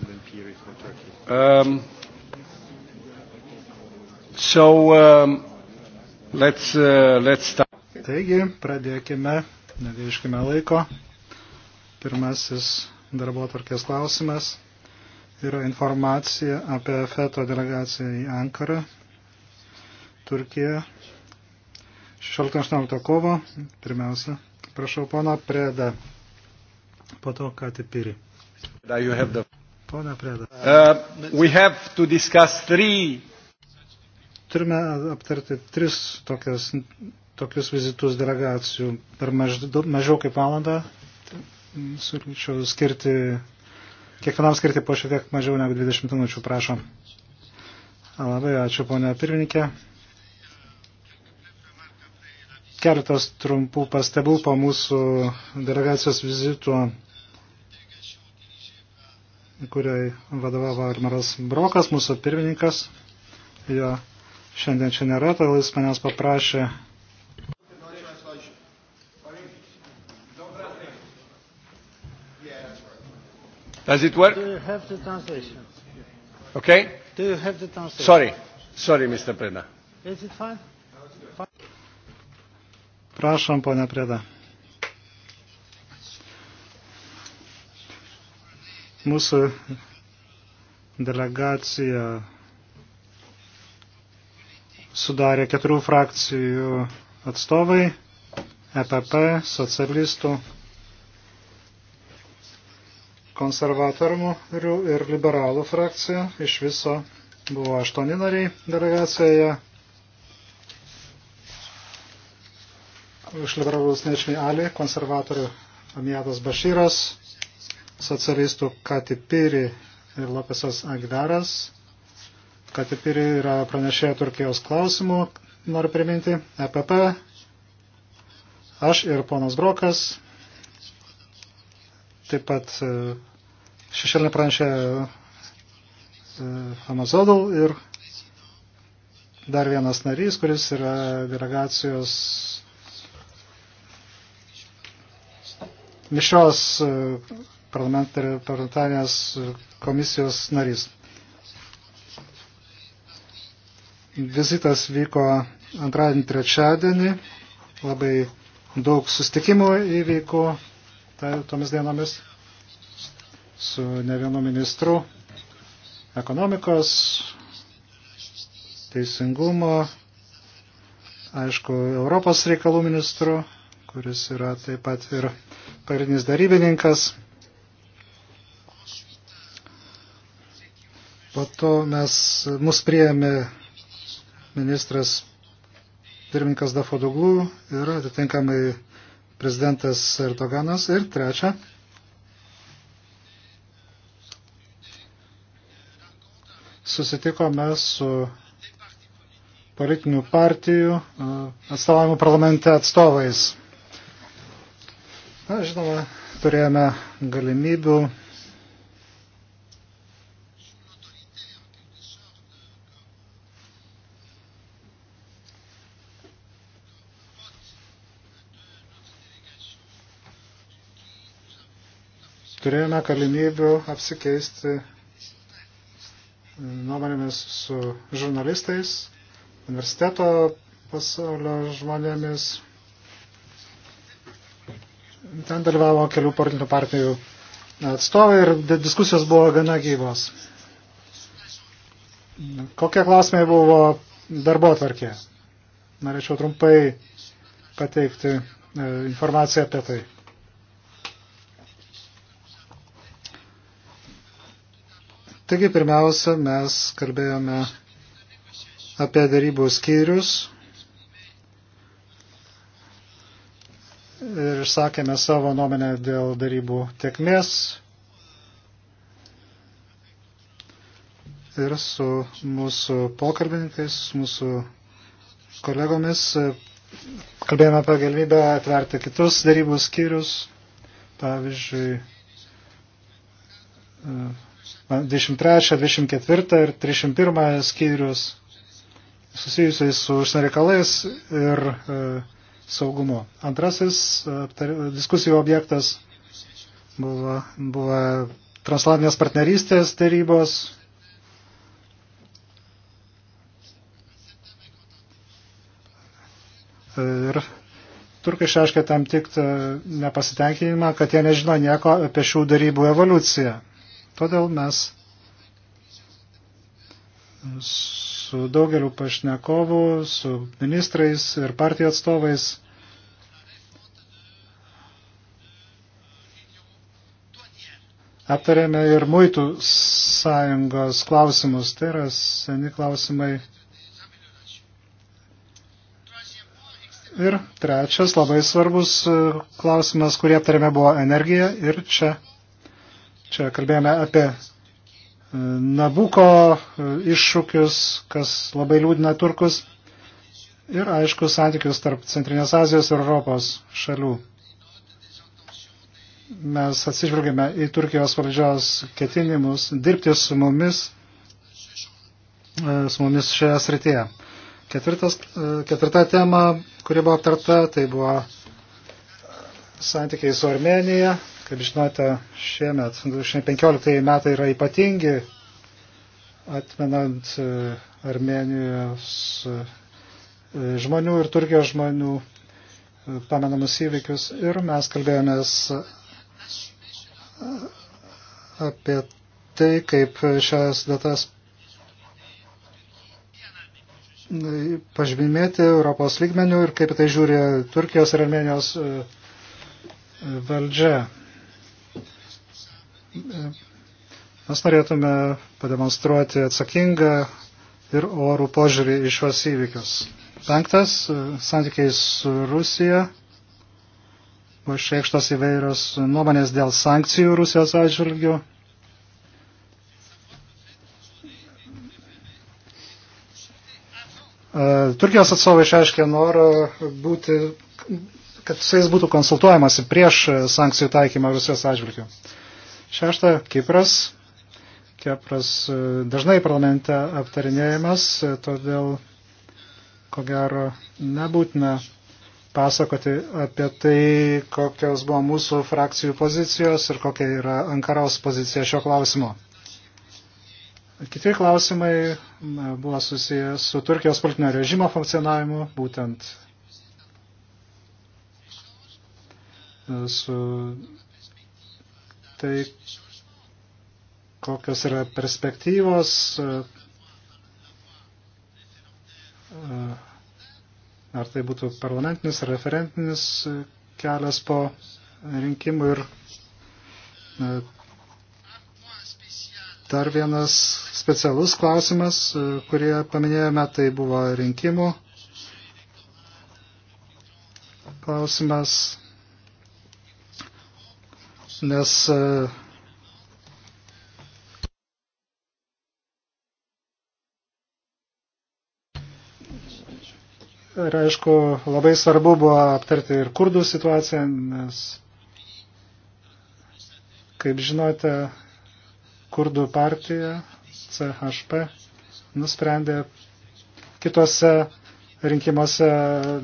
period for Turkey? Um, so, um, let's, uh, let's start. Taigi, pradėkime, negaiškime laiko. Pirmasis darbo atvarkės klausimas yra informacija apie FETO delegaciją į Ankarą, Turkiją, 16-18 kovo. Pirmiausia, prašau pono Preda, po to ką tipiri. The... Pone Preda. Uh, Turime aptarti tris tokias, tokius vizitus delegacijų per maždaug, mažiau kaip valandą. Siūlyčiau skirti, kiekvienam skirti po šiek tiek mažiau negu 20 minučių, prašom. Labai ačiū, ponia pirmininkė keletas trumpų pastabų po mūsų delegacijos vizito kuriai vadovavo Armaras Brokas, mūsų pirmininkas. Jo šiandien čia nėra, todėl jis manęs paprašė. Does it work? Do you have the translation? Okay. Do you have the translation? Sorry. Sorry, Mr. Preda. Is it fine? Prašom, ponia Preda. Mūsų delegacija sudarė keturių frakcijų atstovai EPP, socialistų, konservatorių ir liberalų frakcija. Iš viso buvo aštuoni nariai delegacijoje. Iš liberalų snečiai Ali, konservatorių Amijatas Bašyras, socialistų Katipiri ir Lopesas Agdaras. Katipiri yra pranešė Turkijos klausimų, noriu priminti, EPP, aš ir ponas Brokas, taip pat e, šešėlinė pranešė e, Amazodal ir dar vienas narys, kuris yra delegacijos mišrios e, parlamentarinės komisijos narys. Vizitas vyko antradienį, trečiadienį, labai daug sustikimų įvyko tai, tomis dienomis su ne vienu ministru ekonomikos, teisingumo, aišku, Europos reikalų ministru, kuris yra taip pat ir parinis darybininkas. Po to mes, mus prieėmė ministras pirmininkas Dafodoglų ir atitinkamai prezidentas Erdoganas. Ir trečia, susitikome su politinių partijų atstovavimo parlamente atstovais. Na, žinoma, turėjome galimybių turėjome galimybių apsikeisti nuomonėmis su žurnalistais, universiteto pasaulio žmonėmis. Ten dalyvavo kelių politinių partijų atstovai ir diskusijos buvo gana gyvos. Kokie klausimai buvo darbo atvarkė? Norėčiau trumpai pateikti e, informaciją apie tai. Taigi pirmiausia, mes kalbėjome apie darybų skyrius ir išsakėme savo nuomenę dėl darybų tiekmės ir su mūsų pokalbininkais, mūsų kolegomis kalbėjome apie galimybę atverti kitus darybų skyrius, pavyzdžiui, 23, 24 ir 31 skyrius susijusiais su užsienio reikalais ir e, saugumu. Antrasis e, aptar, diskusijų objektas buvo, buvo transatlantinės partnerystės tarybos. Ir turkai išaiškė tam tik nepasitenkinimą, kad jie nežino nieko apie šių darybų evoliuciją. Todėl mes su daugeliu pašnekovų, su ministrais ir partijų atstovais aptarėme ir muitų sąjungos klausimus. Tai yra seni klausimai. Ir trečias labai svarbus klausimas, kurį aptarėme, buvo energija. Ir čia Čia kalbėjome apie e, Nabuko e, iššūkius, kas labai liūdina turkus ir aišku santykius tarp Centrinės Azijos ir Europos šalių. Mes atsižvelgėme į Turkijos valdžios ketinimus dirbti su mumis, e, su mumis šioje srityje. Ketvirtas, ketvirta tema, kuri buvo aptarta, tai buvo santykiai su Armenija. Kaip žinote, šiemet 2015 metai yra ypatingi, atmenant e, Armenijos e, žmonių ir Turkijos žmonių e, pamenamus įvykius. Ir mes kalbėjomės apie tai, kaip šias datas pažymėti Europos lygmenių ir kaip tai žiūri Turkijos ir Armenijos valdžia mes norėtume pademonstruoti atsakingą ir orų požiūrį į šios įvykius. Penktas, santykiai su Rusija. Buvo išreikštos įvairios nuomonės dėl sankcijų Rusijos atžvilgių. E, Turkijos atstovai išaiškė norą būti, kad su jais būtų konsultuojamasi prieš sankcijų taikymą Rusijos atžvilgių. Šešta, Kipras. Kipras e, dažnai parlamente aptarinėjimas, e, todėl ko gero nebūtina pasakoti apie tai, kokios buvo mūsų frakcijų pozicijos ir kokia yra Ankaros pozicija šio klausimo. Kiti klausimai buvo susijęs su Turkijos politinio režimo funkcionavimu, būtent e, su tai kokios yra perspektyvos e, ar tai būtų parlamentinis ar referentinis kelias po rinkimų ir e, dar vienas specialus klausimas, e, kurį paminėjome, tai buvo rinkimų klausimas nes e, ir aišku, labai svarbu buvo aptarti ir kurdų situaciją, nes, kaip žinote, kurdų partija CHP nusprendė kitose rinkimuose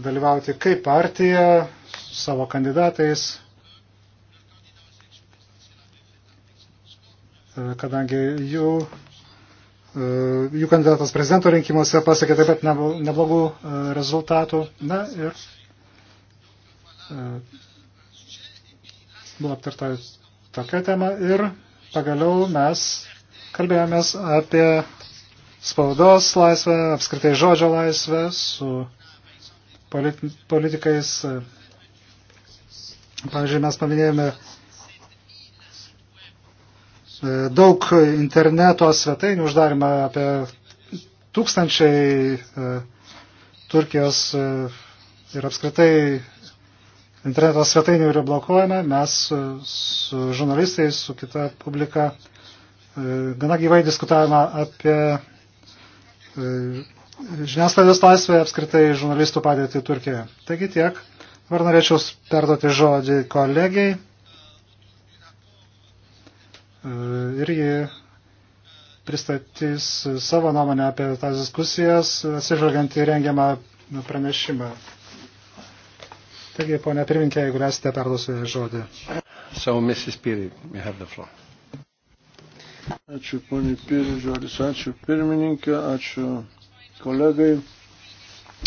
dalyvauti kaip partija su savo kandidatais E, kadangi jų, e, jų kandidatas prezidento rinkimuose pasiekė taip pat neblogų e, rezultatų. Na ir buvo aptarta tokia tema ir pagaliau mes kalbėjomės apie spaudos laisvę, apskritai žodžio laisvę su politikais. Pavyzdžiui, mes paminėjome E, daug interneto svetainių uždarima apie tūkstančiai e, Turkijos e, ir apskritai interneto svetainių yra blokuojama. Mes su žurnalistais, su kita publika gana gyvai diskutavome apie žiniasklaidos laisvę apskritai žurnalistų padėtį Turkijoje. Taigi tiek. Dabar norėčiau perduoti žodį kolegijai. E, ir ji pristatys savo nuomonę apie tas diskusijas, atsižvelgiant į rengiamą pranešimą. Taigi, ponia pirminkė, jeigu esate, perduosiu žodį. So, Mrs. Piri, you have the floor. Ačiū, ponė Piri, žodis, ačiū pirmininkė, ačiū kolegai.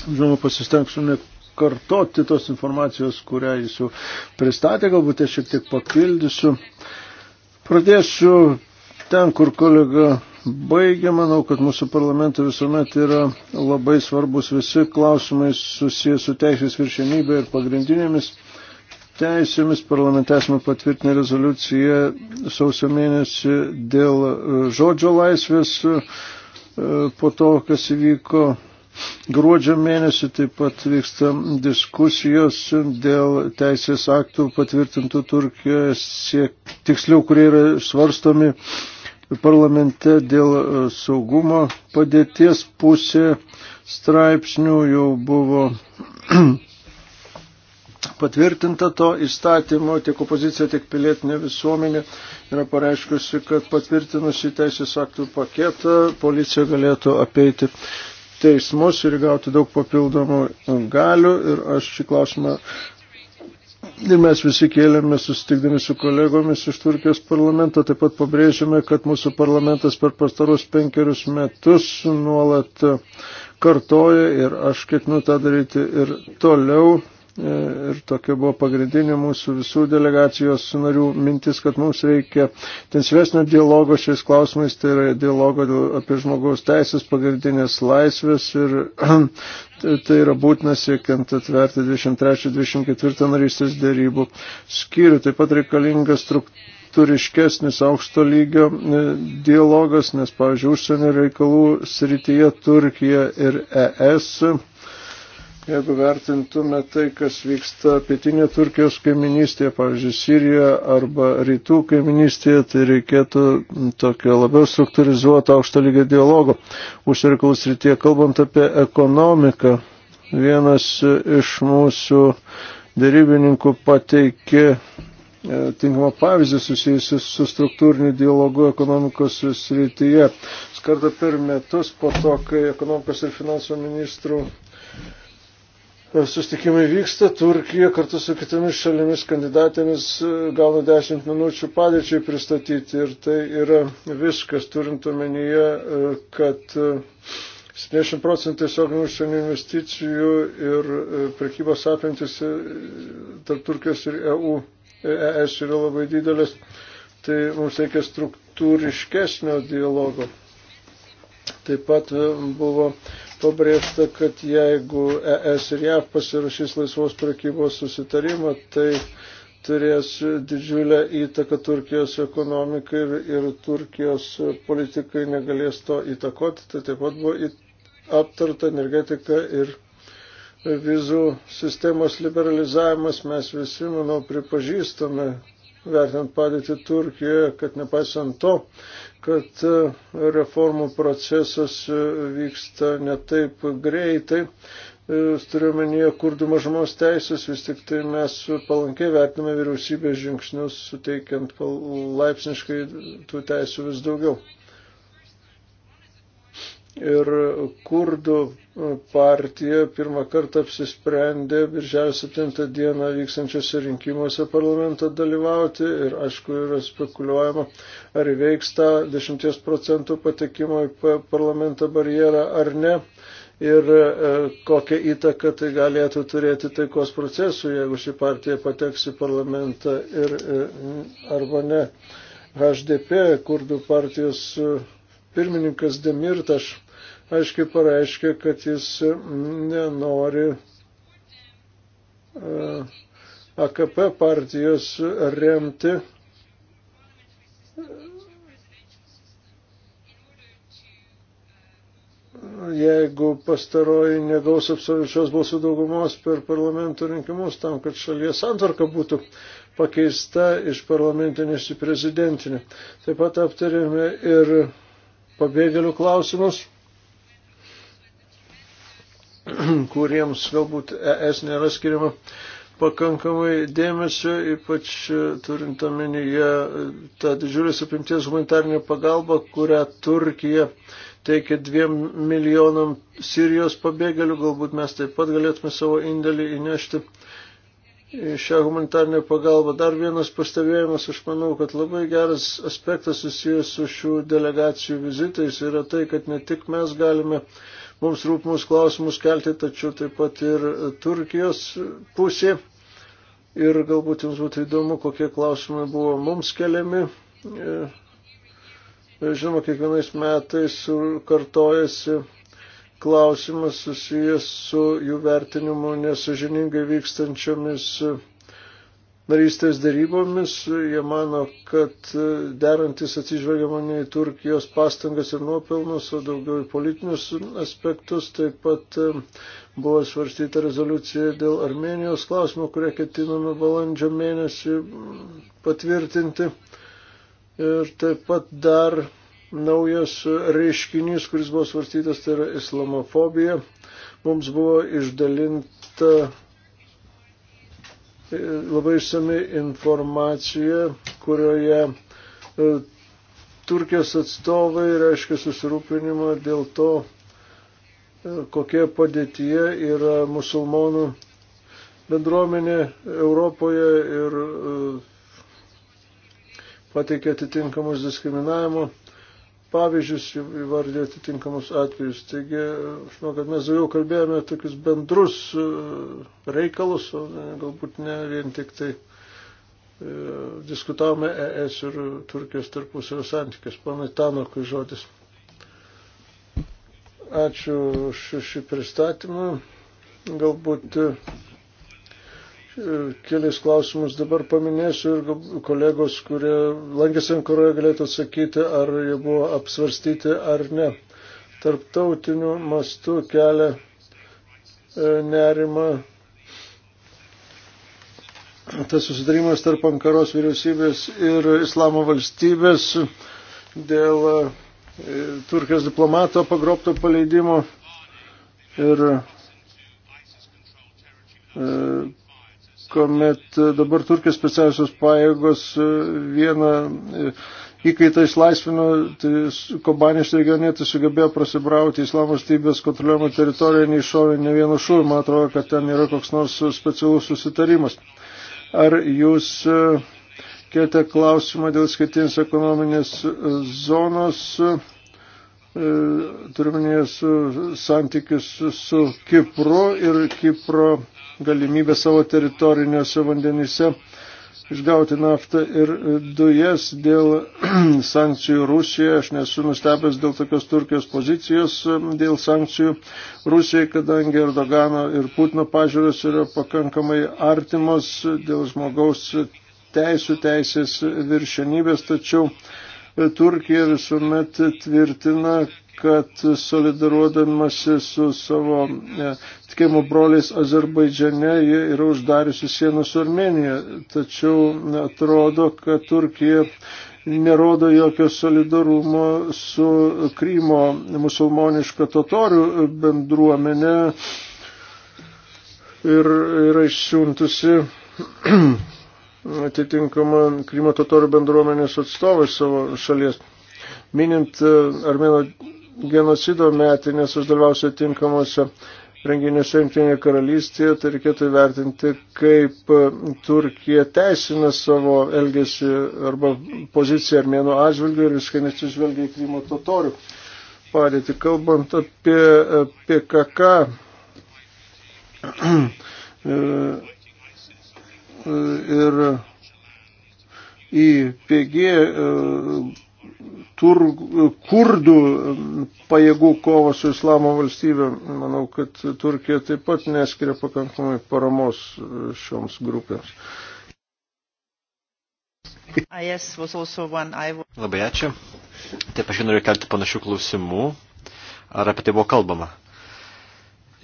Žinoma, pasistengsiu nekartoti tos informacijos, kurią jis jau pristatė, galbūt aš šiek tiek papildysiu. Pradėsiu ten, kur kolega baigė. Manau, kad mūsų parlamente visuomet yra labai svarbus visi klausimai susijęs su teisės viršenybė ir pagrindinėmis teisėmis. Parlamente esame patvirtinę rezoliuciją sausio mėnesį dėl žodžio laisvės e, po to, kas įvyko Gruodžio mėnesį taip pat vyksta diskusijos dėl teisės aktų patvirtintų Turkijoje, siek, tiksliau, kurie yra svarstomi parlamente dėl e, saugumo padėties pusė straipsnių jau buvo patvirtinta to įstatymo, tiek opozicija, tiek pilietinė visuomenė yra pareiškusi, kad patvirtinus į teisės aktų paketą policija galėtų apeiti teismus ir gauti daug papildomų galių. Ir aš šį klausimą ir mes visi kėlėme susitikdami su kolegomis iš Turkijos parlamento. Taip pat pabrėžėme, kad mūsų parlamentas per pastarus penkerius metus nuolat kartoja ir aš ketinu tą daryti ir toliau E, ir tokia buvo pagrindinė mūsų visų delegacijos narių mintis, kad mums reikia tensvesnio dialogo šiais klausimais, tai yra dialogo apie žmogaus teisės, pagrindinės laisvės ir tai, tai yra būtina siekiant atverti 23-24 narystės dėrybų skyrių. Taip pat reikalingas struktūra turiškesnis aukšto lygio e, dialogas, nes, pavyzdžiui, užsienio reikalų srityje Turkija ir ES Jeigu vertintume tai, kas vyksta pietinė Turkijos kaiminystėje, pavyzdžiui, Sirijoje arba rytų kaiminystėje, tai reikėtų tokio labiau struktūrizuoto aukšto lygio dialogo. Užsireikalų srityje, kalbant apie ekonomiką, vienas iš mūsų dėrybininkų pateikė e, tinkamą pavyzdį susijusiu su struktūriniu dialogu ekonomikos srityje. Skarta per metus po to, kai ekonomikos ir finansų ministrų sustikimai vyksta, Turkija kartu su kitomis šalimis kandidatėmis e, gauna 10 minučių padėčiai pristatyti ir tai yra viskas, turint omenyje, e, kad 70 e, procentų tiesioginių užsienio investicijų ir prekybos apimtis tarp Turkijos ir EU, ES yra labai didelis, tai mums reikia struktūriškesnio dialogo. Taip pat buvo pabrėžta, kad jeigu ES ir JAV pasirašys laisvos prekybos susitarimą, tai turės didžiulę įtaką Turkijos ekonomikai ir, ir Turkijos politikai negalės to įtakoti. Tai taip pat buvo aptarta energetika ir vizų sistemos liberalizavimas. Mes visi, manau, pripažįstame, vertinant padėtį Turkijoje, kad nepaisant to, kad e, reformų procesas e, vyksta netaip greitai, e, turiuomenyje kurdų mažumos teisės, vis tik tai mes palankiai vertiname vyriausybės žingsnius, suteikiant laipsniškai tų teisų vis daugiau ir kurdų partija pirmą kartą apsisprendė birželio 7 dieną vykstančiose rinkimuose parlamento dalyvauti ir aišku yra spekuliuojama, ar įveiks tą 10 procentų patekimo į parlamentą barjerą ar ne ir e, kokią įtaką tai galėtų turėti taikos procesų, jeigu ši partija pateks į parlamentą ir, e, arba ne. HDP, kurdų partijos e, pirmininkas Demirtaš aiškiai pareiškė, kad jis nenori e, AKP partijos remti jeigu pastaroji negaus absoliučios balsų daugumos per parlamento rinkimus tam, kad šalies santvarka būtų pakeista iš parlamentinės į prezidentinę. Taip pat aptarėme ir pabėgėlių klausimus. kuriems galbūt ES nėra skiriama pakankamai dėmesio, ypač e, turint omenyje e, tą didžiulės apimties humanitarinę pagalbą, kurią Turkija teikia dviem milijonam Sirijos pabėgėlių, galbūt mes taip pat galėtume savo indėlį įnešti šią humanitarnę pagalbą. Dar vienas pastebėjimas, aš manau, kad labai geras aspektas susijęs su šių delegacijų vizitais yra tai, kad ne tik mes galime mums rūpimus klausimus kelti, tačiau taip pat ir Turkijos pusė. Ir galbūt jums būtų įdomu, kokie klausimai buvo mums keliami. E, žinoma, kiekvienais metais kartojasi klausimas susijęs su jų vertinimu nesažiningai vykstančiomis narystės darybomis. Jie mano, kad e, derantis atsižvelgiama ne į Turkijos pastangas ir nuopelnus, o daugiau į politinius aspektus. Taip pat e, buvo svarstyta rezoliucija dėl Armenijos klausimo, kurią ketiname balandžio mėnesį patvirtinti. Ir taip pat dar naujas reiškinys, kuris buvo svarstytas, tai yra islamofobija. Mums buvo išdalinta labai išsami informacija, kurioje e, Turkijos atstovai reiškia susirūpinimą dėl to, e, kokie padėtyje yra musulmonų bendruomenė Europoje ir e, pateikė atitinkamus diskriminavimo pavyzdžius įvardė atitinkamus atvejus. Taigi, aš manau, kad mes daugiau kalbėjome tokius bendrus e, reikalus, o galbūt ne vien tik tai e, diskutavome ES ir Turkijos tarpusavio santykės. Panai Tanokui žodis. Ačiū už šį pristatymą. Galbūt e, keliais klausimus dabar paminėsiu ir kolegos, kurie lankėsi Ankoroje, galėtų atsakyti, ar jie buvo apsvarstyti ar ne. Tarptautiniu mastu kelia e, nerima tas susidarimas tarp Ankaros vyriausybės ir Islamo valstybės dėl e, Turkijos diplomato pagrobto paleidimo ir e, kuomet e, dabar Turkijos specialiosios pajėgos e, vieną e, įkaitą išlaisvino, tai Kobanės regionietis tai sugebėjo prasibrauti Islamo stybės kontroliuojamą teritoriją, nei šovė ne vieno šūvį, man atrodo, kad ten yra koks nors specialus susitarimas. Ar jūs kėtė klausimą dėl skirtinės ekonominės zonos, turiminės santykius su Kipru ir Kipro galimybę savo teritoriniuose vandenyse išgauti naftą ir dujas dėl sankcijų Rusijai. Aš nesu nustebęs dėl tokios Turkijos pozicijos dėl sankcijų Rusijai, kadangi Erdogano ir Putino pažiūros yra pakankamai artimos dėl žmogaus teisų, teisės viršenybės, tačiau e, Turkija visuomet tvirtina, kad solidaruodamasi su savo e, tikėjimo broliais Azerbaidžiane, jie yra uždariusi sieną su Armenija. Tačiau atrodo, kad Turkija nerodo jokio solidarumo su Krymo musulmoniška totorių bendruomenė ir yra išsiuntusi atitinkamą Krymo totorių bendruomenės atstovą iš savo šalies. Minint e, Armėno genocido metinės, aš dalyvausiu tinkamuose renginiuose Junktinėje karalystėje, tai reikėtų įvertinti, kaip e, Turkija teisina savo elgesį arba poziciją armėnų atžvilgių ir visiškai nesižvelgia į Krymo totorių padėtį. Kalbant apie e, PKK, e, ir į PG tur, kurdų pajėgų kovo su islamo valstybė. Manau, kad Turkija taip pat neskiria pakankamai paramos e, šioms grupėms. Ah, Labai ačiū. Taip aš noriu kelti panašių klausimų. Ar apie tai buvo kalbama?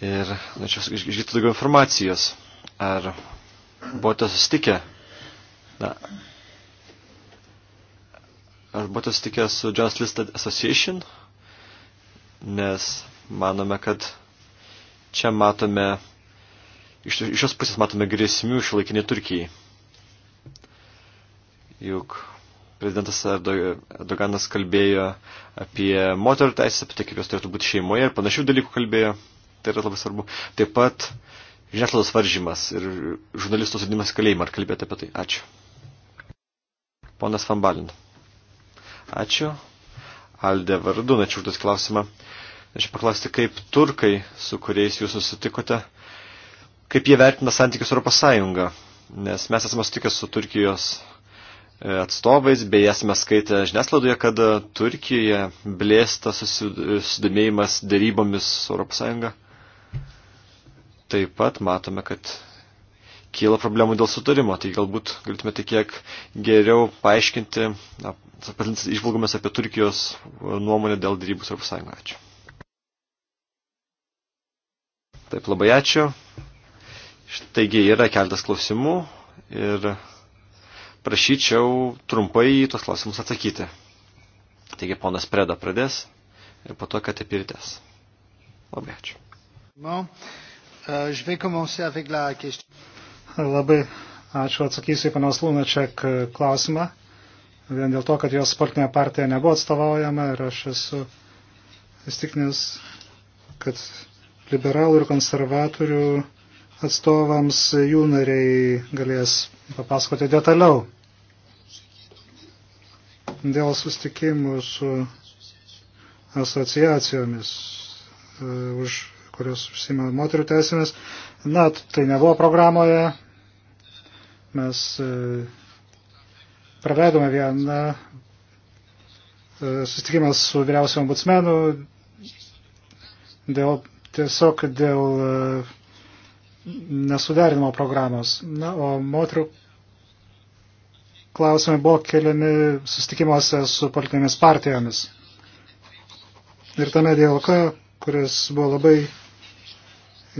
Ir norėčiau nu, išgirti daugiau informacijos. Ar buvote susitikę? Na, aš būtų sutikęs su Just Listed Association, nes manome, kad čia matome, iš, iš šios pusės matome grėsmių šilaikinė Turkijai. Juk prezidentas Erdoganas kalbėjo apie moterų teisės, apie tai, kaip jos turėtų būti šeimoje ir panašių dalykų kalbėjo. Tai yra labai svarbu. Taip pat žiniasklaidos varžymas ir žurnalistų sudimas kalėjimą. Ar kalbėjote apie tai? Ačiū. Ponas Van Balin. Ačiū. Alde vardu, ačiū už tas klausimą. Aš paklausti, kaip turkai, su kuriais jūs susitikote, kaip jie vertina santykius Europos Sąjungą. Nes mes esame sutikę su Turkijos e, atstovais, bei esame skaitę žiniasklaidoje, kad e, Turkijoje blėsta susidomėjimas dėrybomis Europos Sąjunga. Taip pat matome, kad kyla problemų dėl sutarimo, tai galbūt galėtumėte kiek geriau paaiškinti, pasidalinti išvalgomis apie Turkijos nuomonę dėl dėrybų su Europos Sąjunga. Ačiū. Taip, labai ačiū. Taigi yra keltas klausimų ir prašyčiau trumpai tuos klausimus atsakyti. Taigi ponas Preda pradės ir po to, kad apirtės. Labai ačiū. Bon. Uh, Labai ačiū atsakysiu į panos Lunačiak klausimą. Vien dėl to, kad jos sportinė partija nebuvo atstovaujama ir aš esu įstikinęs, kad liberalų ir konservatorių atstovams jų nariai galės papasakoti detaliau dėl sustikimų su asociacijomis, e, už kurios užsima moterių teisėmis. Na, tai nebuvo programoje, Mes e, praleidome vieną e, susitikimą su vyriausiam ombudsmenu dėl, tiesiog dėl e, nesuderinimo programos. Na, o moterų klausimai buvo keliami susitikimuose su politinėmis partijomis. Ir tame dialoge, kuris buvo labai,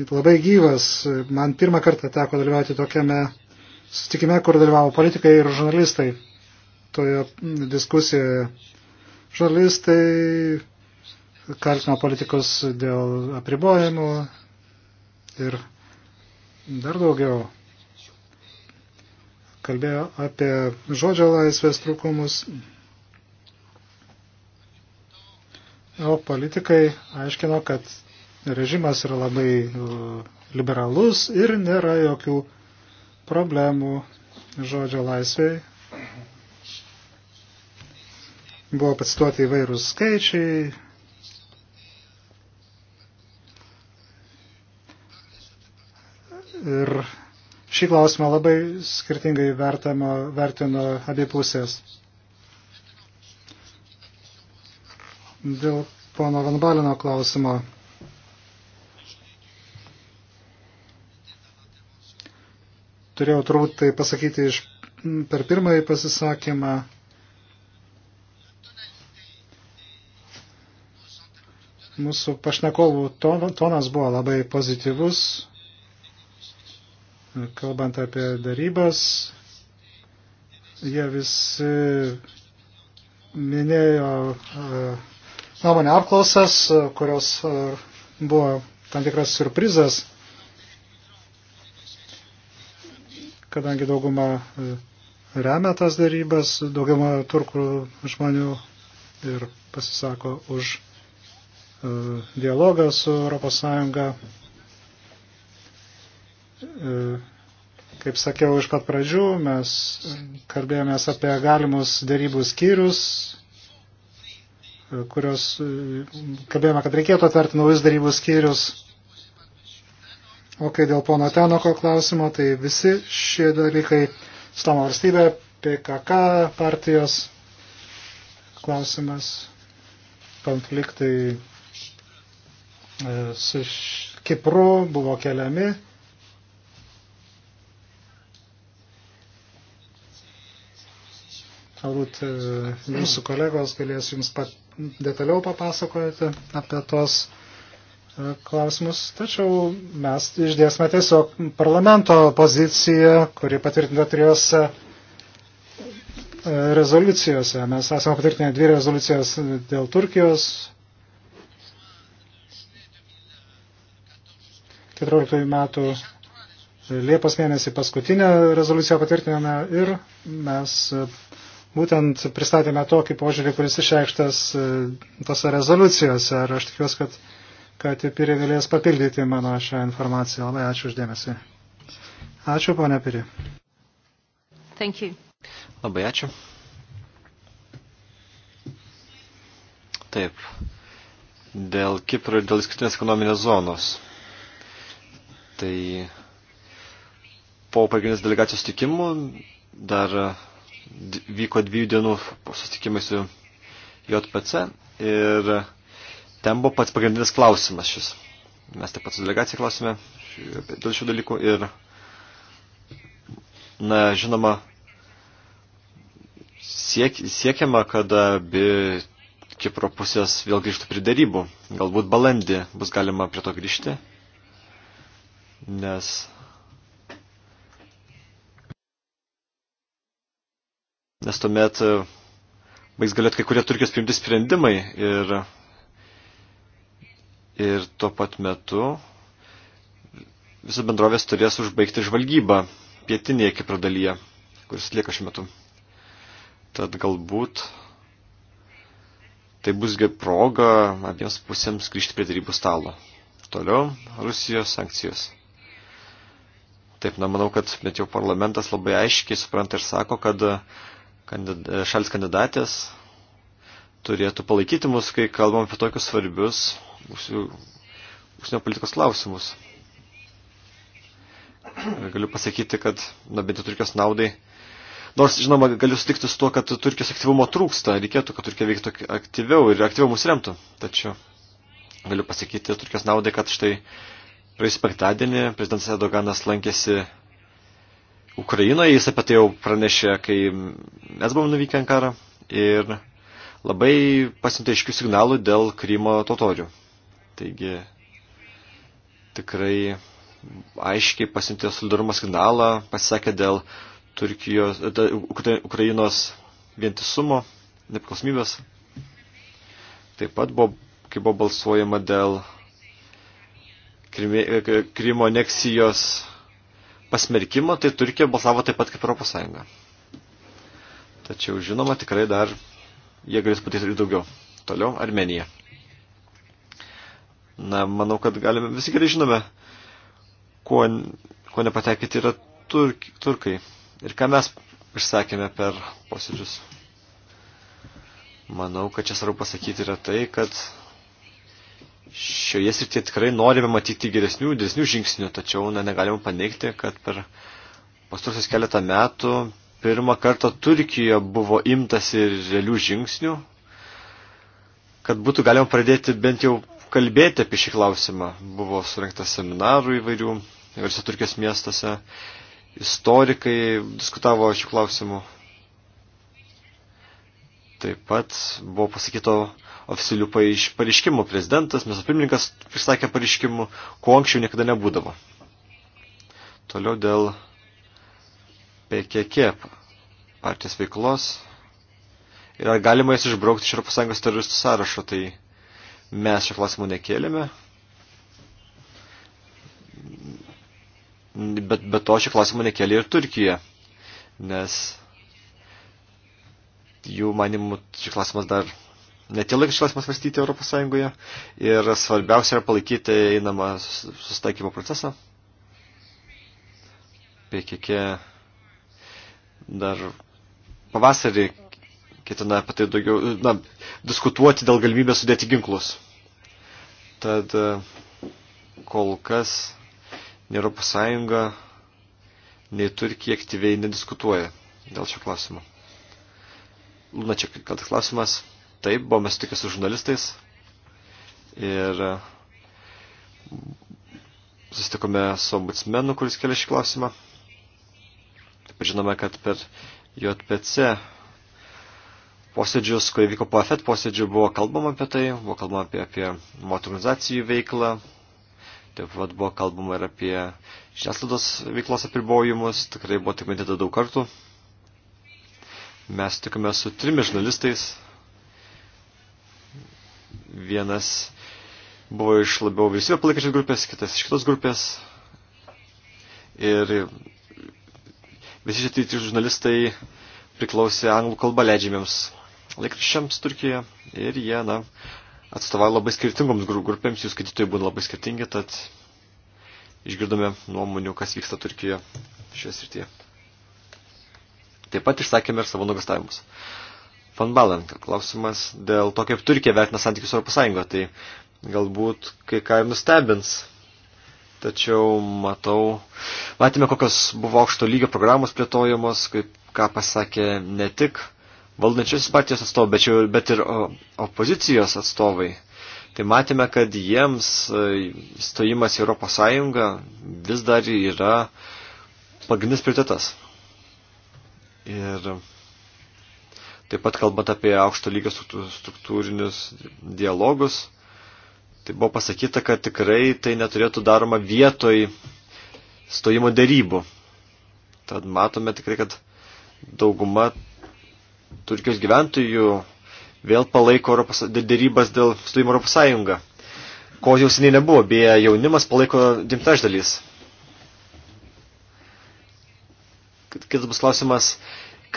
labai gyvas, man pirmą kartą teko dalyvauti tokiame Sutikime, kur dalyvavo politikai ir žurnalistai toje diskusijoje. Žurnalistai kaltino politikus dėl apribojimų ir dar daugiau kalbėjo apie žodžio laisvės trūkumus. O politikai aiškino, kad režimas yra labai liberalus ir nėra jokių problemų žodžio laisvėj. Buvo pacituoti įvairūs skaičiai. Ir šį klausimą labai skirtingai vertino, vertino abi pusės. Dėl pono Van Balino klausimo turėjau turbūt tai pasakyti iš, per pirmąjį pasisakymą. Mūsų pašnekovų tonas buvo labai pozityvus, kalbant apie darybas. Jie visi minėjo e, nuomonę apklausas, kurios e, buvo tam tikras surprizas kadangi dauguma e, remia tas darybas, dauguma turkų žmonių ir pasisako už e, dialogą su ES. E, kaip sakiau iš pat pradžių, mes kalbėjomės apie galimus darybų skyrius, kurios kalbėjome, kad reikėtų atverti naujus darybų skyrius O kai dėl pono Tenoko klausimo, tai visi šie dalykai - Islamo valstybė, PKK partijos klausimas, konfliktai e, su Kipru buvo keliami. Galbūt e, jūsų kolegos galės jums pat, detaliau papasakoti apie tos E, klausimus, tačiau mes išdėsime tiesiog parlamento poziciją, kuri patvirtinta trijose e, rezoliucijose. Mes esame patvirtinę dvi rezoliucijas dėl Turkijos 14 metų Liepos mėnesį paskutinę rezoliuciją patvirtinome ir mes e, būtent pristatėme tokį požiūrį, kuris išreikštas tose rezoliucijose. Ir aš tikiuosi, kad kad Pirė galės papildyti mano šią informaciją. Labai ačiū uždėmesi. Ačiū, ponia Pirė. Thank you. Labai ačiū. Taip. Dėl Kipro ir dėl skirtinės ekonominės zonos. Tai po pagrindinės delegacijos sutikimų dar vyko dviejų dienų susitikimai su JPC ir Ten buvo pats pagrindinis klausimas šis. Mes taip pat su delegacija klausime dėl šių dalykų ir, na, žinoma, siek, siekiama, kad abi Kipro pusės vėl grįžtų prie darybų. Galbūt balandį bus galima prie to grįžti, nes nes tuomet e, baigs galėti kai kurie Turkijos priimti sprendimai ir ir tuo pat metu visas bendrovės turės užbaigti žvalgybą pietinėje Kipro dalyje, kuris lieka šiuo metu. Tad galbūt tai bus proga abiems pusėms grįžti prie darybų stalo. Toliau Rusijos sankcijos. Taip, na, manau, kad bet jau parlamentas labai aiškiai supranta ir sako, kad kandida, šalis kandidatės turėtų palaikyti mus, kai kalbam apie tokius svarbius užsienio politikos klausimus. Ir galiu pasakyti, kad, na, bent jau Turkijos naudai, nors, žinoma, galiu sutikti su tuo, kad Turkijos aktyvumo trūksta, reikėtų, kad Turkija veiktų aktyviau ir aktyviau mus remtų. Tačiau galiu pasakyti Turkijos naudai, kad štai praėjus penktadienį prezidentas Erdoganas lankėsi Ukrainoje, jis apie tai jau pranešė, kai mes buvom nuvykę Ankarą ir labai pasiuntė iškių signalų dėl Krymo totorių. Taigi tikrai aiškiai pasintė solidarumo signalą, pasisakė dėl Turkijos, e, dėl Ukrainos vientisumo, nepriklausomybės. Taip pat buvo, kai buvo balsuojama dėl e, Krymo aneksijos pasmerkimo, tai Turkija balsavo taip pat kaip Europos Sąjunga. Tačiau, žinoma, tikrai dar jie galės patirti ir daugiau. Toliau Armenija. Na, manau, kad galime, visi gerai žinome, kuo, kuo nepatekyti yra turk, turkai. Ir ką mes išsakėme per posėdžius. Manau, kad čia svarbu pasakyti yra tai, kad šioje srityje tikrai norime matyti geresnių, didesnių žingsnių, tačiau na, negalime paneigti, kad per pastarusius keletą metų pirmą kartą Turkijoje buvo imtasi realių žingsnių, kad būtų galima pradėti bent jau kalbėti apie šį klausimą. Buvo surinktas seminarų įvairių, įvairiose Turkijos miestuose, istorikai diskutavo šių klausimų. Taip pat buvo pasakyto oficialių pareiškimų prezidentas, mes pirmininkas pristatė pareiškimų, ko anksčiau niekada nebūdavo. Toliau dėl PKK partijos veiklos ir ar galima jas išbraukti iš Europos Sąjungos teroristų sąrašo, tai mes šio klausimų nekėlėme. Bet, bet to šio klausimų nekėlė ir Turkija, nes jų manimų šis klausimas dar netilai šis klausimas svarstyti Europos Sąjungoje ir svarbiausia yra palaikyti einamą susitaikymo procesą. PKK dar pavasarį ketina apie tai daugiau na, diskutuoti dėl galimybės sudėti ginklus. Tad e, kol kas nei Europos Sąjunga, nei Turkija aktyviai nediskutuoja dėl šio klausimo. Luna, čia gal tik klausimas. Taip, buvome sutikę su žurnalistais ir e, susitikome su ombudsmenu, kuris kelia šį klausimą. Taip, žinome, kad per JPC posėdžius, kurie vyko po AFET posėdžių, buvo kalbama apie tai, buvo kalbama apie, apie motorizacijų veiklą, taip pat buvo kalbama ir apie žiniasklaidos veiklos apribojimus, tikrai buvo tik minėta daug kartų. Mes tikime su trimis žurnalistais. Vienas buvo iš labiau vyriausybę palaikančios grupės, kitas iš kitos grupės. Ir visi šitie žurnalistai priklausė anglų kalba leidžiamiems laikraščiams Turkijoje ir jie, na, atstovauja labai skirtingoms grupėms, jų skaitytojai būna labai skirtingi, tad išgirdome nuomonių, kas vyksta Turkijoje šioje srityje. Taip pat išsakėme ir savo nugastavimus. Van Balen, klausimas dėl to, kaip Turkija vertina santykius Europos Sąjungo, tai galbūt kai ką ir nustebins. Tačiau matau, matėme, kokios buvo aukšto lygio programos plėtojamos, kaip ką pasakė ne tik valdančiosios partijos atstovai, bet, jau, bet ir opozicijos atstovai. Tai matėme, kad jiems e, stojimas į Europos Sąjungą vis dar yra pagrindinis prioritetas. Ir taip pat kalbant apie aukšto lygio struktūrinius dialogus, tai buvo pasakyta, kad tikrai tai neturėtų daroma vietoj stojimo dėrybų. Tad matome tikrai, kad dauguma Turkijos gyventojų vėl palaiko Europos, dėrybas dėl stojimo Europos Sąjungą, ko jau seniai nebuvo, beje, jaunimas palaiko dimtaždalys. Kitas bus klausimas,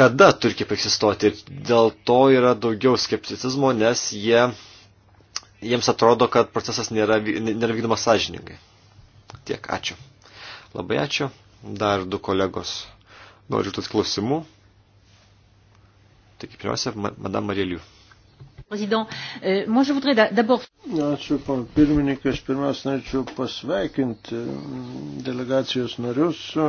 kada Turkija paiks įstoti ir dėl to yra daugiau skepticizmo, nes jie, jiems atrodo, kad procesas nėra, nėra vykdomas sąžiningai. Tiek, ačiū. Labai ačiū. Dar du kolegos noriu tų klausimų. Taigi, pirmiausia, madam Marėlių. Euh, Ačiū, pan pirmininkas. Pirmiausia, norėčiau pasveikinti mm, delegacijos narius su,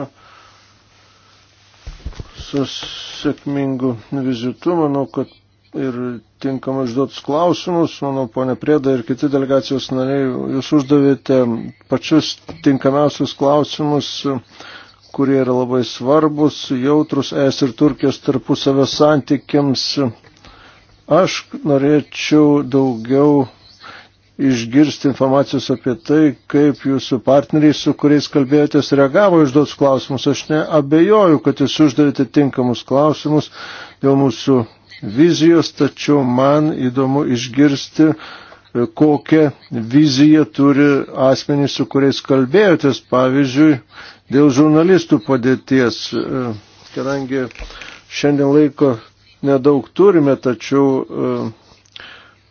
su sėkmingu vizitu. Manau, kad ir tinkamai užduotus klausimus. Manau, ponė Prėda ir kiti delegacijos nariai, jūs uždavėte pačius tinkamiausius klausimus kurie yra labai svarbus, jautrus es ir Turkijos tarpusavio santykiams. Aš norėčiau daugiau išgirsti informacijos apie tai, kaip jūsų partneriai, su kuriais kalbėjotės, reagavo išduotus klausimus. Aš neabejoju, kad jūs uždavėte tinkamus klausimus dėl mūsų vizijos, tačiau man įdomu išgirsti, kokią viziją turi asmenys, su kuriais kalbėjotės. Pavyzdžiui, Dėl žurnalistų padėties, e, kadangi šiandien laiko nedaug turime, tačiau e,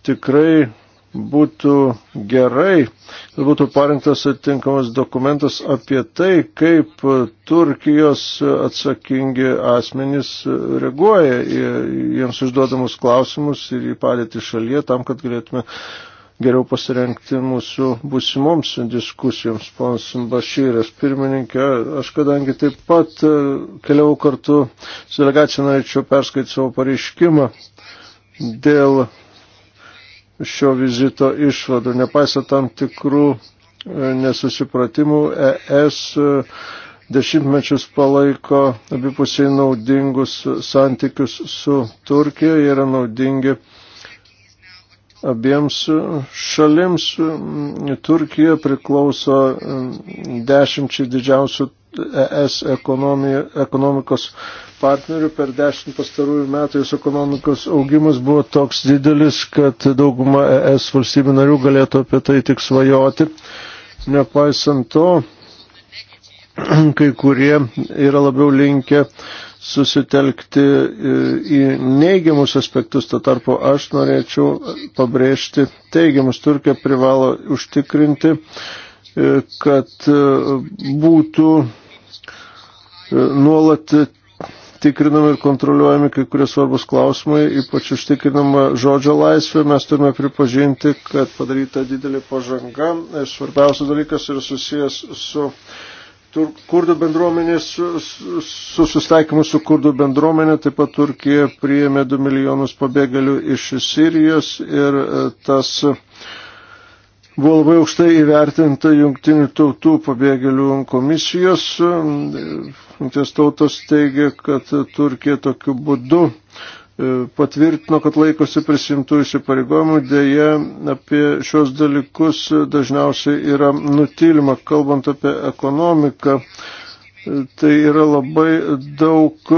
tikrai būtų gerai, kad būtų parinktas atitinkamas dokumentas apie tai, kaip Turkijos atsakingi asmenys reaguoja į jiems užduodamus klausimus ir į padėtį šalyje, tam, kad galėtume geriau pasirengti mūsų būsimoms diskusijoms. Ponas Bašyras, pirmininkė, aš kadangi taip pat e, keliau kartu su delegacija norėčiau perskaityti savo pareiškimą dėl šio vizito išvadų. Nepaisant tam tikrų e, nesusipratimų, ES e, dešimtmečius palaiko abipusiai naudingus santykius su Turkija, jie yra naudingi abiems šalims. Turkija priklauso dešimčiai didžiausių ES ekonomikos partnerių. Per dešimt pastarųjų metų jos ekonomikos augimas buvo toks didelis, kad dauguma ES valstybių narių galėtų apie tai tik svajoti. Nepaisant to, kai kurie yra labiau linkę susitelkti e, į neigiamus aspektus, to tarpu aš norėčiau pabrėžti teigiamus. Turkija privalo užtikrinti, e, kad e, būtų nuolat tikrinami ir kontroliuojami kai kurie svarbus klausimai, ypač užtikrinama žodžio laisvė. Mes turime pripažinti, kad padaryta didelė pažanga. Svarbiausias dalykas yra susijęs su kurdų bendruomenės, su susitaikymu su kurdų bendruomenė, taip pat Turkija priėmė 2 milijonus pabėgėlių iš Sirijos ir e, tas buvo labai aukštai įvertinta jungtinių tautų pabėgėlių komisijos. E, jungtinės tautos teigia, kad Turkija tokiu būdu E, patvirtino, kad laikosi prisimtų įsipareigojimų, dėje apie šios dalykus dažniausiai yra nutilima, kalbant apie ekonomiką. E, tai yra labai daug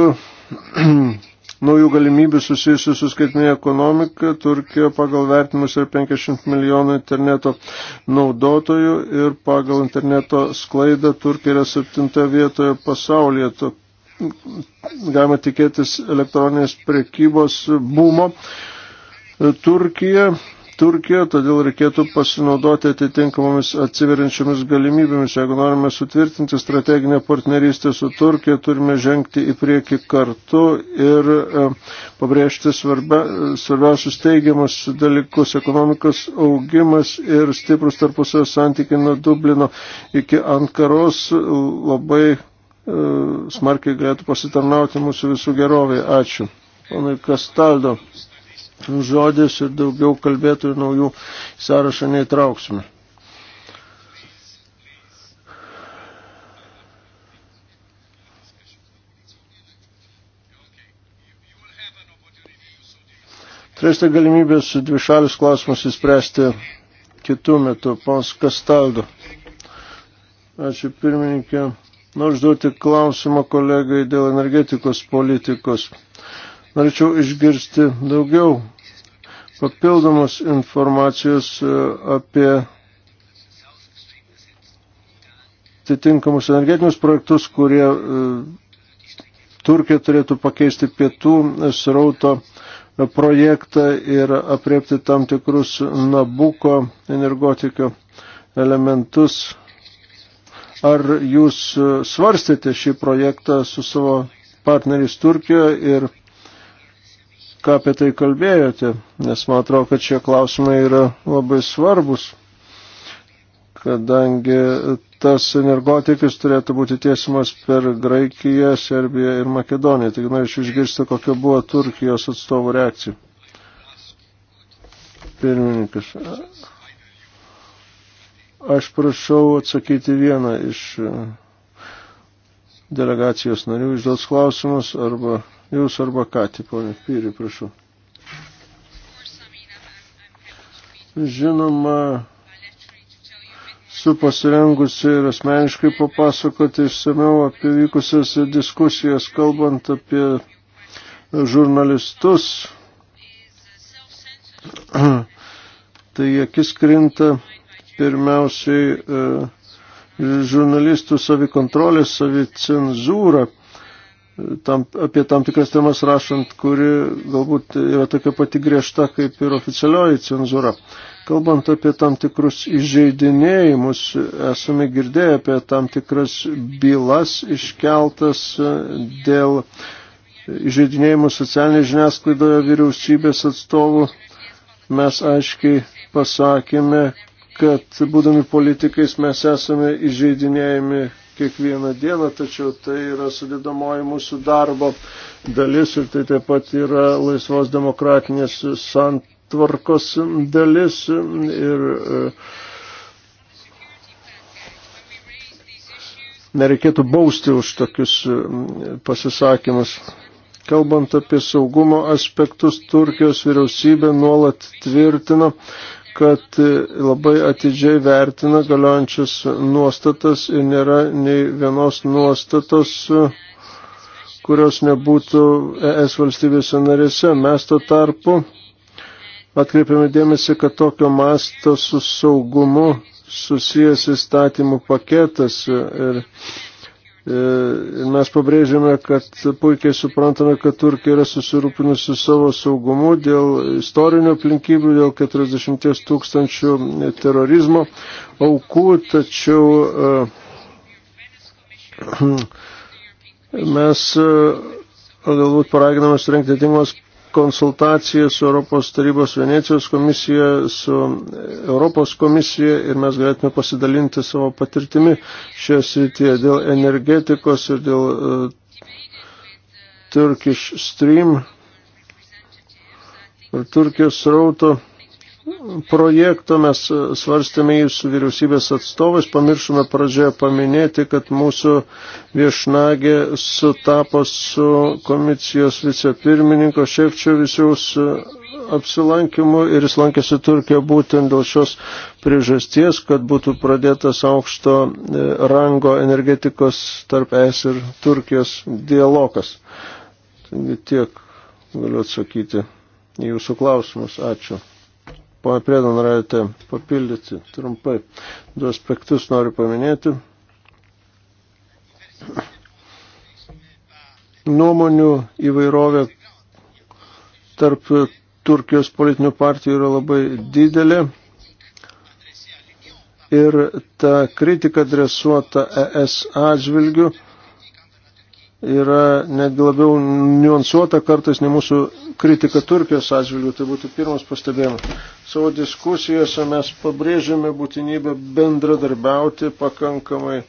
naujų galimybių susijusių su skaitinė ekonomika. Turkija pagal vertimus yra 50 milijonų interneto naudotojų ir pagal interneto sklaidą Turkija yra septintoje vietoje pasaulyje. Tok galima tikėtis elektroninės prekybos būmo Turkija. Turkija, todėl reikėtų pasinaudoti atitinkamomis atsiverinčiomis galimybėmis. Jeigu norime sutvirtinti strateginę partnerystę su Turkija, turime žengti į priekį kartu ir e, pabrėžti svarbia, svarbiausius teigiamus dalykus - ekonomikos augimas ir stiprus tarpusio santykiai nuo Dublino iki Ankaros labai E, smarkiai galėtų pasitarnauti mūsų visų gerovai. Ačiū. Ponai Kastaldo, žodis ir daugiau kalbėtojų naujų sąrašą neįtrauksime. Turėsite galimybę su dvišalius klausimus įspręsti kitų metų, pons Kastaldo. Ačiū pirmininkė. Noriu užduoti klausimą kolegai dėl energetikos politikos. Norėčiau išgirsti daugiau papildomos informacijos e, apie atitinkamus energetinius projektus, kurie e, Turkija turėtų pakeisti pietų srauto projektą ir apriepti tam tikrus Nabuko energetikio elementus Ar jūs e, svarstėte šį projektą su savo partneriais Turkijoje ir ką apie tai kalbėjote? Nes man atrodo, kad šie klausimai yra labai svarbus, kadangi tas energotikis turėtų būti tiesimas per Graikiją, Serbiją ir Makedoniją. Tik norėčiau išgirsti, kokia buvo Turkijos atstovų reakcija. Pirmininkas. Aš prašau atsakyti vieną iš e, delegacijos narių, išduos klausimus arba jūs arba ką, ponė Pyri, prašau. Žinoma, esu pasirengusi ir asmeniškai papasakoti išsameu apie vykusias diskusijas, kalbant apie žurnalistus. tai akis krinta pirmiausiai e, žurnalistų savikontrolės, savicenzūrą e, tam, apie tam tikras temas rašant, kuri galbūt yra tokia pati griežta kaip ir oficialioji cenzūra. Kalbant apie tam tikrus įžeidinėjimus, esame girdėję apie tam tikras bylas iškeltas e, dėl įžeidinėjimų socialinėje žiniasklaidoje vyriausybės atstovų. Mes aiškiai pasakėme, kad būdami politikais mes esame įžeidinėjami kiekvieną dieną, tačiau tai yra sudėdamoji mūsų darbo dalis ir tai taip pat yra laisvos demokratinės santvarkos dalis. Ir, e, Nereikėtų bausti už tokius e, pasisakymus. Kalbant apie saugumo aspektus, Turkijos vyriausybė nuolat tvirtino, kad labai atidžiai vertina galiojančias nuostatas ir nėra nei vienos nuostatos, kurios nebūtų ES valstybėse narėse. Mes to tarpu atkreipiame dėmesį, kad tokio masto su saugumu susijęs įstatymų paketas ir E, mes pabrėžiame, kad puikiai suprantame, kad Turkija yra susirūpinusi savo saugumu dėl istorinių aplinkybių, dėl 40 tūkstančių terorizmo aukų, tačiau e, mes e, galbūt paraginame surinkti tinkamas konsultaciją su Europos tarybos Venecijos komisija, su Europos komisija ir mes galėtume pasidalinti savo patirtimi šioje srityje dėl energetikos ir dėl uh, Turkish Stream ir Turkijos rauto projekto mes e, svarstėme jį su vyriausybės atstovais, pamiršome pradžioje paminėti, kad mūsų viešnagė sutapo su komisijos vicepirmininko Ševčiovičiaus e, apsilankimu ir jis lankėsi Turkijoje būtent dėl šios priežasties, kad būtų pradėtas aukšto e, rango energetikos tarp ES ir Turkijos dialogas. Taigi tiek galiu atsakyti į jūsų klausimus. Ačiū. Pone Prėdą, norėjote papildyti trumpai. Du aspektus noriu paminėti. Nuomonių įvairovė tarp Turkijos politinių partijų yra labai didelė. Ir ta kritika adresuota ES atžvilgių yra netgi labiau niuansuota kartais ne mūsų kritika Turkijos atžvilgių, tai būtų pirmas pastebėjimas. Savo diskusijose mes pabrėžėme būtinybę bendradarbiauti pakankamai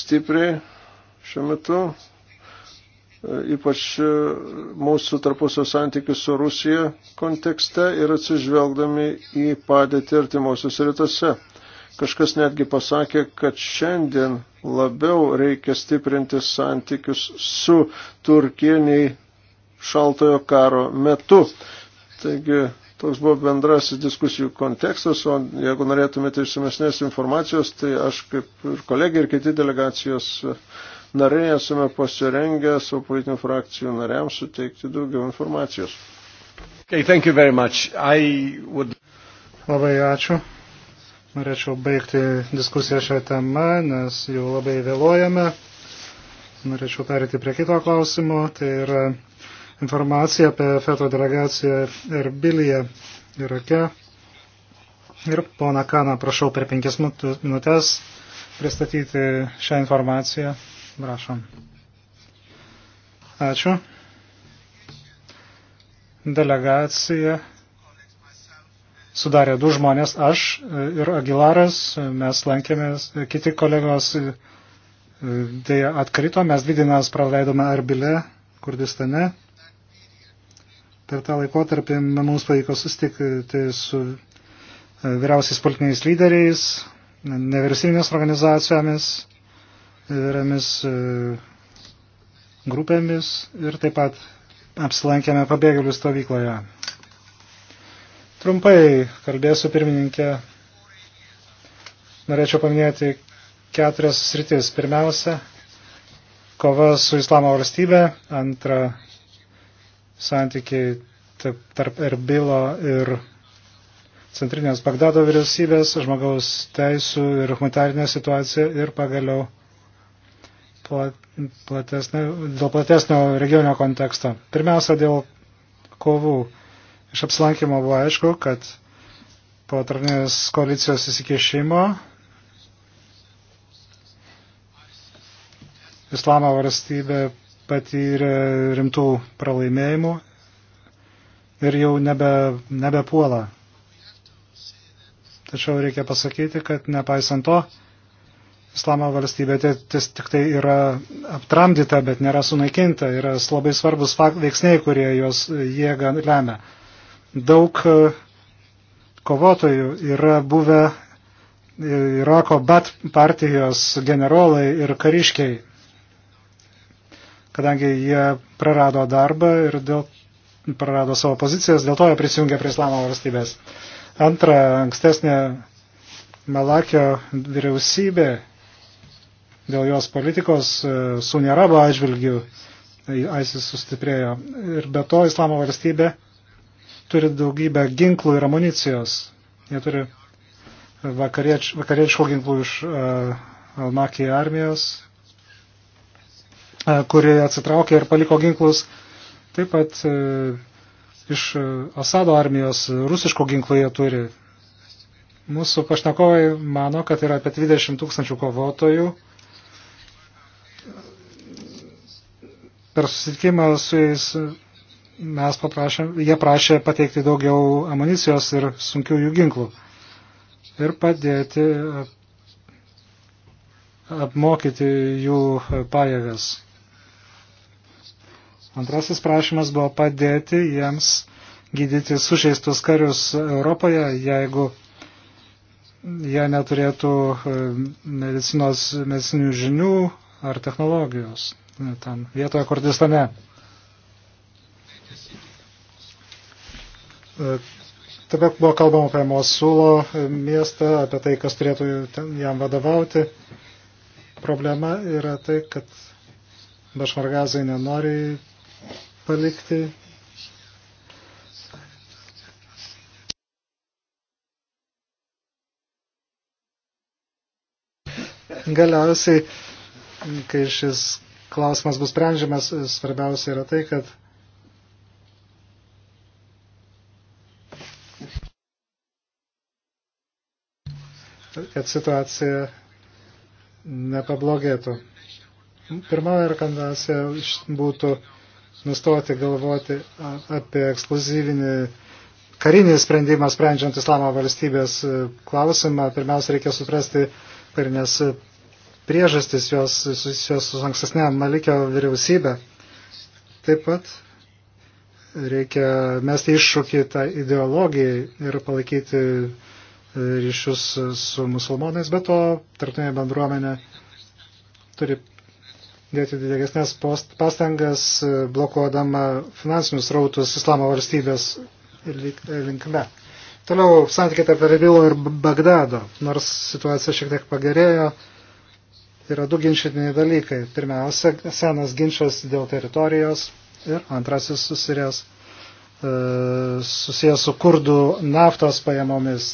stipriai šiuo metu, ypač mūsų tarpusio santykių su Rusija kontekste ir atsižvelgdami į padėtį artimuosius rytuose. Kažkas netgi pasakė, kad šiandien labiau reikia stiprinti santykius su Turkija nei šaltojo karo metu. Taigi toks buvo bendrasis diskusijų kontekstas, o jeigu norėtumėte išsamesnės informacijos, tai aš kaip ir kolegė ir kiti delegacijos nariai esame pasirengę savo politinių frakcijų nariams suteikti daugiau informacijos. Okay, thank you very much. I would... Labai ačiū. Norėčiau baigti diskusiją šią temą, nes jau labai vėluojame. Norėčiau perėti prie kito klausimo. Tai yra informacija apie FETO delegaciją Erbilyje, Irake. Ir pona Kana, prašau per penkias minutės pristatyti šią informaciją. Prašom. Ačiū. Delegacija sudarė du žmonės, aš e, ir Agilaras, e, mes lankėmės, e, kiti kolegos dėja atkrito, mes dvi dienas praleidome Arbile, Kurdistane. Per tą laikotarpį mums pavyko susitikti su vyriausiais politiniais lyderiais, nevyriausybinės organizacijomis, įvairiamis grupėmis ir taip pat apsilankėme pabėgėlių stovykloje. Trumpai kalbėsiu pirmininkė. Norėčiau paminėti keturias sritis. Pirmiausia, kova su Islamo valstybė. Antra, santykiai tarp Erbilo ir centrinės Bagdado vyriausybės, žmogaus teisų ir humanitarinė situacija ir pagaliau platesnė, dėl platesnio regioninio konteksto. Pirmiausia, dėl kovų Iš apsilankimo buvo aišku, kad po tarnės koalicijos įsikešimo Islamo valstybė patyrė rimtų pralaimėjimų ir jau nebe, nebepuola. Tačiau reikia pasakyti, kad nepaisant to, Islamo valstybė tis tik tai yra aptramdyta, bet nėra sunaikinta. Yra labai svarbus veiksniai, kurie jos jėgą lemia. Daug e, kovotojų yra buvę Irako bat partijos generolai ir kariškiai, kadangi jie prarado darbą ir dėl, prarado savo pozicijas, dėl to jie prisijungė prie islamo valstybės. Antra, ankstesnė Melakio vyriausybė dėl jos politikos e, sunierabo atžvilgių e, ISIS sustiprėjo. Ir be to islamo valstybė turi daugybę ginklų ir amunicijos. Jie turi vakarieč, vakarietiškų ginklų iš uh, e, Almakį armijos, uh, e, kuri atsitraukė ir paliko ginklus. Taip pat uh, iš Asado armijos rusiškų ginklų jie turi. Mūsų pašnekovai mano, kad yra apie 20 tūkstančių kovotojų. Per susitikimą su jais mes paprašėm, jie prašė pateikti daugiau amunicijos ir sunkiųjų ginklų ir padėti apmokyti jų pajėgas. Antrasis prašymas buvo padėti jiems gydyti sužeistus karius Europoje, jeigu jie neturėtų e, medicinos, medicinių žinių ar technologijos ten vietoje Kurdistane. Taip pat buvo kalbama apie Mosulo miestą, apie tai, kas turėtų jam vadovauti. Problema yra tai, kad Bašmargazai nenori palikti. Galiausiai, kai šis klausimas bus sprendžiamas, svarbiausia yra tai, kad kad situacija nepablogėtų. Pirmoji rekomendacija būtų nustoti galvoti apie ekskluzyvinį karinį sprendimą sprendžiant islamo valstybės klausimą. Pirmiausia, reikia suprasti karinės priežastis jos susijusios su ankstesnė Malikio vyriausybė. Taip pat reikia mesti iššūkį tą ideologiją ir palaikyti ryšius su musulmonais, bet to tarptautinė bendruomenė turi dėti didesnės pastangas e, blokuodama finansinius rautus islamo valstybės e, linkme. Toliau santykiai tarp Erbilų ir Bagdado, nors situacija šiek tiek pagerėjo, yra du ginčytiniai dalykai. Pirmiausia, senas ginčas dėl teritorijos ir antrasis susirės e, susijęs su kurdų naftos pajamomis.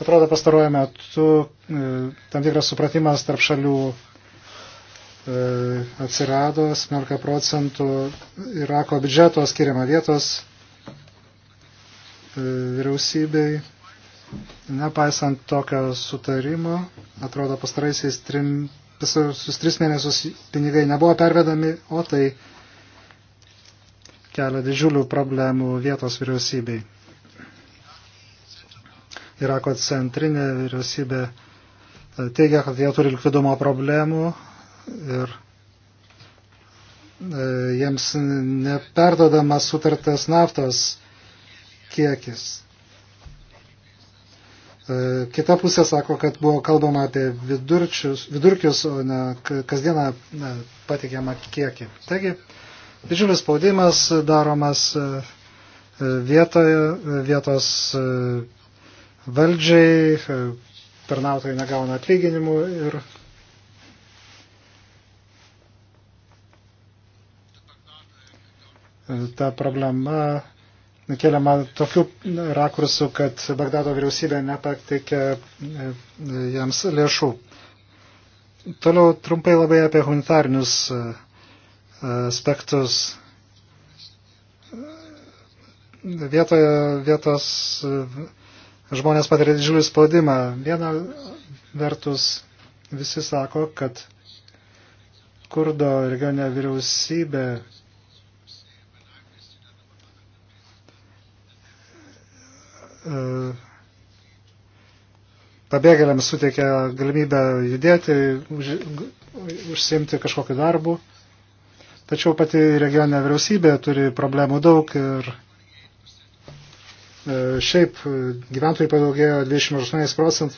Atrodo, pastaruoju metu e, tam tikras supratimas tarp šalių e, atsirado, 17 procentų Irako biudžeto skiriama vietos e, vyriausybei. Nepaisant tokio sutarimo, atrodo, pastaraisiais trim, pasarusius tris mėnesius pinigai nebuvo pervedami, o tai kelia didžiulių problemų vietos vyriausybei. Irako centrinė vyriausybė e, teigia, kad jie turi likvidumo problemų ir e, jiems neperdodamas sutartas naftos kiekis. E, kita pusė sako, kad buvo kalbama apie vidurčius, vidurkius, o ne kasdieną pateikiamą kiekį. Taigi, didžiulis spaudimas daromas vietoje, vietos valdžiai, e, tarnautojai negauna atlyginimų ir ta problema keliama tokiu rakursu, kad Bagdado vyriausybė nepakteikė e, jiems lėšų. Toliau trumpai labai apie humanitarinius e, aspektus. Vietoje, vietos žmonės patiria didžiulį spaudimą. Viena vertus visi sako, kad kurdo regione vyriausybė e, pabėgėliams suteikia galimybę judėti, už, užsiimti kažkokiu darbu. Tačiau pati regioninė vyriausybė turi problemų daug ir E, šiaip e, gyventojų padaugėjo 28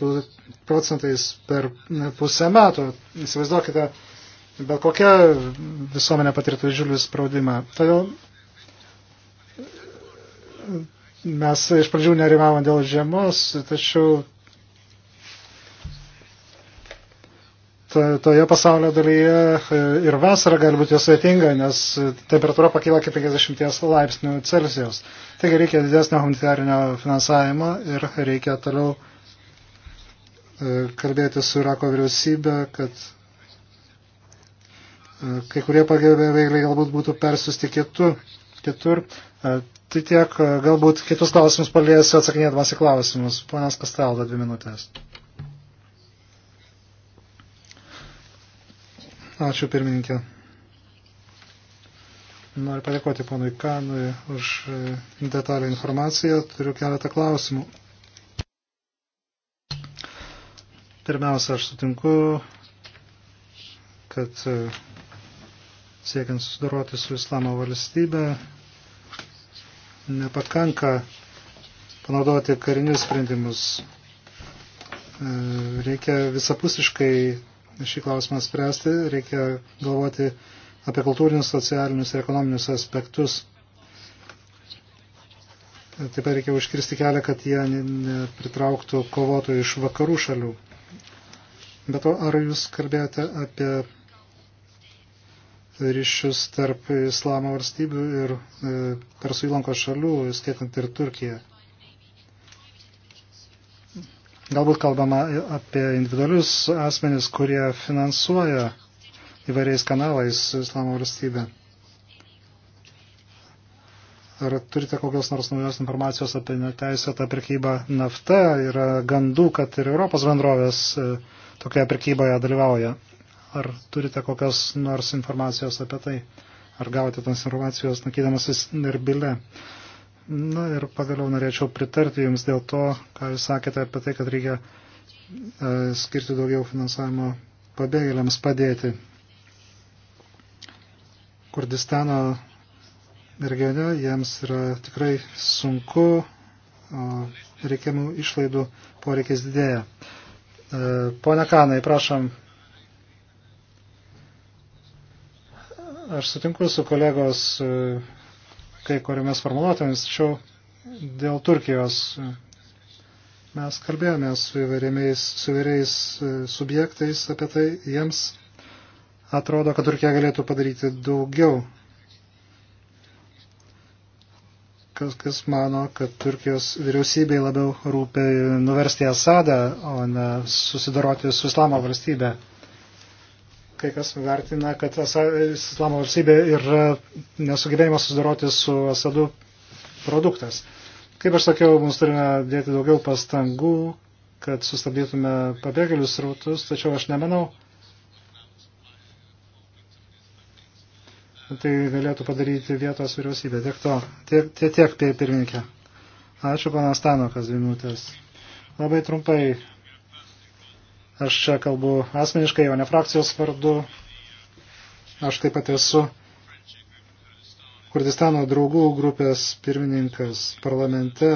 procentais per e, pusę metų. Įsivaizduokite, bet kokia visuomenė patirtų didžiulį spaudimą. Todėl mes iš pradžių nerimavom dėl žiemos, tačiau toje pasaulio dalyje e, ir vasara gali būti sudėtinga, nes temperatūra pakyla iki 50 laipsnių Celsijaus. Taigi reikia didesnio humanitarinio finansavimo ir reikia toliau e, kalbėti su Irako vyriausybė, kad e, kai kurie pagėbėjai galbūt būtų persiusti kitu, kitur. Tai tiek, galbūt kitus klausimus paliesiu atsakinėdamas į klausimus. Ponas Kastalda, dvi minutės. Ačiū pirmininkė. Noriu padėkoti ponui Kanui už e, detalę informaciją. Turiu keletą klausimų. Pirmiausia, aš sutinku, kad e, siekiant susidoroti su islamo valstybė, nepakanka panaudoti karinius sprendimus. E, reikia visapusiškai šį klausimą spręsti, reikia galvoti apie kultūrinius, socialinius ir ekonominius aspektus. Taip pat reikia užkirsti kelią, kad jie pritrauktų kovotojų iš vakarų šalių. Bet o ar jūs kalbėjote apie ryšius tarp islamo valstybių ir e, persų įlankos šalių, skaitant ir Turkiją? Galbūt kalbama apie individualius asmenis, kurie finansuoja įvairiais kanalais Islamo valstybę. Ar turite kokios nors naujos informacijos apie neteisėtą prekybą nafta? Yra gandų, kad ir Europos bendrovės e, tokioje prekyboje dalyvauja. Ar turite kokios nors informacijos apie tai? Ar gavote tos informacijos, nakydamasis Nerbile? Na ir pagaliau norėčiau pritarti Jums dėl to, ką Jūs sakėte apie tai, kad reikia e, skirti daugiau finansavimo pabėgėliams padėti. Kurdistano regione jiems yra tikrai sunku, reikiamų išlaidų poreikis didėja. E, pone Kanai, prašom. Aš sutinku su kolegos e, kai kuriomis formuluotėmis, tačiau dėl Turkijos mes kalbėjome su įvairiais, su įvairiais e, subjektais apie tai, jiems atrodo, kad Turkija galėtų padaryti daugiau. Kas, kas mano, kad Turkijos vyriausybei labiau rūpi nuversti Asadą, o ne susidoroti su Islamo valstybė kai kas vertina, kad Islamo valstybė yra nesugebėjimas susidoroti su Asadu produktas. Kaip aš sakiau, mums turime dėti daugiau pastangų, kad sustabdytume pabėgėlius rautus, tačiau aš nemanau, tai galėtų padaryti vietos vyriausybė. Tiek to, tiek, tiek, tiek pirmininkė. Ačiū, panas Tanokas, dvi minutės. Labai trumpai Aš čia kalbu asmeniškai, o ne frakcijos vardu. Aš taip pat esu Kurdistano draugų grupės pirmininkas parlamente.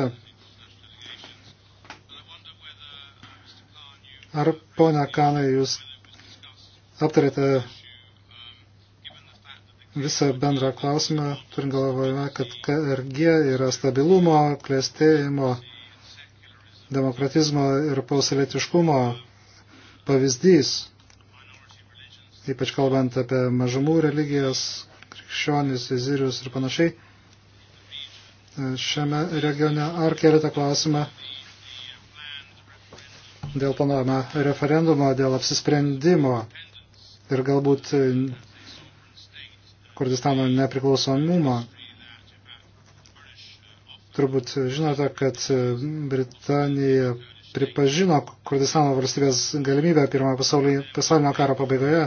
Ar, ponia Kanai, jūs aptarėte visą bendrą klausimą, turint galvoje, kad KRG yra stabilumo, klėstėjimo, demokratizmo ir pausalietiškumo pavyzdys, ypač kalbant apie mažumų religijas, krikščionis, vizirius ir panašiai. Šiame regione ar kelite klausimą dėl planuojama referendumo, dėl apsisprendimo ir galbūt Kurdistano nepriklausomumo. Turbūt žinote, kad Britanija pripažino Kurdistano valstybės galimybę pirmojo pasaulinio karo pabaigoje,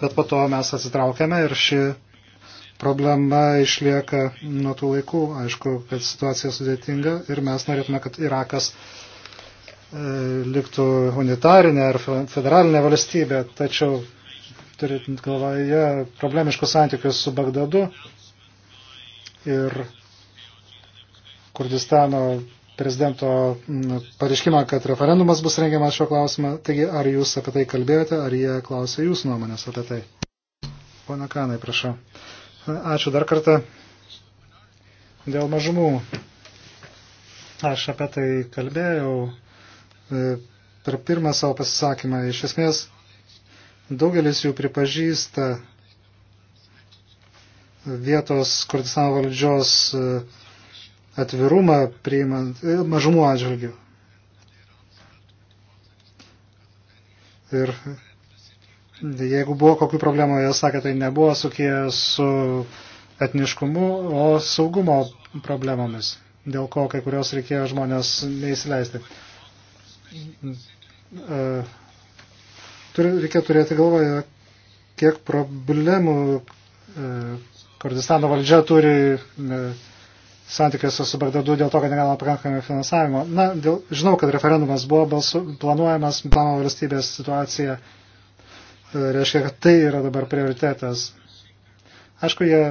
bet po to mes atsitraukėme ir ši problema išlieka nuo tų laikų. Aišku, kad situacija sudėtinga ir mes norėtume, kad Irakas e, liktų unitarinė ar federalinė valstybė, tačiau turint galvoje problemiškus santykius su Bagdadu ir Kurdistano prezidento mm, pareiškimą, kad referendumas bus rengiamas šio klausimą. Taigi, ar jūs apie tai kalbėjote, ar jie klausė jūsų nuomonės apie tai? Pone Kanai, prašau. Ačiū dar kartą. Dėl mažumų. Aš apie tai kalbėjau e, per pirmą savo pasisakymą. Iš esmės, daugelis jų pripažįsta vietos Kurdistano valdžios uh, atvirumą priimant e, mažumų atžvilgių. Ir jeigu buvo kokių problemų, jie sakė, tai nebuvo sukiję su etniškumu, o saugumo problemomis, dėl ko kai kurios reikėjo žmonės neįsileisti. E, reikia turėti galvoje, kiek problemų e, Kurdistano valdžia turi santykiuose su Bagdadu dėl to, kad negalima pakankamai finansavimo. Na, dėl, žinau, kad referendumas buvo balsu, planuojamas, mano valstybės situacija e, reiškia, kad tai yra dabar prioritetas. Aišku, jie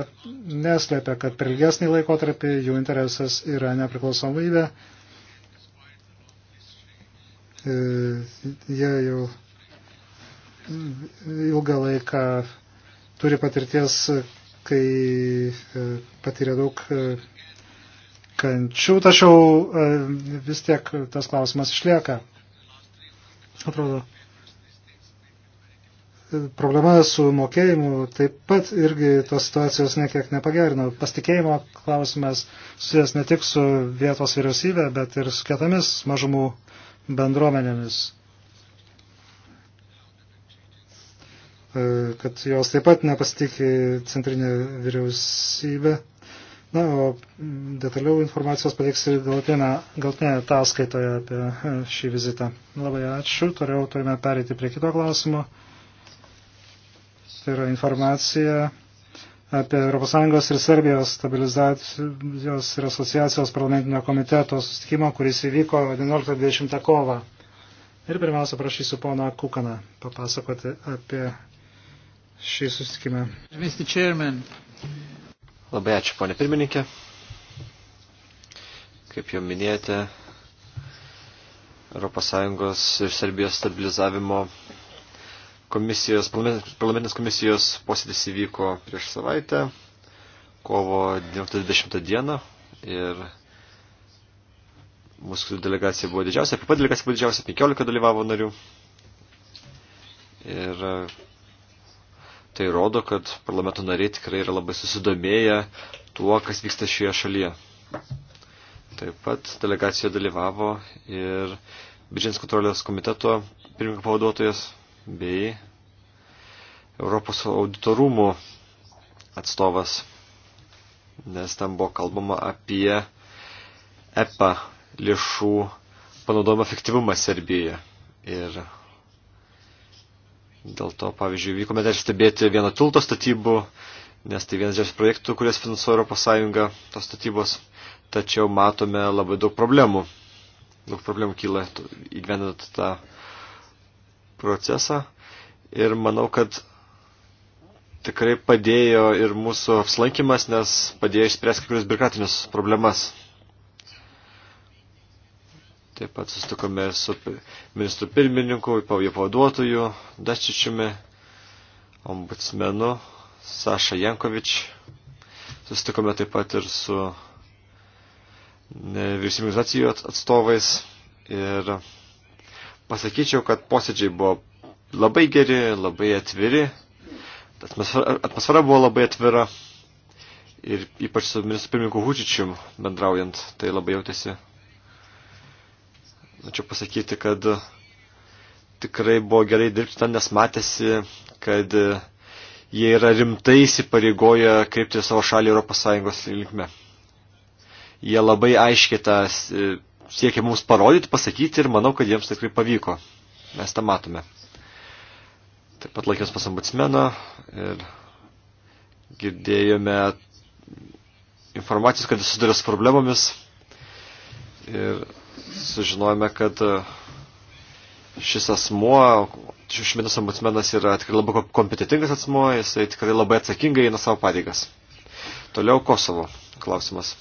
neslėpia, kad per ilgesnį laikotarpį jų interesas yra nepriklausomybė. E, jie jau ilgą laiką turi patirties, kai e, patyrė daug kančių, tačiau e, vis tiek tas klausimas išlieka. Atrodo, problema su mokėjimu taip pat irgi tos situacijos nekiek nepagerino. Pastikėjimo klausimas susijęs ne tik su vietos vyriausybė, bet ir su kitomis mažumų bendruomenėmis. E, kad jos taip pat nepasitikė centrinė vyriausybė. Na, o detaliau informacijos pateiks ir galtinė ataskaitoje apie e, šį vizitą. Labai ačiū. Toliau turime perėti prie kito klausimo. Tai yra informacija apie ES ir Serbijos stabilizacijos ir asociacijos parlamentinio komiteto susitikimą, kuris įvyko 19-20 kovą. Ir pirmiausia, prašysiu pono Kukaną papasakoti apie šį susitikimą. Mr. Chairman, Labai ačiū, ponė pirmininkė. Kaip jau minėjote, ES ir Serbijos stabilizavimo komisijos, parlamentinės komisijos posėdis įvyko prieš savaitę, kovo 19-20 dieną ir mūsų delegacija buvo didžiausia, apie pat delegacija buvo didžiausia, 15 dalyvavo narių. Ir Tai rodo, kad parlamento nariai tikrai yra labai susidomėję tuo, kas vyksta šioje šalyje. Taip pat delegacijoje dalyvavo ir Biržins kontrolės komiteto pirmininko pavaduotojas bei Europos auditorumų atstovas, nes ten buvo kalbama apie EPA lėšų panaudojimo efektyvumą Serbijoje. Ir Dėl to, pavyzdžiui, vykome dar stebėti vieno tilto statybų, nes tai vienas didžiausių projektų, kurias finansuoja Europos Sąjunga, tos statybos. Tačiau matome labai daug problemų. Daug problemų kyla įgyvendinant tą procesą. Ir manau, kad tikrai padėjo ir mūsų apslankimas, nes padėjo išspręsti kai kurias biurokratinius problemas Taip pat sustikome su ministru pirmininku, jo pavaduotoju Dačičiumi, ombudsmenu Saša Jankovič. Sustikome taip pat ir su vyriausybizacijų atstovais ir pasakyčiau, kad posėdžiai buvo labai geri, labai atviri, atmosfera, atmosfera buvo labai atvira ir ypač su ministru pirmininku Hučičiu bendraujant, tai labai jautėsi. Norėčiau pasakyti, kad tikrai buvo gerai dirbti ten, nes matėsi, kad jie yra rimtai įsipareigoję kreipti savo šalį ES linkme. Jie labai aiškiai tą e, siekia mums parodyti, pasakyti ir manau, kad jiems tikrai pavyko. Mes tą matome. Taip pat laikėmės pas ambatsmeną ir girdėjome informacijos, kad jis sudarė su problemomis. Ir sužinojome, kad e, šis asmuo, šešmintas ambasmenas yra tikrai labai kompetitingas asmuo, jisai tikrai labai atsakingai eina savo pareigas. Toliau Kosovo klausimas.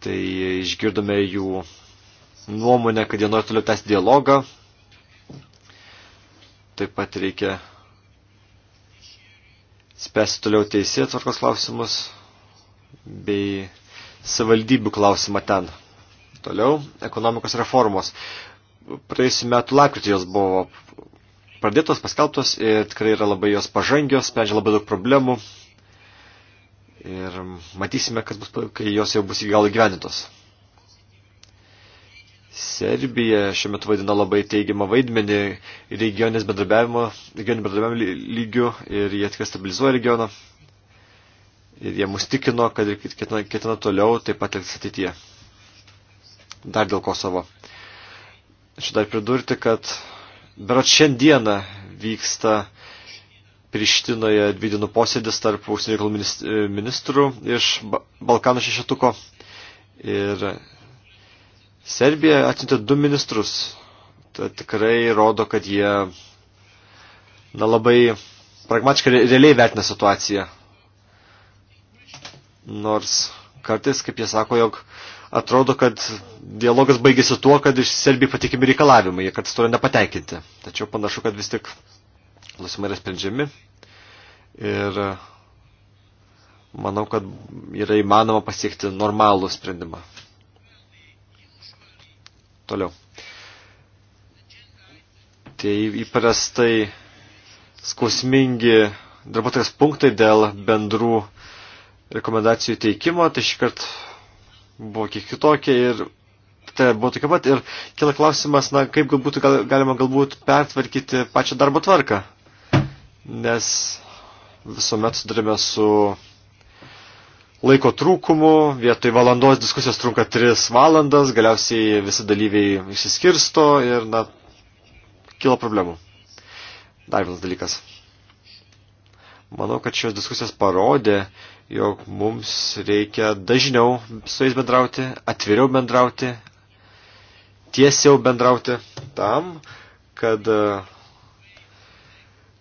Tai išgirdome jų nuomonę, kad jie nori toliau tęsti dialogą. Taip pat reikia spęsti toliau teisėtvarkos klausimus bei savaldybių klausimą ten. Toliau, ekonomikos reformos. Praėjusiu metu lakrytį jos buvo pradėtos, paskelbtos ir tikrai yra labai jos pažangios, sprendžia labai daug problemų. Ir matysime, kas bus, kai jos jau bus iki galo gyvenintos. Serbija šiuo metu vaidina labai teigiamą vaidmenį regionės bendradarbiavimo, regioninio bendradarbiavimo lygių ir jie tikrai stabilizuoja regioną. Ir jie mus tikino, kad ketina, ketina toliau taip pat ateityje dar dėl Kosovo. Aš dar pridurti, kad berat šiandieną vyksta Prištinoje dvidinų posėdis tarp užsienio reikalų e, ministrų iš Balkanų šešetuko. Ir Serbija atsiuntė du ministrus. Tai tikrai rodo, kad jie na, labai pragmatiškai realiai vertina situaciją. Nors kartais, kaip jie sako, jog atrodo, kad dialogas baigėsi tuo, kad iš Serbijai patikimi reikalavimai, kad stoja nepatenkinti. Tačiau panašu, kad vis tik klausimai yra sprendžiami ir manau, kad yra įmanoma pasiekti normalų sprendimą. Toliau. Tai įprastai skausmingi darbuotojas punktai dėl bendrų rekomendacijų teikimo, tai šį kartą buvo kiek kitokia ir tai buvo tokia pat ir kila klausimas, na, kaip būtų gal, galima galbūt pertvarkyti pačią darbo tvarką, nes visuomet sudarėme su laiko trūkumu, vietoj valandos diskusijos trunka 3 valandas, galiausiai visi dalyviai išsiskirsto ir, na, kila problemų. Dar vienas dalykas. Manau, kad šios diskusijos parodė, jog mums reikia dažniau su jais bendrauti, atviriau bendrauti, tiesiau bendrauti tam, kad e,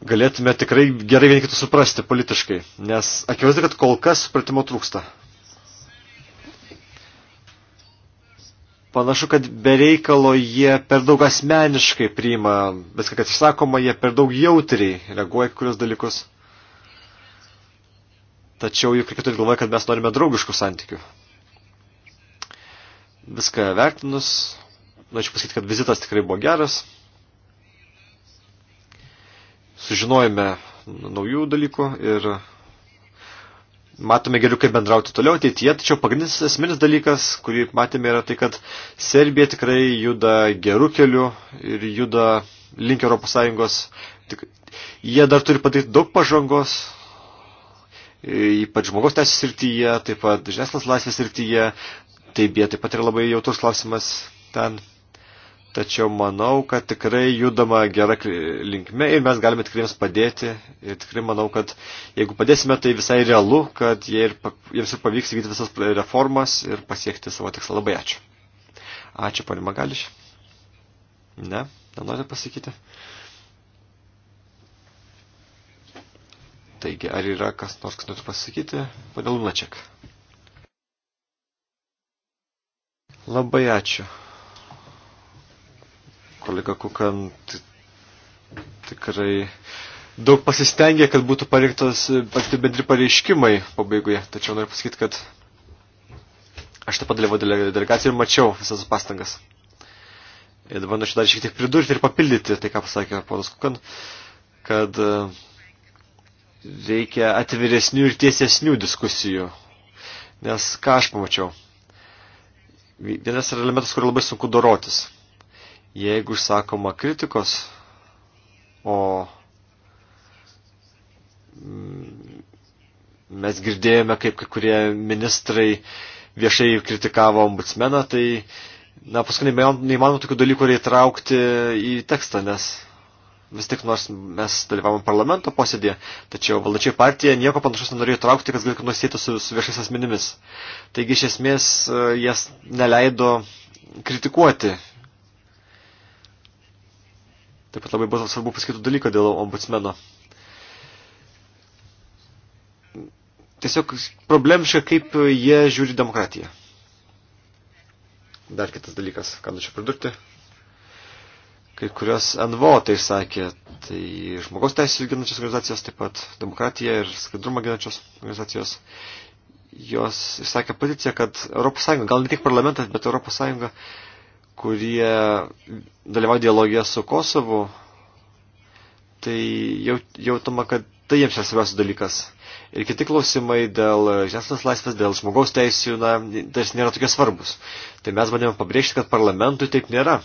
galėtume tikrai gerai vieni kitus suprasti politiškai, nes akivaizdu, kad kol kas supratimo trūksta. Panašu, kad bereikalo jie per daug asmeniškai priima viską, kas išsakoma, jie per daug jautriai reaguoja kurios dalykus. Tačiau juk reikia turėti galvoje, kad mes norime draugiškų santykių. Viską vertinus, norėčiau pasakyti, kad vizitas tikrai buvo geras. Sužinojome naujų dalykų ir matome geriau, kaip bendrauti toliau ateityje, tačiau pagrindinis esminis dalykas, kurį matėme, yra tai, kad Serbija tikrai juda gerų kelių ir juda link Europos Sąjungos. Tik, jie dar turi padaryti daug pažangos, E, ypač žmogaus teisės srityje, taip pat žiniasklaidos laisvės srityje. Taip, jie taip pat yra labai jautrus klausimas ten. Tačiau manau, kad tikrai judama gera linkme ir mes galime tikrai jiems padėti. Ir tikrai manau, kad jeigu padėsime, tai visai realu, kad jie ir, jiems ir pavyks įgyti visas reformas ir pasiekti savo tikslą. Labai ačiū. Ačiū, ponima Gališ. Ne, nenorite pasakyti. Taigi, ar yra kas nors, kas norėtų pasakyti? Padėl Lunačiak. Labai ačiū. Kolega Kukan tikrai daug pasistengė, kad būtų parinktos pati bendri pareiškimai pabaigoje. Tačiau noriu pasakyti, kad aš tą padalyvau delegaciją ir mačiau visas pastangas. Ir dabar noriu dar šiek tiek pridurti ir papildyti tai, ką pasakė ponas Kukan, kad uh, reikia atviresnių ir tiesesnių diskusijų. Nes ką aš pamačiau? Vienas yra elementas, kur labai sunku dorotis. Jeigu išsakoma kritikos, o mm, mes girdėjome, kaip kai kurie ministrai viešai kritikavo ombudsmeną, tai na, paskui neįmanoma tokių dalykų įtraukti į tekstą, nes vis tik nors mes dalyvavom parlamento posėdėje, tačiau valdačiai partija nieko panašaus nenorėjo traukti, kas galėtų nusėti su, su viešais asmenimis. Taigi iš esmės e, jas neleido kritikuoti. Taip pat labai buvo svarbu pasakytų dalyką dėl ombudsmeno. Tiesiog problemiška, kaip jie žiūri demokratiją. Dar kitas dalykas, ką norėčiau pridurti kai kurios NVO tai sakė, tai žmogaus teisės ginančios organizacijos, taip pat demokratija ir skaidrumą ginančios organizacijos, jos išsakė poziciją, kad ES, gal ne tik parlamentas, bet ES, kurie dalyvauja dialogė su Kosovu, tai jau, jautama, kad tai jiems yra svarbiausias dalykas. Ir kiti klausimai dėl žiniasklaidos laisvės, dėl žmogaus teisų, na, tarsi nėra tokie svarbus. Tai mes bandėme pabrėžti, kad parlamentui taip nėra.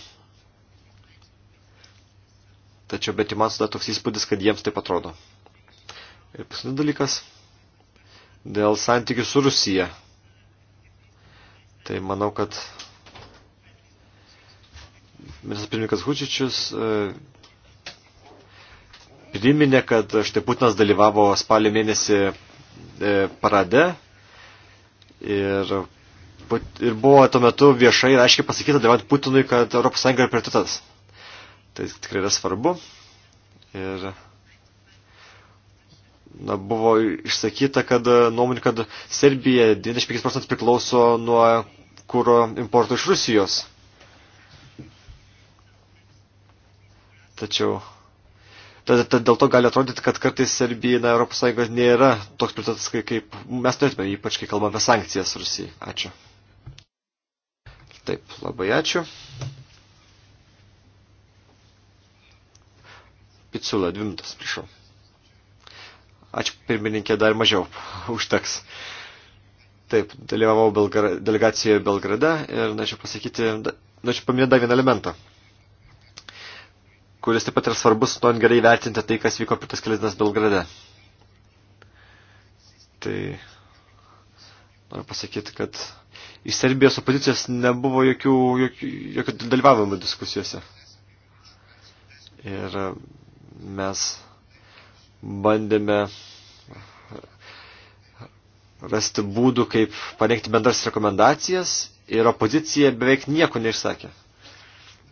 Tačiau bet man sudaro toks įspūdis, kad jiems taip atrodo. Ir paskutinis dalykas. Dėl santykių su Rusija. Tai manau, kad ministras pirmininkas Hučičius e, priminė, kad štai Putinas dalyvavo spalio mėnesį e, parade ir, ir buvo tuo metu viešai ir aiškiai pasakyta dalyvauti Putinui, kad ES yra prioritetas. Tai tikrai yra svarbu. Ir na, buvo išsakyta, kad e, nuomonė, kad Serbija 25 procentų priklauso nuo kūro importo iš Rusijos. Tačiau tad, tad dėl to gali atrodyti, kad kartais Serbija, na, Europos Sąjunga nėra toks prioritetas, kaip, kaip mes turėtume, ypač kai kalbame apie sankcijas Rusijai. Ačiū. Taip, labai ačiū. Picula, dvi minutės, prašau. Ačiū, pirmininkė, dar mažiau užteks. Taip, dalyvavau Belgra delegacijoje Belgrade ir norėčiau pasakyti, norėčiau paminėti dar vieną elementą, kuris taip pat yra svarbus, norint gerai vertinti tai, kas vyko per tas kelias dienas Belgrade. Tai noriu pasakyti, kad iš Serbijos opozicijos nebuvo jokių, jokių, jokių dalyvavimų diskusijose. Ir mes bandėme rasti būdų, kaip paneigti bendras rekomendacijas ir opozicija beveik nieko neišsakė.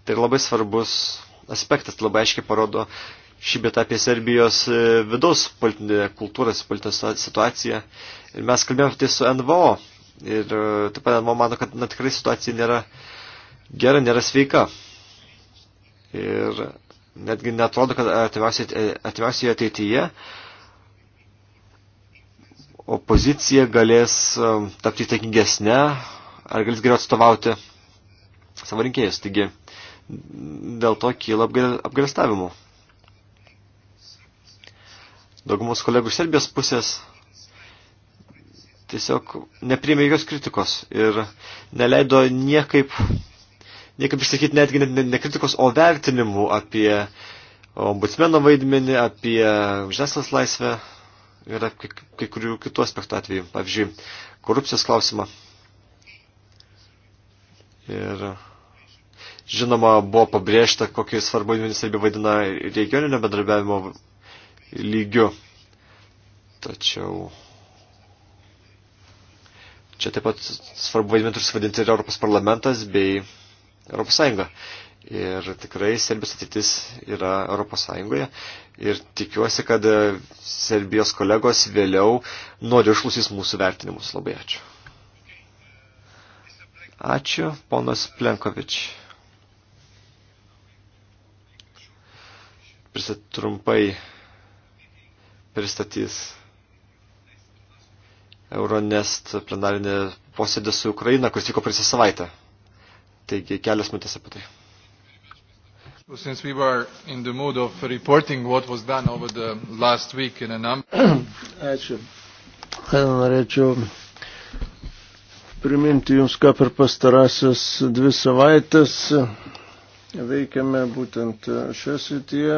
Tai labai svarbus aspektas, tai labai aiškiai parodo šį bet apie Serbijos e, vidaus politinę kultūrą, politinę situaciją. Ir mes kalbėjome tai su NVO. Ir e, taip pat NVO mano, kad na, tikrai situacija nėra gera, nėra sveika. Ir netgi netrodo, kad atimiausiai ateityje opozicija galės um, tapti įtakingesnė ar galės geriau atstovauti savo rinkėjus. Taigi dėl to kyla apgalestavimų. Daugumos kolegų iš Serbijos pusės tiesiog neprimė jokios kritikos ir neleido niekaip ne kaip išsakyti netgi ne, ne, ne kritikos, o vertinimų apie ombudsmeno vaidmenį, apie žiniasklaidos laisvę ir apie kai, kai kurių kitų aspektų atveju. Pavyzdžiui, korupcijos klausimą. Ir žinoma, buvo pabrėžta, kokį svarbų vaidmenį savybė vaidina regioninio bendradarbiavimo lygiu. Tačiau čia taip pat svarbu vaidmenį turi suvadinti ir Europos parlamentas bei Europos Sąjungą. Ir tikrai Serbijos ateitis yra Europos Sąjungoje. Ir tikiuosi, kad e, Serbijos kolegos vėliau nori išklausys mūsų vertinimus. Labai ačiū. Ačiū, ponas Plenkovič. Pristat, trumpai pristatys Euronest plenarinė posėdė su Ukraina, kuris vyko prisą savaitę. Taigi kelias minutės apie tai. Since we were in the mood of reporting what was done over the last week in a number. Ačiū. Norėčiau priminti Jums, ką per pastarasias dvi savaitės veikiame būtent šioje srityje.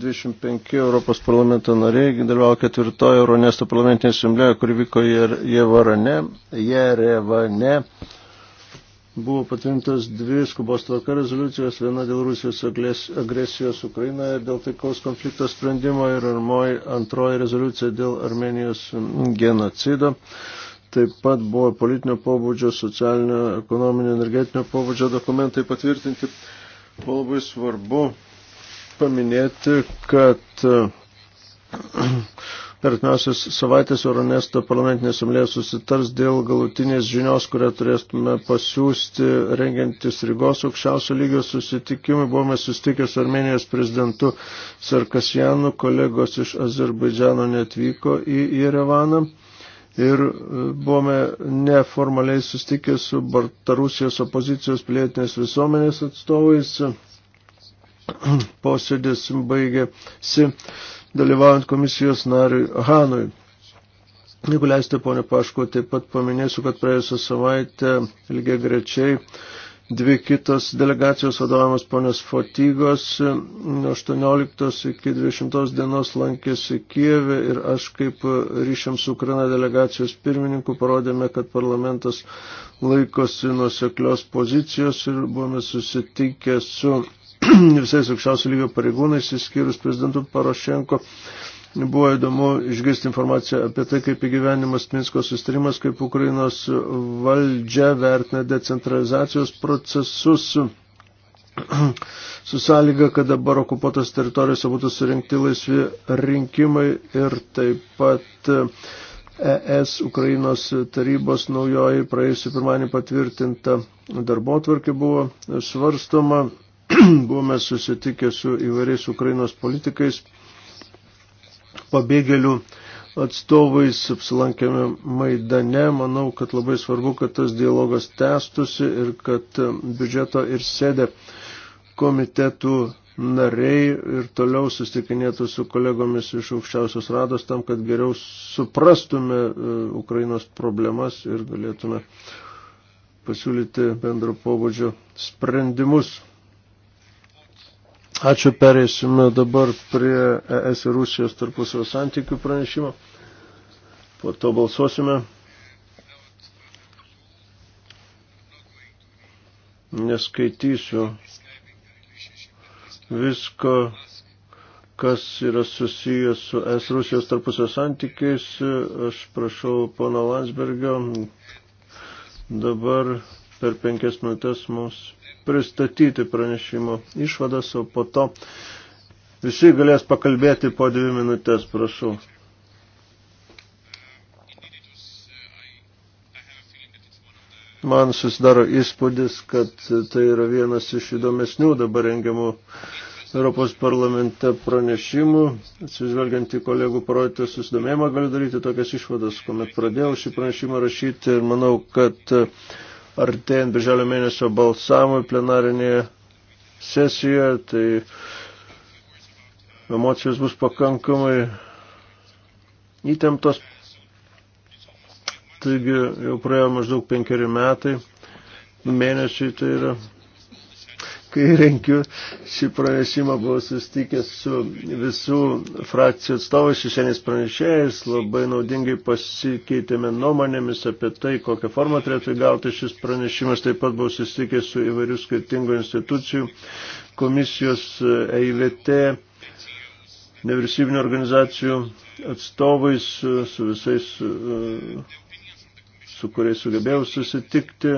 25 Europos parlamento nariai dalyvavo ketvirtojo Euronesto parlamentinėje asamblėje, kuri vyko Jevarane. Jerevane. Jer buvo patvirtintos dvi skubos tvarka rezoliucijos, viena dėl Rusijos agresijos Ukrainoje ir dėl taikaus konflikto sprendimo ir armoji, antroji rezoliucija dėl Armenijos genocido. Taip pat buvo politinio pobūdžio, socialinio, ekonominio, energetinio pobūdžio dokumentai patvirtinti. Buvo labai svarbu paminėti, kad Per atmiausias savaitės Euronesto parlamentinė asamblėje susitars dėl galutinės žinios, kurią turėtume pasiūsti rengiantis Rygos aukščiausio lygio susitikimui. Buvome susitikę su Armenijos prezidentu Sarkasjanu, kolegos iš Azerbaidžiano netvyko į Jerevaną. Ir e, buvome neformaliai sustikę su Baltarusijos opozicijos pilietinės visuomenės atstovais. Posėdis baigėsi dalyvaujant komisijos nariui Hanui. Jeigu leisite, ponė Paško, taip pat paminėsiu, kad praėjusią savaitę lygiai grečiai dvi kitos delegacijos vadovavimas ponios Fotygos 18 iki 20 dienos lankėsi Kijeve ir aš kaip ryšiam su Ukraina delegacijos pirmininku parodėme, kad parlamentas laikosi nuseklios pozicijos ir buvome susitikę su visais aukščiausio lygio pareigūnais, įskyrus prezidentu Parošenko. Buvo įdomu išgirsti informaciją apie tai, kaip įgyvenimas Minsko sustarimas, kaip Ukrainos valdžia vertina decentralizacijos procesus su sąlyga, kad dabar okupuotos teritorijose būtų surinkti laisvi rinkimai ir taip pat ES Ukrainos tarybos naujoji praėjusiu pirmanį patvirtinta darbo tvarkė buvo svarstoma buvome susitikę su įvairiais Ukrainos politikais, pabėgėlių atstovais, apsilankėme Maidane. Manau, kad labai svarbu, kad tas dialogas tęstusi ir kad biudžeto ir sėdė komitetų nariai ir toliau sustikinėtų su kolegomis iš aukščiausios rados tam, kad geriau suprastume e, Ukrainos problemas ir galėtume pasiūlyti bendro pobūdžio sprendimus. Ačiū, pereisime dabar prie ES ir Rusijos tarpusavio santykių pranešimo. Po to balsuosime. Neskaitysiu visko, kas yra susijęs su ES Rusijos tarpusavio santykiais. Aš prašau pono Landsbergio dabar per penkias minutės mums pristatyti pranešimo išvadas, o po to visi galės pakalbėti po dvi minutės, prašau. Man susidaro įspūdis, kad tai yra vienas iš įdomesnių dabar rengiamų Europos parlamente pranešimų. Atsižvelgiant į kolegų parodytą susidomėjimą, galiu daryti tokias išvadas, kuomet pradėjau šį pranešimą rašyti ir manau, kad uh, artėjant birželio mėnesio balsavimui plenarinėje sesijoje, tai emocijos bus pakankamai įtemptos. Taigi jau praėjo maždaug penkeri metai, mėnesiai tai yra kai renkiu šį pranešimą, buvau sustikęs su visų frakcijų atstovais, šešienis pranešėjais, labai naudingai pasikeitėme nuomonėmis apie tai, kokią formą turėtų gauti šis pranešimas, taip pat buvau sustikęs su įvairių skirtingų institucijų, komisijos EIVT, nevyriausybinio organizacijų atstovais, su visais, su kuriais sugebėjau susitikti,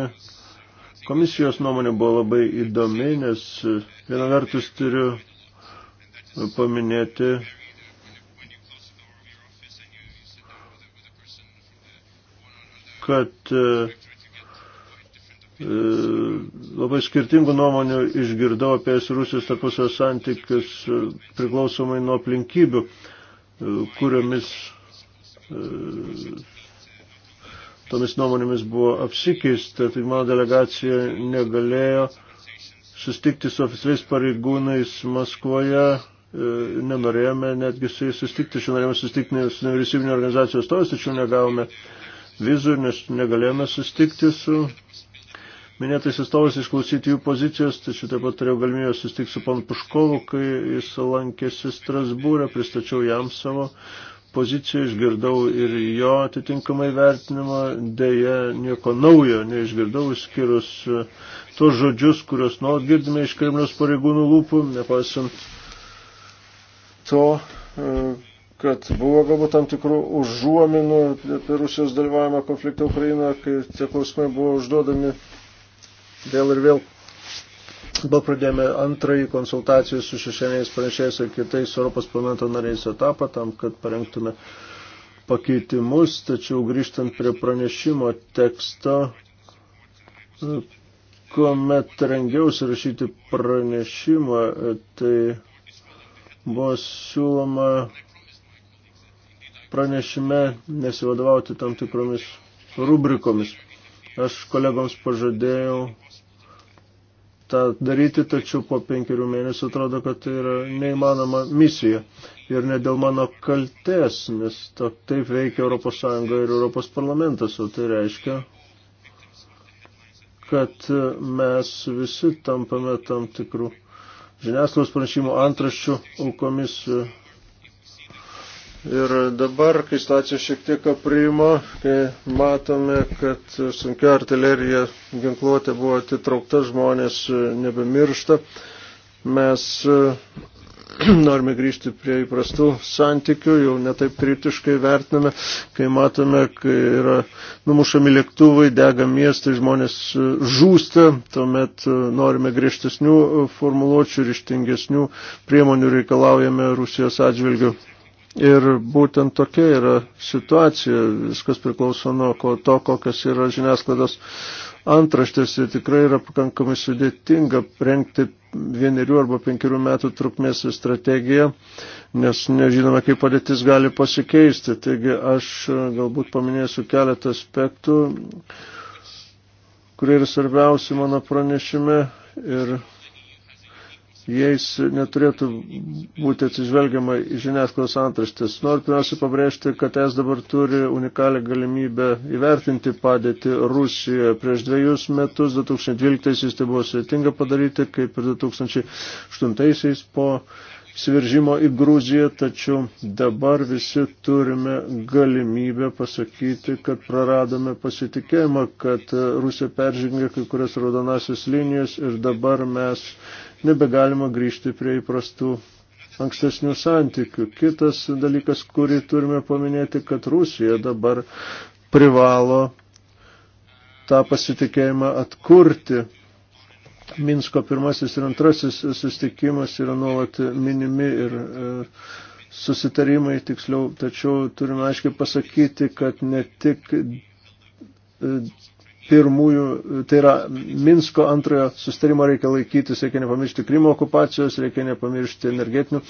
Komisijos nuomonė buvo labai įdomi, nes e, viena vertus turiu paminėti kad e, e, labai skirtingų nuomonių išgirdau apie Rusijos tarpusio santykius priklausomai nuo aplinkybių, kuriomis tomis nuomonėmis buvo apsikeista, tai mano delegacija negalėjo sustikti su oficialiais pareigūnais Maskvoje, e, nenorėjome netgi su jais sustikti, šiandien norėjome sustikti su nevyriausybinio organizacijos stovės, tačiau negavome vizų, nes negalėjome sustikti su minėtais atstovais, išklausyti jų pozicijos, tačiau taip pat turėjau galimybę sustikti su pan Puškovu, kai jis lankėsi Strasbūrė, pristačiau jam savo pozicijų, išgirdau ir jo atitinkamai vertinimą, dėja nieko naujo neišgirdau, išskyrus e, tos žodžius, kuriuos nuolat girdime iš Kremliaus pareigūnų lūpų, nepaisant to, e, kad buvo galbūt tam tikrų užuominų apie Rusijos dalyvavimą konflikte Ukrainoje, kai tie klausimai buvo užduodami vėl ir vėl. Buvo pradėjome antrąjį konsultacijų su šešėniais pranešėjais ir kitais Europos parlamento nariais etapą tam, kad parengtume pakeitimus, tačiau grįžtant prie pranešimo teksto, kuomet rengiausi rašyti pranešimą, tai buvo siūloma pranešime nesivadovauti tam tikromis rubrikomis. Aš kolegoms pažadėjau tą daryti, tačiau po penkerių mėnesių atrodo, kad tai yra neįmanoma misija. Ir ne dėl mano kaltės, nes to, taip veikia ES ir ES parlamentas, o tai reiškia, kad mes visi tampame tam tikrų žiniasklaidos pranešimų antraščių aukomis Ir dabar, kai stacija šiek tiek aprimo, kai matome, kad sunkia artilerija ginkluotė buvo atitraukta, žmonės nebemiršta, mes norime grįžti prie įprastų santykių, jau netaip kritiškai vertiname, kai matome, kai yra numušami lėktuvai, dega miestai, žmonės žūsta, tuomet norime griežtesnių formuluočių, ryštingesnių priemonių reikalaujame Rusijos atžvilgių. Ir būtent tokia yra situacija, viskas priklauso nuo to, kokios yra žiniasklaidos antraštės ir tikrai yra pakankamai sudėtinga rengti vienerių arba penkerių metų trukmės strategiją, nes nežinome, kaip padėtis gali pasikeisti. Taigi aš e, galbūt paminėsiu keletą aspektų, kurie yra svarbiausi mano pranešime ir jais neturėtų būti atsižvelgiama į žiniasklaidos antraštės. Noriu pirmiausia pabrėžti, kad es dabar turi unikalią galimybę įvertinti padėtį Rusijoje. Prieš dviejus metus, 2012-aisiais, tai buvo sudėtinga padaryti, kaip ir 2008-aisiais po sviržimo į Gruziją, tačiau dabar visi turime galimybę pasakyti, kad praradome pasitikėjimą, kad Rusija peržengė kai kurias raudonasias linijas ir dabar mes nebegalima grįžti prie įprastų ankstesnių santykių. Kitas dalykas, kurį turime paminėti, kad Rusija dabar privalo tą pasitikėjimą atkurti. Minsko pirmasis ir antrasis susitikimas yra nuolat minimi ir e, susitarimai tiksliau, tačiau turime aiškiai pasakyti, kad ne tik pirmųjų, tai yra Minsko antrojo sustarimo reikia laikytis, reikia nepamiršti Krymo okupacijos, reikia nepamiršti energetinių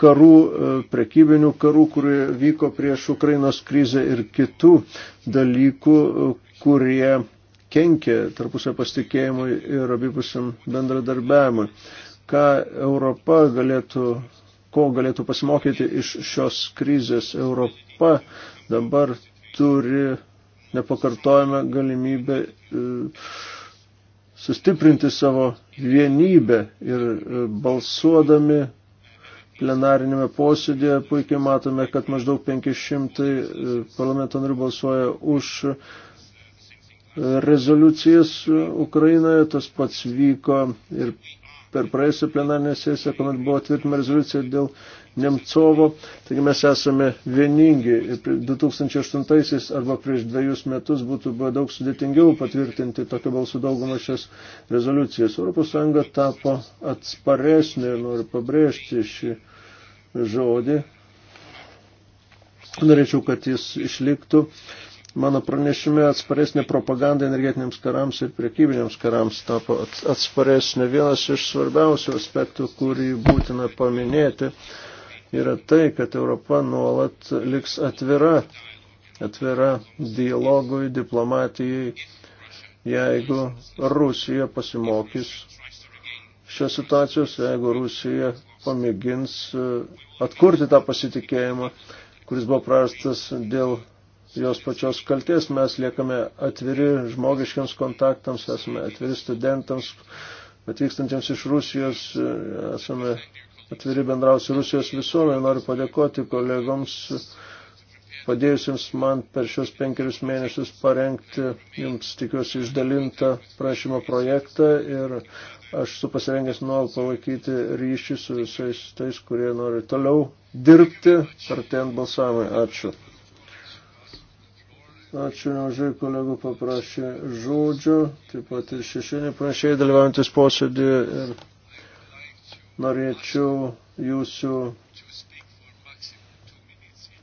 karų, e, prekybinių karų, kurie vyko prieš Ukrainos krizę ir kitų dalykų, e, kurie kenkia tarpusio pasitikėjimui ir abipusiam bendradarbiavimui. Ką Europa galėtų, ko galėtų pasimokyti iš šios krizės? Europa dabar turi nepakartojame galimybę e, sustiprinti savo vienybę ir e, balsuodami plenarinėme posėdėje puikiai matome, kad maždaug 500 e, parlamento narių balsuoja už rezoliucijas Ukrainoje, tas pats vyko ir per praėjusią plenarinę sesiją, kuomet buvo tvirtinama rezoliucija dėl Nemcovo. Taigi mes esame vieningi. 2008-aisiais arba prieš dviejus metus būtų buvę daug sudėtingiau patvirtinti tokią balsų daugumą šias rezoliucijas. ES tapo atsparesnė ir noriu pabrėžti šį žodį. Norėčiau, kad jis išliktų mano pranešime atsparesnė propaganda energetiniams karams ir priekybiniams karams tapo atsparesnė. Vienas iš svarbiausių aspektų, kurį būtina paminėti, yra tai, kad Europa nuolat liks atvira, atvira dialogui, diplomatijai, jeigu Rusija pasimokys šios situacijos, jeigu Rusija pamėgins e, atkurti tą pasitikėjimą, kuris buvo prarastas dėl jos pačios kalties. Mes liekame atviri žmogiškiams kontaktams, esame atviri studentams, atvykstantiems iš Rusijos, e, esame atviri bendrausi Rusijos visuomenė. Noriu padėkoti kolegoms padėjusiems man per šios penkerius mėnesius parengti jums tikiuosi išdalintą prašymo projektą ir aš su pasirengęs nuolat palaikyti ryšį su visais tais, kurie nori toliau dirbti per ten balsavimą. Ačiū. Ačiū nemažai kolegų paprašė žodžio, taip pat ir šešinį panašiai dalyvaujantis posėdį ir norėčiau jūsų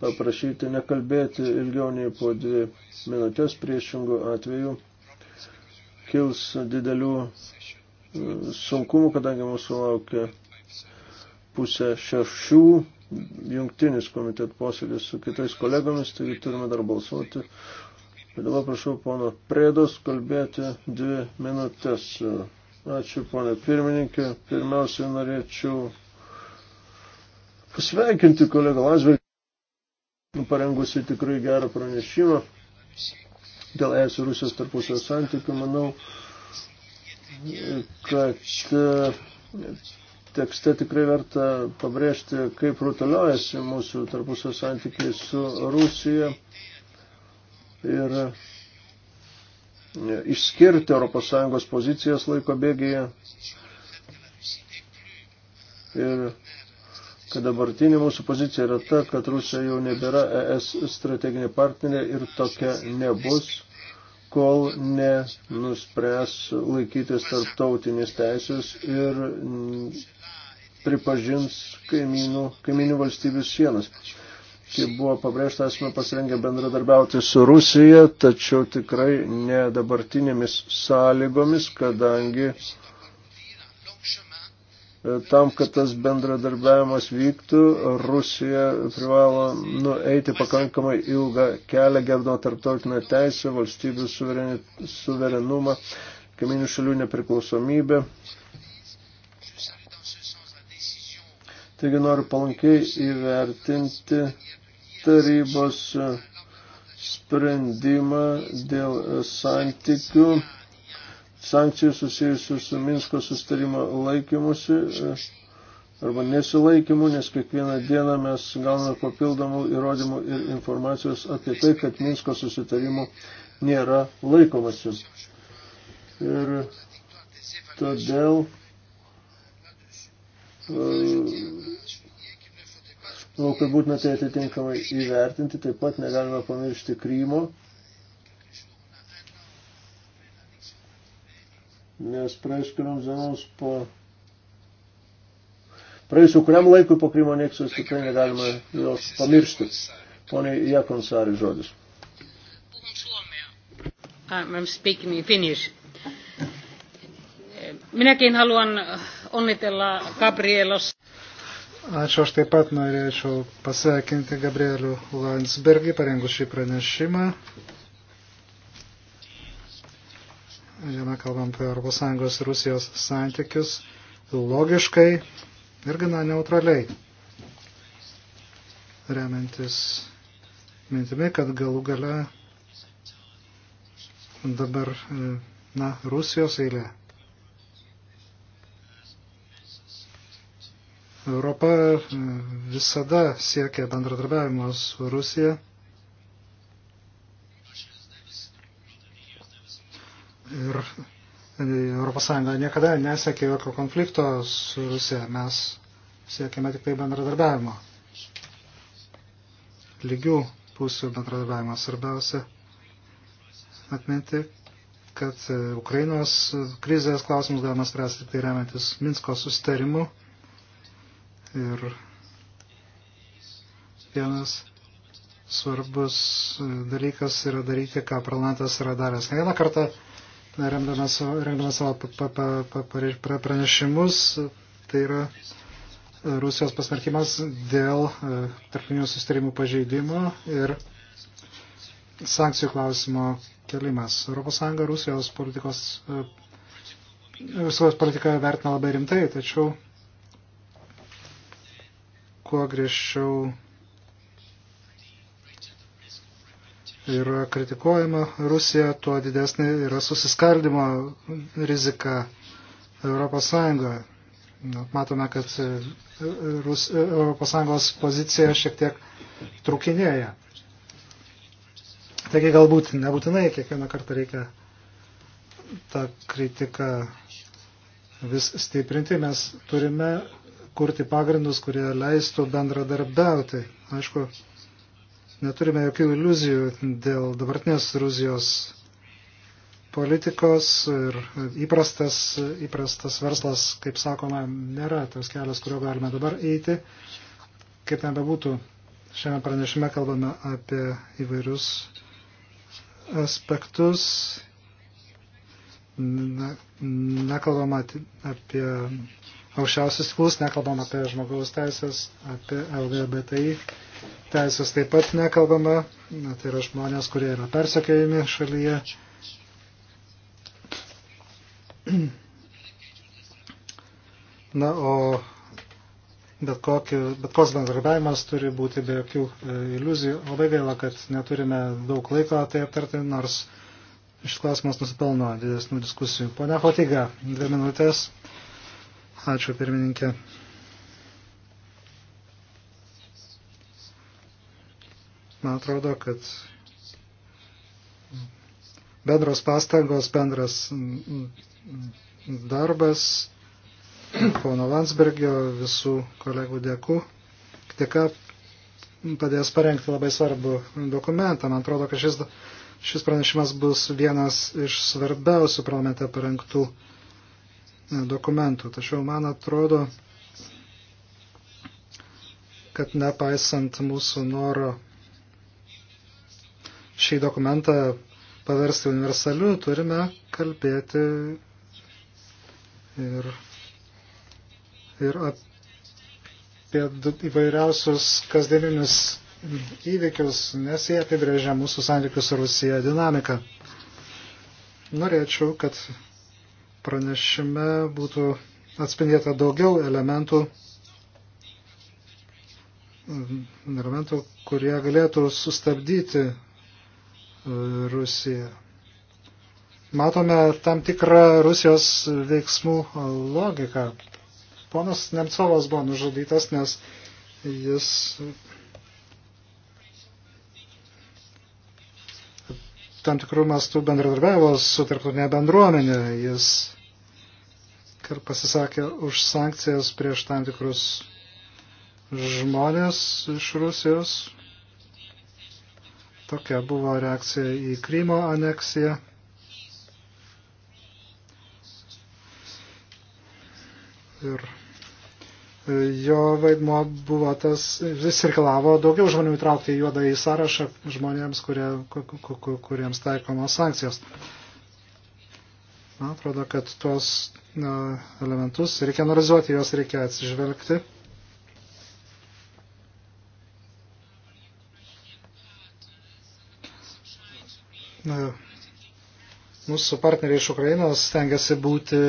paprašyti nekalbėti ilgiau nei po dvi minutės priešingų atveju. Kils didelių e, sunkumų, kadangi mūsų laukia pusę šešių jungtinis komitet posėdis su kitais kolegomis, taigi turime dar balsuoti. Bet dabar prašau pono Prėdos kalbėti dvi minutės. Ačiū, ponė pirmininkė. Pirmiausia, norėčiau pasveikinti kolegą Lazvegį, parengusi tikrai gerą pranešimą dėl ES ir Rusijos tarpusio santykių. Manau, kad e, tekste tikrai verta pabrėžti, kaip rutuliojasi mūsų tarpusio santykiai su Rusija. Ir išskirti ES pozicijas laiko bėgėje ir kad dabartinė mūsų pozicija yra ta, kad Rusija jau nebėra ES strateginė partnerė ir tokia nebus, kol nenuspręs laikytis tarptautinės teisės ir pripažins kaimynų, kaiminių valstybių sienas. Kaip buvo pabrėžta, esame pasirengę bendradarbiauti su Rusija, tačiau tikrai ne dabartinėmis sąlygomis, kadangi e, tam, kad tas bendradarbiavimas vyktų, Rusija privalo nueiti pakankamai ilgą kelią, gerbdama tarptautinę teisę, valstybių suverenumą, kaiminių šalių nepriklausomybę. Taigi noriu palankiai įvertinti tarybos sprendimą dėl santykių, sankcijų susijusių su Minsko sustarimo laikymusi e, arba nesilaikymu, nes kiekvieną dieną mes gauname papildomų įrodymų ir informacijos apie tai, kad Minsko susitarimų nėra laikomasi. Ir todėl e, Manau, kad būtina tai atitinkamai įvertinti, taip pat negalime pamiršti Krymo, nes praėjus kurioms dienoms po praėjus jau kuriam laikui po Krymo aneksijos tikrai negalima jos pamiršti. Pone Jekonsari žodis. I'm speaking in Finnish. Minäkin haluan onnitella Gabrielos. Ačiū, aš taip pat norėčiau pasveikinti Gabrielių Landsbergį, parengus šį pranešimą. Jame kalbam apie ES ir Rusijos santykius logiškai ir gana neutraliai, remiantis mintimi, kad galų gale dabar, na, Rusijos eilė. Europa mm, visada siekia bendradarbiavimo su Rusija. Ir ES niekada nesiekia jokio konflikto su Rusija. Mes siekime tik tai bendradarbiavimo. Lygių pusių bendradarbiavimo svarbiausia atminti, kad e, Ukrainos krizės klausimus galima spręsti tik tai remiantis Minsko sustarimu Ir vienas svarbus dalykas yra daryti, ką parlamentas yra daręs. Ne vieną kartą, remdamas, remdamas savo pa, pa, pa, pa, pranešimus, tai yra e, Rusijos pasmerkimas dėl e, tarpinių sustarimų pažeidimo ir sankcijų klausimo kelimas. ES Rusijos politikos e, Rusijos politiką vertina labai rimtai, tačiau kuo griežčiau yra kritikuojama Rusija, tuo didesnė yra susiskaldimo rizika Europos Sąjungoje. Matome, kad Rus, Europos Sąjungos pozicija šiek tiek trukinėja. Taigi galbūt nebūtinai kiekvieną kartą reikia tą kritiką vis stiprinti. Mes turime kurti pagrindus, kurie leistų bendradarbiauti. Aišku, neturime jokių iliuzijų dėl dabartinės Rusijos politikos ir įprastas, įprastas verslas, kaip sakoma, nėra tas kelias, kurio galime dabar eiti. Kaip ten bebūtų, šiame pranešime kalbame apie įvairius aspektus. Ne, nekalbama apie aukščiausius tiklus, nekalbam apie žmogaus teisės, apie LGBTI teisės taip pat nekalbama, tai yra žmonės, kurie yra persekiojami šalyje. Na, o bet, kokį, bet koks bendradarbiavimas turi būti be jokių e, iliuzijų. Labai gaila, kad neturime daug laiko tai aptarti, nors šis klausimas nusipelno didesnių diskusijų. Pone Fatiga, dvi minutės. Ačiū pirmininkė. Man atrodo, kad bendros pastangos, bendras darbas, pono Landsbergio, visų kolegų dėkų, dėka padės parengti labai svarbų dokumentą. Man atrodo, kad šis, šis pranešimas bus vienas iš svarbiausių parlamente parengtų dokumentų dokumentų. Tačiau man atrodo, kad nepaisant mūsų noro šį dokumentą paversti universaliu, turime kalbėti ir, ir apie įvairiausius kasdieninius įvykius, nes jie apibrėžia mūsų santykius su Rusija dinamiką. Norėčiau, kad pranešime būtų atspindėta daugiau elementų, elementų kurie galėtų sustabdyti e, Rusiją. Matome tam tikrą Rusijos veiksmų logiką. Ponas Nemcovas buvo nužudytas, nes jis tam tikrų mastų bendradarbiavo su tarptautinė bendruomenė. Jis vakar pasisakė už sankcijas prieš tam tikrus žmonės iš Rusijos. Tokia buvo reakcija į Krymo aneksiją. Ir e, jo vaidmo buvo tas, jis reikalavo daugiau žmonių įtraukti į juodą į sąrašą žmonėms, kurie, kuriems taikomos sankcijos. Man atrodo, kad tuos na, elementus reikia analizuoti, juos reikia atsižvelgti. Na, mūsų partneriai iš Ukrainos stengiasi būti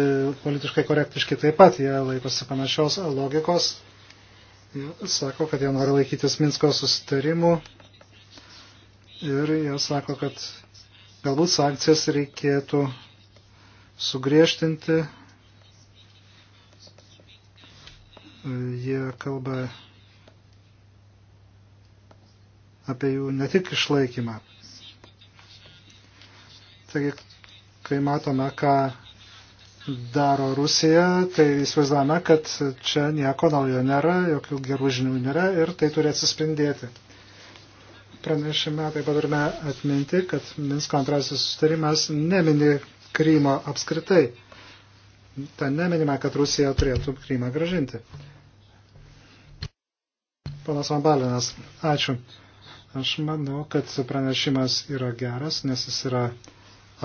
politiškai korektiški taip pat, jie laikosi panašios logikos. Jie sako, kad jie nori laikytis Minsko susitarimų ir jie sako, kad galbūt sankcijas reikėtų sugriežtinti. Jie kalba apie jų ne tik išlaikymą. Taigi, kai matome, ką daro Rusija, tai įsivaizduojame, kad čia nieko naujo nėra, jokių gerų žinių nėra ir tai turi atsispindėti. Pranešime taip pat turime atminti, kad Minsko antrasis sustarimas nemini Krymo apskritai. Ten neminime, kad Rusija turėtų Krymą gražinti. Panas Vambalinas, ačiū. Aš manau, kad pranešimas yra geras, nes jis yra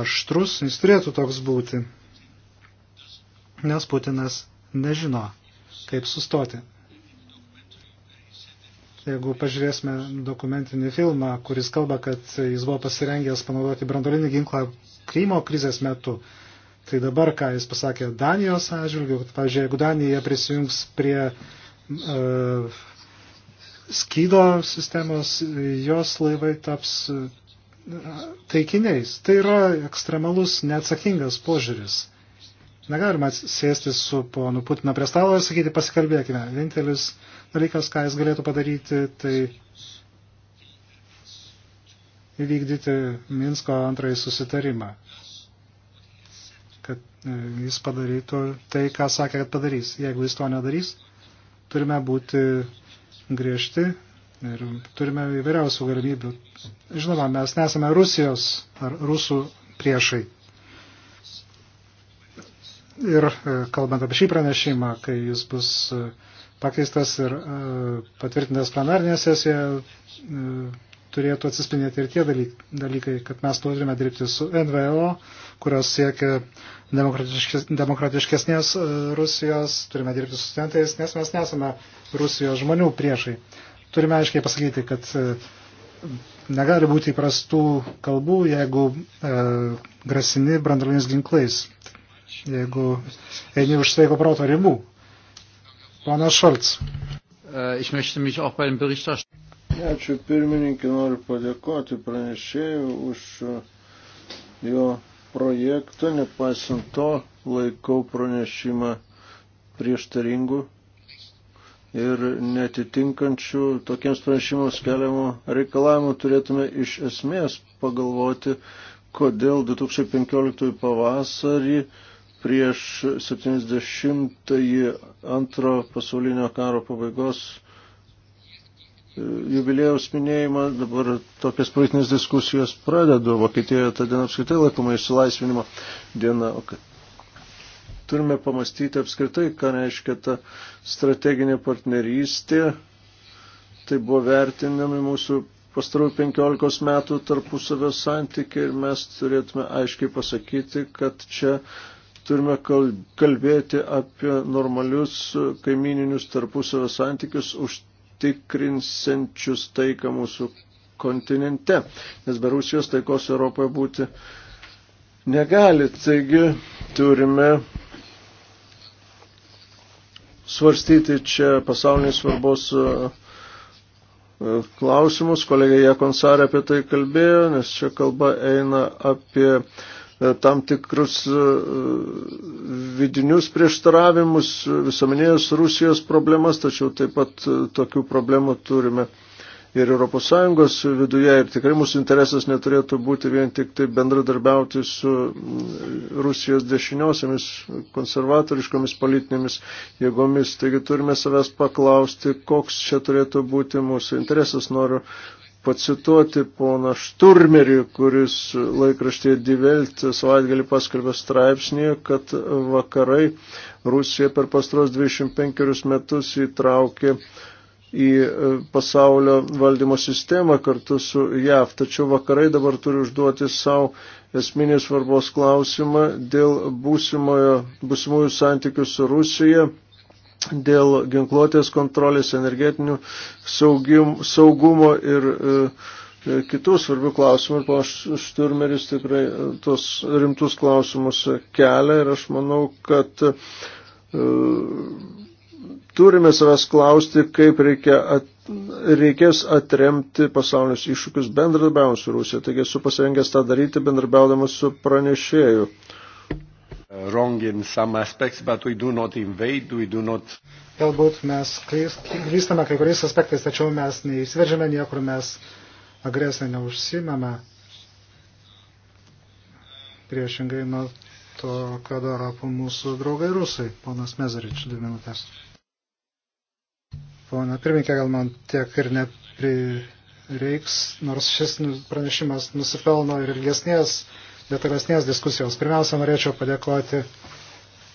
aštrus, jis turėtų toks būti. Nes Putinas nežino, kaip sustoti. Jeigu pažiūrėsime dokumentinį filmą, kuris kalba, kad jis buvo pasirengęs panaudoti brandolinį ginklą Krymo krizės metu, tai dabar, ką jis pasakė Danijos atžvilgiu, pavyzdžiui, jeigu Danija prisijungs prie uh, skydo sistemos, jos laivai taps uh, taikiniais. Tai yra ekstremalus, neatsakingas požiūris. Negalima sėsti su ponu Putinu prie stalo ir sakyti pasikalbėkime. Vienintelis dalykas, ką jis galėtų padaryti, tai įvykdyti Minsko antrąjį susitarimą. Kad e, jis padarytų tai, ką sakė, kad padarys. Jeigu jis to nedarys, turime būti griežti ir turime įvairiausių galimybių. Žinoma, mes nesame Rusijos ar rusų priešai ir e, kalbant apie šį pranešimą, kai jis bus e, pakeistas ir e, patvirtintas plenarinėje sesijoje, turėtų atsispindėti ir tie dalykai, kad mes turime dirbti su NVO, kurios siekia demokratiškes, demokratiškesnės Rusijos, turime dirbti su studentais, nes mes nesame Rusijos žmonių priešai. Turime aiškiai pasakyti, kad negali būti įprastų kalbų, jeigu e, grasini brandoliniais ginklais jeigu eini už sveiko proto ribų. Ponas Šolts. Äh, Ačiū pirmininkė, noriu padėkoti pranešėjų už uh, jo projektą, nepaisant to laikau pranešimą prieštaringų ir netitinkančių tokiems pranešimams keliamų reikalavimų turėtume iš esmės pagalvoti, kodėl 2015 pavasarį prieš 70-ąjį antro pasaulinio karo pabaigos e, jubilėjaus minėjimą. Dabar tokias politinės diskusijos pradedu. Vokietijoje ta diena apskritai laikoma išsilaisvinimo diena. Turime pamastyti apskritai, ką reiškia ta strateginė partnerystė. Tai buvo vertinami mūsų pastarųjų 15 metų tarpusavio santykiai ir mes turėtume aiškiai pasakyti, kad čia uh, turime kalbėti apie normalius e, kaimininius tarpusavio santykius užtikrinsiančius taiką mūsų kontinente, nes be Rusijos taikos Europoje būti negali. Taigi turime svarstyti čia pasaulinės svarbos e, e, klausimus. Kolegė Jekonsarė apie tai kalbėjo, nes čia kalba eina apie E, tam tikrus e, vidinius prieštaravimus, e, visuomenės Rusijos problemas, tačiau taip pat tokių problemų turime ir ES viduje ir tikrai mūsų interesas neturėtų būti vien tik tai bendradarbiauti su Rusijos dešiniosiamis konservatoriškomis politinėmis jėgomis. Taigi turime savęs paklausti, koks čia turėtų būti mūsų interesas. Noriu pacituoti poną Šturmerį, kuris laikraštėje Divelti savaitgalį paskelbė straipsnėje, kad vakarai Rusija per pastaros 25 metus įtraukė į e, pasaulio valdymo sistemą kartu su JAV. Tačiau vakarai dabar turi užduoti savo esminį svarbos klausimą dėl būsimojo, būsimųjų santykių su Rusija dėl ginkluotės kontrolės, energetinių saugim, saugumo ir e, e kitų svarbių klausimų ir ponas Šturmeris tikrai e, tos rimtus klausimus kelia ir aš manau, kad e, turime savęs klausti, kaip reikia at, reikės atremti pasaulinius iššūkius bendradarbiavimus su Rusija. Taigi esu pasirengęs tą daryti bendradarbiaudamas su pranešėju. Uh, wrong in some aspects, but we do not invade, we do not. Galbūt mes klystame kai kuriais aspektais, tačiau mes neįsiveržėme niekur, mes agresiją neužsimame. Priešingai nuo to, ką daro mūsų draugai rusai. Ponas Mezarič, dvi minutės. Pone pirmininkė, gal man tiek ir neprireiks, nors šis pranešimas nusipelno ir ilgesnės detalesnės diskusijos. Pirmiausia, norėčiau padėkoti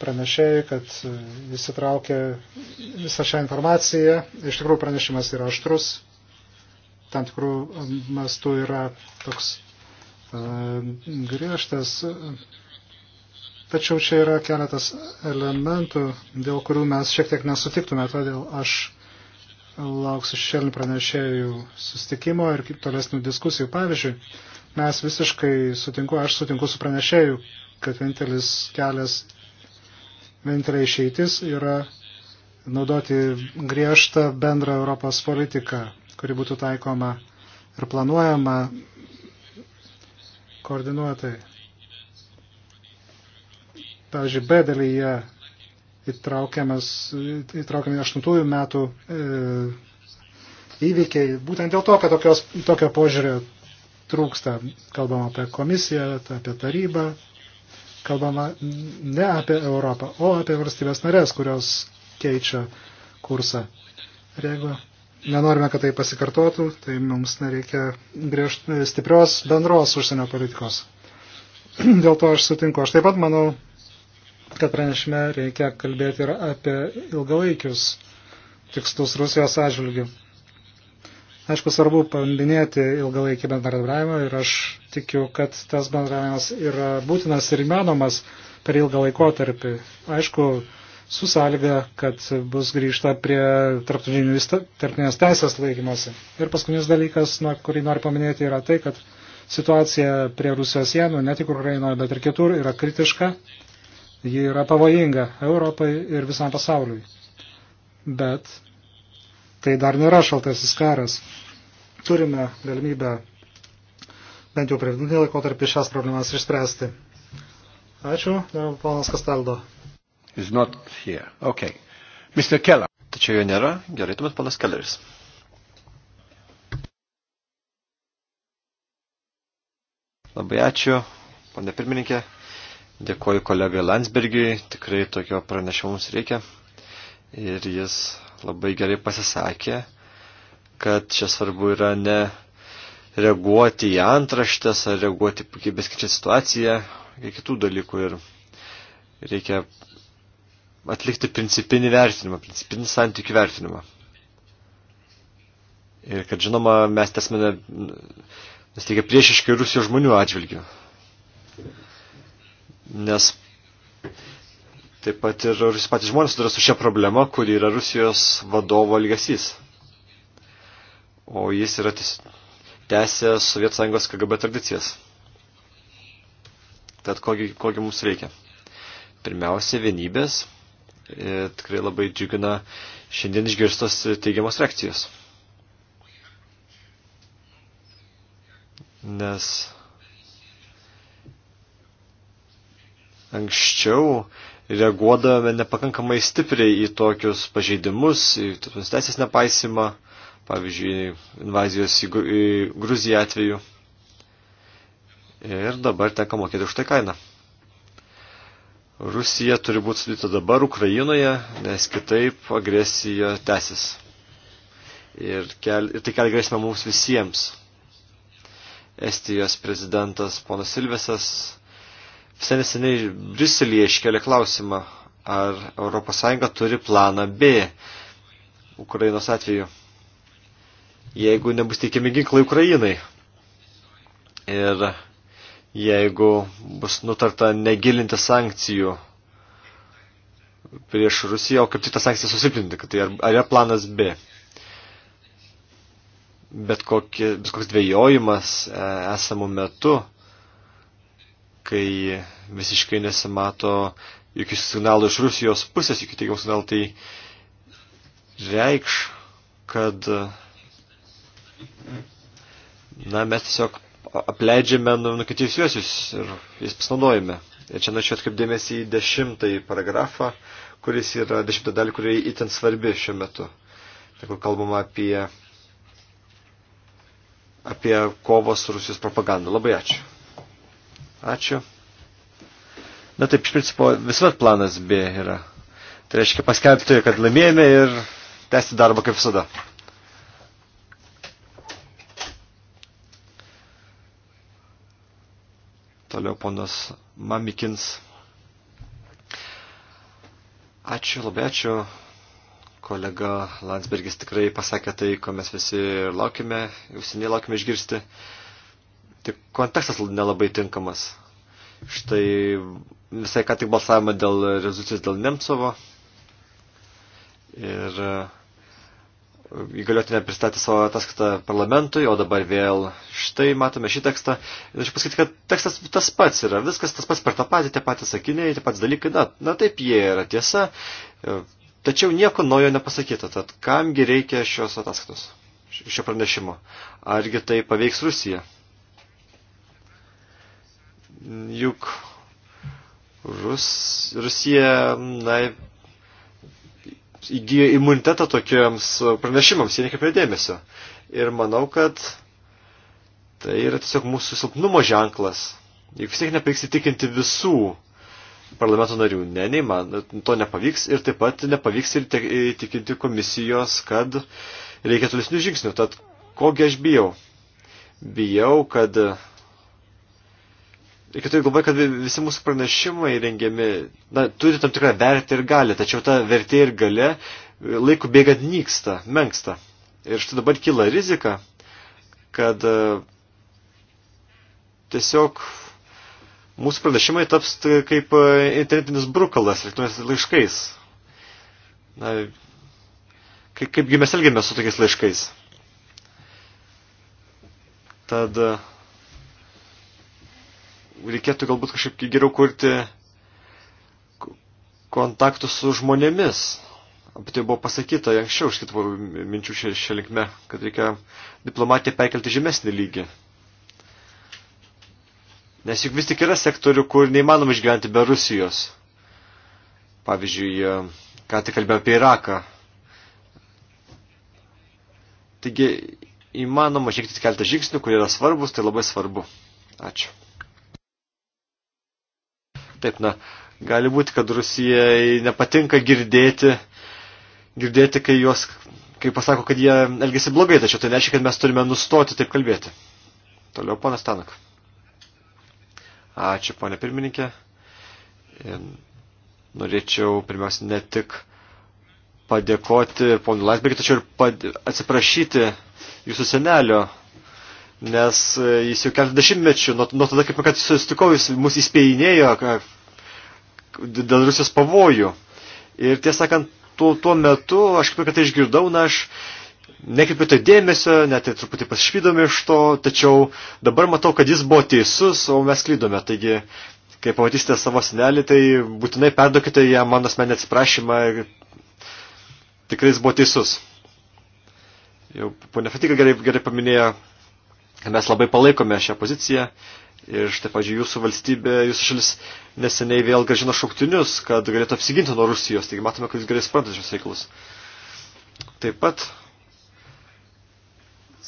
pranešėjai, kad jis e, įtraukė visą šią informaciją. Iš tikrųjų, pranešimas yra aštrus. Tam tikrų e, mastų yra toks uh, griežtas. Tačiau čia yra keletas elementų, dėl kurių mes šiek tiek nesutiktume. Todėl aš lauksiu šešėlinių pranešėjų sustikimo ir tolesnių diskusijų. Pavyzdžiui, Mes visiškai sutinku, aš sutinku su pranešėju, kad vienintelis kelias, vienintelė išeitis yra naudoti griežtą bendrą Europos politiką, kuri būtų taikoma ir planuojama koordinuotai. Pavyzdžiui, B dalyje įtraukiami 8 metų e, įvykiai, būtent dėl to, kad tokios, tokio požiūrio trūksta. Kalbama apie komisiją, apie tarybą, kalbama ne apie Europą, o apie valstybės narės, kurios keičia kursą. Ir jeigu nenorime, kad tai pasikartotų, tai mums nereikia griež... stiprios bendros užsienio politikos. Dėl to aš sutinku. Aš taip pat manau, kad pranešime reikia kalbėti ir apie ilgalaikius tikslus Rusijos atžvilgių. Aišku, svarbu paminėti ilgalaikį bendradarbiavimą ir aš tikiu, kad tas bendradarbiavimas yra būtinas ir įmanomas per ilgą laikotarpį. Aišku, su sąlyga, kad bus grįžta prie tarptautinės teisės laikymosi. Ir paskutinis dalykas, na, kurį noriu paminėti, yra tai, kad situacija prie Rusijos sienų, ne tik Ukrainoje, bet ir kitur, yra kritiška, ji yra pavojinga Europai ir visam pasauliui. Bet tai dar nėra šaltasis karas. Turime galimybę bent jau preventinį laikotarpį šias problemas išspręsti. Ačiū, ponas Kastaldo. Is not here. Okay. Mr. Keller. Tačiau jo nėra. Gerai, tuomet ponas Kelleris. Labai ačiū, ponė pirmininkė. Dėkuoju kolegai Landsbergiui, tikrai tokio pranešimo mums reikia. Ir jis labai gerai pasisakė, kad čia svarbu yra ne reaguoti į antraštės ar reaguoti, kaip beskaičia situacija, ir kitų dalykų. Ir reikia atlikti principinį vertinimą, principinį santykių vertinimą. Ir kad žinoma, mes tesmene nusteikia priešiškai Rusijos žmonių atžvilgių. Nes Taip pat ir patys žmonės sudarė su šia problema, kuri yra Rusijos vadovo elgesys. O jis yra tęsė Sovietų Sąjungos KGB tradicijas. Tad kogi, kogi mums reikia? Pirmiausia, vienybės. Ir e, tikrai labai džiugina šiandien išgirstos teigiamos reakcijos. Nes anksčiau reaguodavome nepakankamai stipriai į tokius pažeidimus, į tarptautinės teisės nepaisimą, pavyzdžiui, invazijos į Gruziją atveju. Ir dabar tenka mokėti už tai kainą. Rusija turi būti sudyta dabar Ukrainoje, nes kitaip agresija tęsis. Ir, kel, ir tai kelia grėsmę mums visiems. Estijos prezidentas ponas Silvesas Visai neseniai Briuselėje iškelia klausimą, ar ES turi planą B Ukrainos atveju, jeigu nebus teikiami ginklai Ukrainai. Ir jeigu bus nutarta negilinti sankcijų prieš Rusiją, o kaip tik tą sankciją susiplinti, kad tai ar, ar yra planas B. Bet, kokie, bet koks dvėjojimas e, esamų metu kai visiškai nesimato jokių signalų iš Rusijos pusės, jokių teigiamų signalų, tai reikš, kad na, mes tiesiog apleidžiame nu, nukentėjusiuosius ir jais pasinaudojame. Ir čia norėčiau atkreipdėmėsi į dešimtąjį paragrafą, kuris yra dešimtą dalį, kuri įtin svarbi šiuo metu. Tai kur kalbama apie, apie kovos Rusijos propagandą. Labai ačiū. Ačiū. Na taip, iš principo, visuot planas B yra. Tai reiškia paskelbti, kad laimėjome ir tęsti darbą kaip visada. Toliau ponas Mamikins. Ačiū, labai ačiū. Kolega Landsbergis tikrai pasakė tai, ko mes visi laukime, jau seniai laukime išgirsti tik kontekstas nelabai tinkamas. Štai visai ką tik balsavome dėl rezoliucijos dėl Nemcovo ir e, įgaliotinė pristatė savo ataskaitą parlamentui, o dabar vėl štai matome šį tekstą. Ir aš pasakyti, kad tekstas tas pats yra, viskas tas pats per tą patį, tie patys sakiniai, tie patys dalykai, na, na taip jie yra tiesa, e, tačiau nieko naujo nepasakyta, tad kamgi reikia šios ataskaitos, šio pranešimo, argi tai paveiks Rusiją. Juk Rus, Rusija, na, įgyja imunitetą tokiems pranešimams, jie nekreipia dėmesio. Ir manau, kad tai yra tiesiog mūsų silpnumo ženklas. Juk vis tiek nepavyks įtikinti visų parlamento narių. Ne, nei man, to nepavyks ir taip pat nepavyks ir įtikinti komisijos, kad reikia tolesnių žingsnių. Tad kogi aš bijau? Bijau, kad reikia turėti galvoje, kad visi mūsų pranešimai rengiami, na, turi tam tikrą vertę ir galę, tačiau ta vertė ir galė e, laiku bėgant nyksta, menksta. Ir štai dabar kyla rizika, kad e, tiesiog mūsų pranešimai taps kaip e, internetinis brukalas elektroniniais laiškais. Na, kaipgi kaip mes elgiamės su tokiais laiškais. Tad uh, reikėtų galbūt kažkaip geriau kurti kontaktus su žmonėmis. Apie tai buvo pasakyta anksčiau, aš kitų minčių šią, šią linkme, kad reikia diplomatiją perkelti žemesnį lygį. Nes juk vis tik yra sektorių, kur neįmanoma išgyventi be Rusijos. Pavyzdžiui, e, ką tik kalbėjau apie Iraką. Taigi, įmanoma žingsnis keltą žingsnių, kurie yra svarbus, tai labai svarbu. Ačiū. Taip, na, gali būti, kad Rusijai nepatinka girdėti, girdėti, kai juos, kai pasako, kad jie elgesi blogai, tačiau tai nereiškia, kad mes turime nustoti taip kalbėti. Toliau, ponas Tanak. Ačiū, ponė pirmininkė. Norėčiau pirmiausia ne tik padėkoti ponui Landsbergį, tačiau ir atsiprašyti jūsų senelio nes e, jis jau keletą dešimtmečių, nuo, nuo tada, kaip kad susitikau, jis mus įspėjinėjo dėl Rusijos pavojų. Ir tiesąkant, tuo, tuo metu, aš kaip kad tai išgirdau, na, aš nekreipiu tai dėmesio, net tai truputį pasišvydome iš to, tačiau dabar matau, kad jis buvo teisus, o mes klydome. Taigi, kai pamatysite savo senelį, tai būtinai perduokite jam mano asmenį atsiprašymą. Tikrai jis buvo teisus. Jau ponia Fatika gerai, gerai paminėjo Mes labai palaikome šią poziciją ir štai, pažiūrėjau, jūsų valstybė, jūsų šalis neseniai vėl gražino šauktinius, kad galėtų apsiginti nuo Rusijos, taigi matome, kad jūs gerai suprantate šios reikalus. Taip pat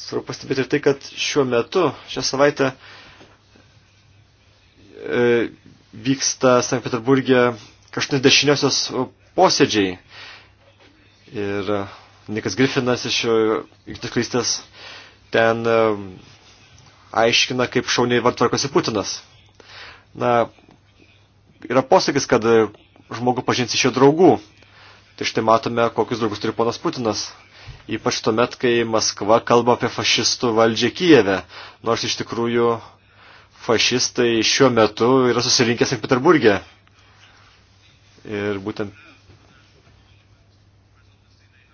svarbu pastebėti ir tai, kad šiuo metu, šią savaitę e, vyksta Sankt Peterburgė kažkokios dešiniosios posėdžiai. Ir Nikas Griffinas iš Jungtinės karalystės ten e, aiškina, kaip šauniai vartvarkosi Putinas. Na, yra posakis, kad žmogų pažins iš jo draugų. Tai štai matome, kokius draugus turi ponas Putinas. Ypač tuomet, kai Maskva kalba apie fašistų valdžią Kijeve. Nors iš tikrųjų fašistai šiuo metu yra susirinkę Sankt Peterburgė. Ir būtent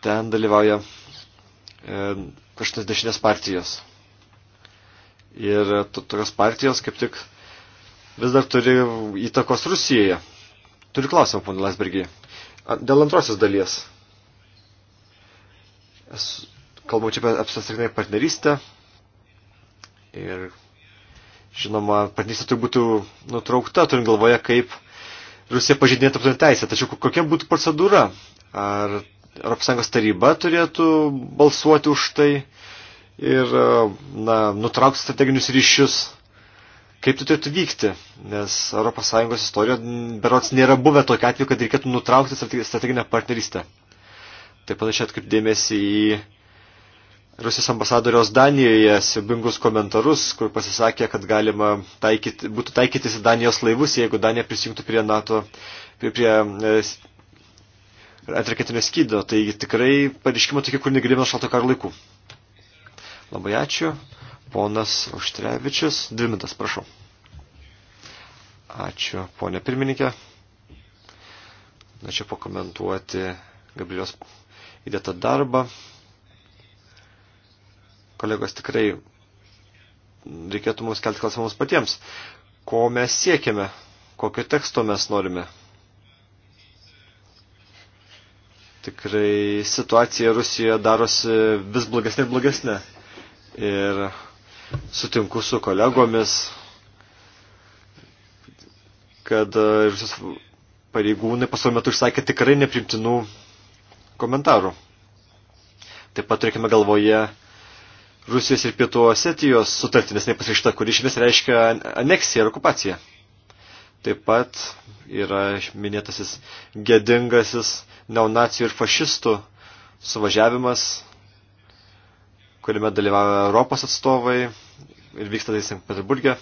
ten dalyvauja e, kraštinės dešinės partijos. Ir tokios partijos kaip tik vis dar turi įtakos Rusijoje. Turiu klausimą, ponė Lasbergiai. Dėl antrosios dalies. Esu, kalbu čia apie apsisakrinai partnerystę. Ir, žinoma, partnerystė turi būti nutraukta, turint galvoje, kaip Rusija pažydinė tarptautinę teisę. Tačiau kokia būtų procedūra? Ar ES taryba turėtų balsuoti už tai? ir e, na, nutraukti strateginius ryšius. Kaip tai turėtų vykti? Nes ES istorijoje berots nėra buvę tokia atveju, kad reikėtų nutraukti strateginę partnerystę. Taip panašiai atkaip dėmesį į Rusijos ambasadoriaus Danijoje siubingus komentarus, kur pasisakė, kad galima taikyti, būtų taikytis į Danijos laivus, jeigu Danija prisijungtų prie NATO, prie, prie e, atraketinio skydo. Tai tikrai pareiškimo tokie, kur negirdėjome šalto karo laikų. Labai ačiū. Ponas Užtrevičius, dvi mintas, prašau. Ačiū, ponė pirmininkė. Norėčiau pakomentuoti Gabrielios įdėtą darbą. Kolegos, tikrai reikėtų mums kelti klausimus patiems. Ko mes siekiame? Kokio teksto mes norime? Tikrai situacija Rusijoje darosi vis blogesnė ir blogesnė ir sutinku su kolegomis, kad Rusijos e, pareigūnai pasaulio metu išsakė tikrai neprimtinų komentarų. Taip pat turėkime galvoje Rusijos ir Pietų Osetijos sutartį, nes nepasirašyta, kuri iš vis reiškia aneksiją ir okupaciją. Taip pat yra minėtasis gedingasis neonacijų ir fašistų suvažiavimas kuriame dalyvauja Europos atstovai ir vyksta tai Sankt Peterburgė.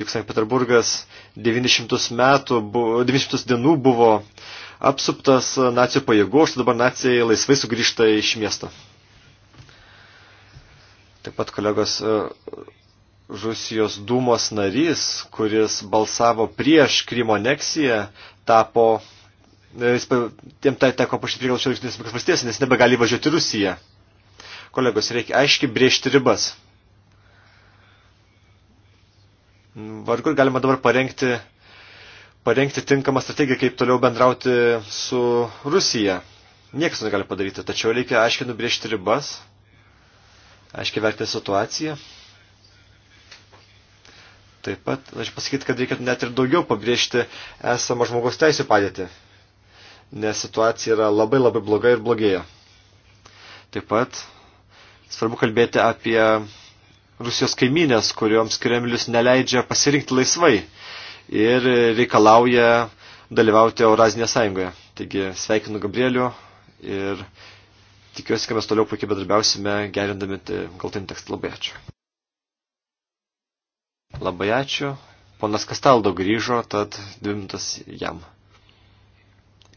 Juk Sankt Peterburgas 900, metų, 900 dienų buvo apsuptas nacijų pajėgų, o štai dabar nacijai laisvai sugrįžta iš miesto. Taip pat kolegos e, Rusijos dūmos narys, kuris balsavo prieš Krymo aneksiją, tapo tiem e, teko pašyti prieglaušio Junktinės Amerikos valstijose, nes nebegali važiuoti į Rusiją. Kolegos, reikia aiškiai brėžti ribas. Nu, vargu ir galima dabar parengti, parengti tinkamą strategiją, kaip toliau bendrauti su Rusija. Niekas negali padaryti, tačiau reikia aiškiai nubrėžti ribas, aiškiai vertinti situaciją. Taip pat, aš pasakyti, kad reikėtų net ir daugiau pabrėžti esamą žmogaus teisų padėtį nes situacija yra labai labai bloga ir blogėja. Taip pat svarbu kalbėti apie Rusijos kaiminės, kurioms Kremlius neleidžia pasirinkti laisvai ir reikalauja dalyvauti Eurazinėje sąjungoje. Taigi sveikinu Gabrieliu ir tikiuosi, kad mes toliau puikiai bedarbiausime, gerindami galtinį tekstą. Labai ačiū. Labai ačiū. Ponas Kastaldo grįžo, tad dvi minutės jam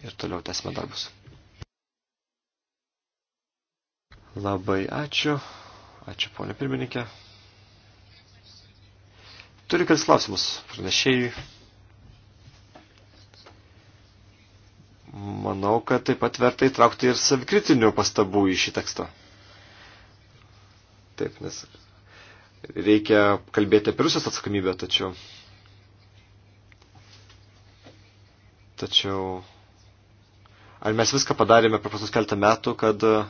ir toliau tęsime darbus. Labai ačiū. Ačiū, ponė pirmininkė. Turiu kelis klausimus pranešėjui. Manau, kad taip pat verta įtraukti ir savikritinių pastabų į šį tekstą. Taip, nes reikia kalbėti apie Rusijos atsakomybę, tačiau... Tačiau Ar mes viską padarėme per pasus keltą metų, kad e,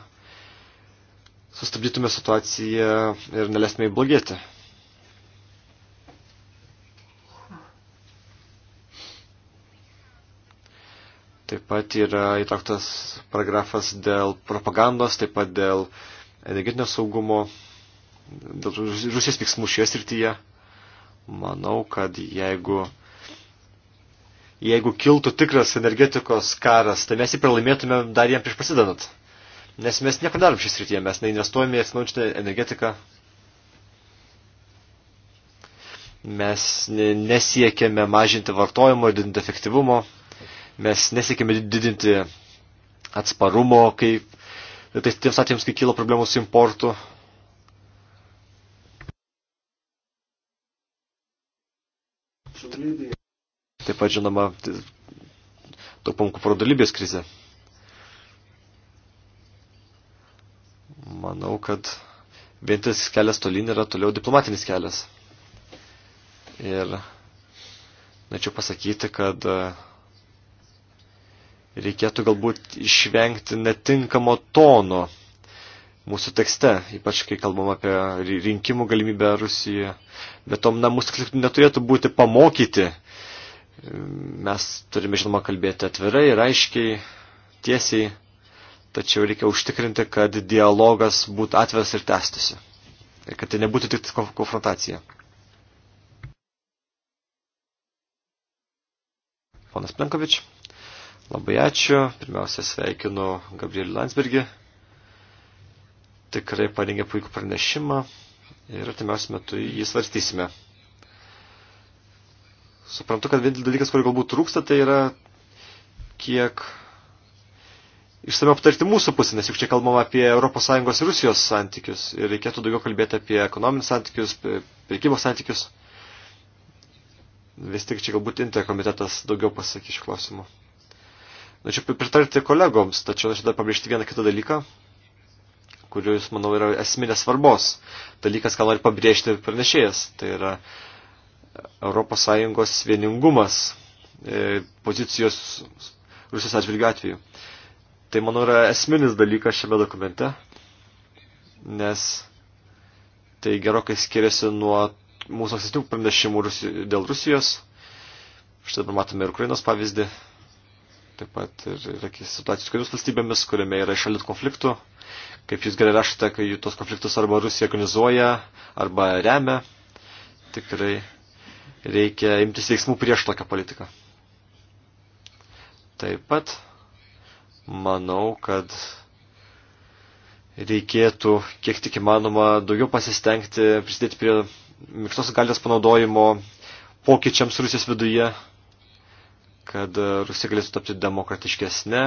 sustabdytume situaciją ir nelesime įblogėti? Taip pat yra įtrauktas paragrafas dėl propagandos, taip pat dėl energetinio saugumo, dėl Rusijos veiksmų šioje srityje. Manau, kad jeigu jeigu kiltų tikras energetikos karas, tai mes jį pralaimėtume dar jam prieš prasidedant. Nes mes nieko darom šį srityje, mes neinvestuojame į atsinaujinčią energetiką. Mes nesiekėme mažinti vartojimo ir didinti efektyvumo. Mes nesiekėme didinti atsparumo, kai, tai tiems atvejams, kai kyla problemų su importu. Šiaurėdėje. Taip pat žinoma, to pamokų prodalybės krize. Manau, kad vienintelis kelias tolyn yra toliau diplomatinis kelias. Ir norėčiau pasakyti, kad e, reikėtų galbūt išvengti netinkamo tono mūsų tekste, ypač kai kalbam apie rinkimų galimybę Rusijoje. Bet tom, na, mūsų neturėtų būti pamokyti Mes turime, žinoma, kalbėti atvirai ir aiškiai, tiesiai, tačiau reikia užtikrinti, kad dialogas būtų atviras ir tęstusi. Ir kad tai nebūtų tik konfrontacija. Ponas Plenkovič, labai ačiū. Pirmiausia, sveikinu Gabrielį Landsbergį. Tikrai parengė puikų pranešimą ir atimiausiu metu jį svarstysime. Suprantu, kad vienintelis dalykas, kurio galbūt trūksta, tai yra kiek išsame aptarti mūsų pusę, nes juk čia kalbama apie ES ir Rusijos santykius ir reikėtų daugiau kalbėti apie ekonominius santykius, prekybos santykius. Vis tik čia galbūt interkomitetas daugiau pasakys šiuo klausimu. Norėčiau pritarti kolegoms, tačiau norėčiau dar pabrėžti vieną kitą dalyką, kuris, manau, yra esminės svarbos dalykas, ką nori pabrėžti pranešėjas. Tai yra ES vieningumas e, pozicijos Rusijos atžvilgių atveju. Tai, manau, yra esminis dalykas šiame dokumente, nes tai gerokai skiriasi nuo mūsų ankstesnių pranešimų dėl Rusijos. Štai dabar matome ir Ukrainos pavyzdį, taip pat ir, ir situacijos kitomis valstybėmis, kuriame yra išalit konfliktų, kaip jūs gerai rašote, kai jūs tos konfliktus arba Rusija organizuoja, arba remia. Tikrai reikia imtis veiksmų prieš tokią politiką. Taip pat manau, kad reikėtų kiek tik įmanoma daugiau pasistengti prisidėti prie minkštos galės panaudojimo pokyčiams Rusijos viduje, kad Rusija galėtų tapti demokratiškesnė,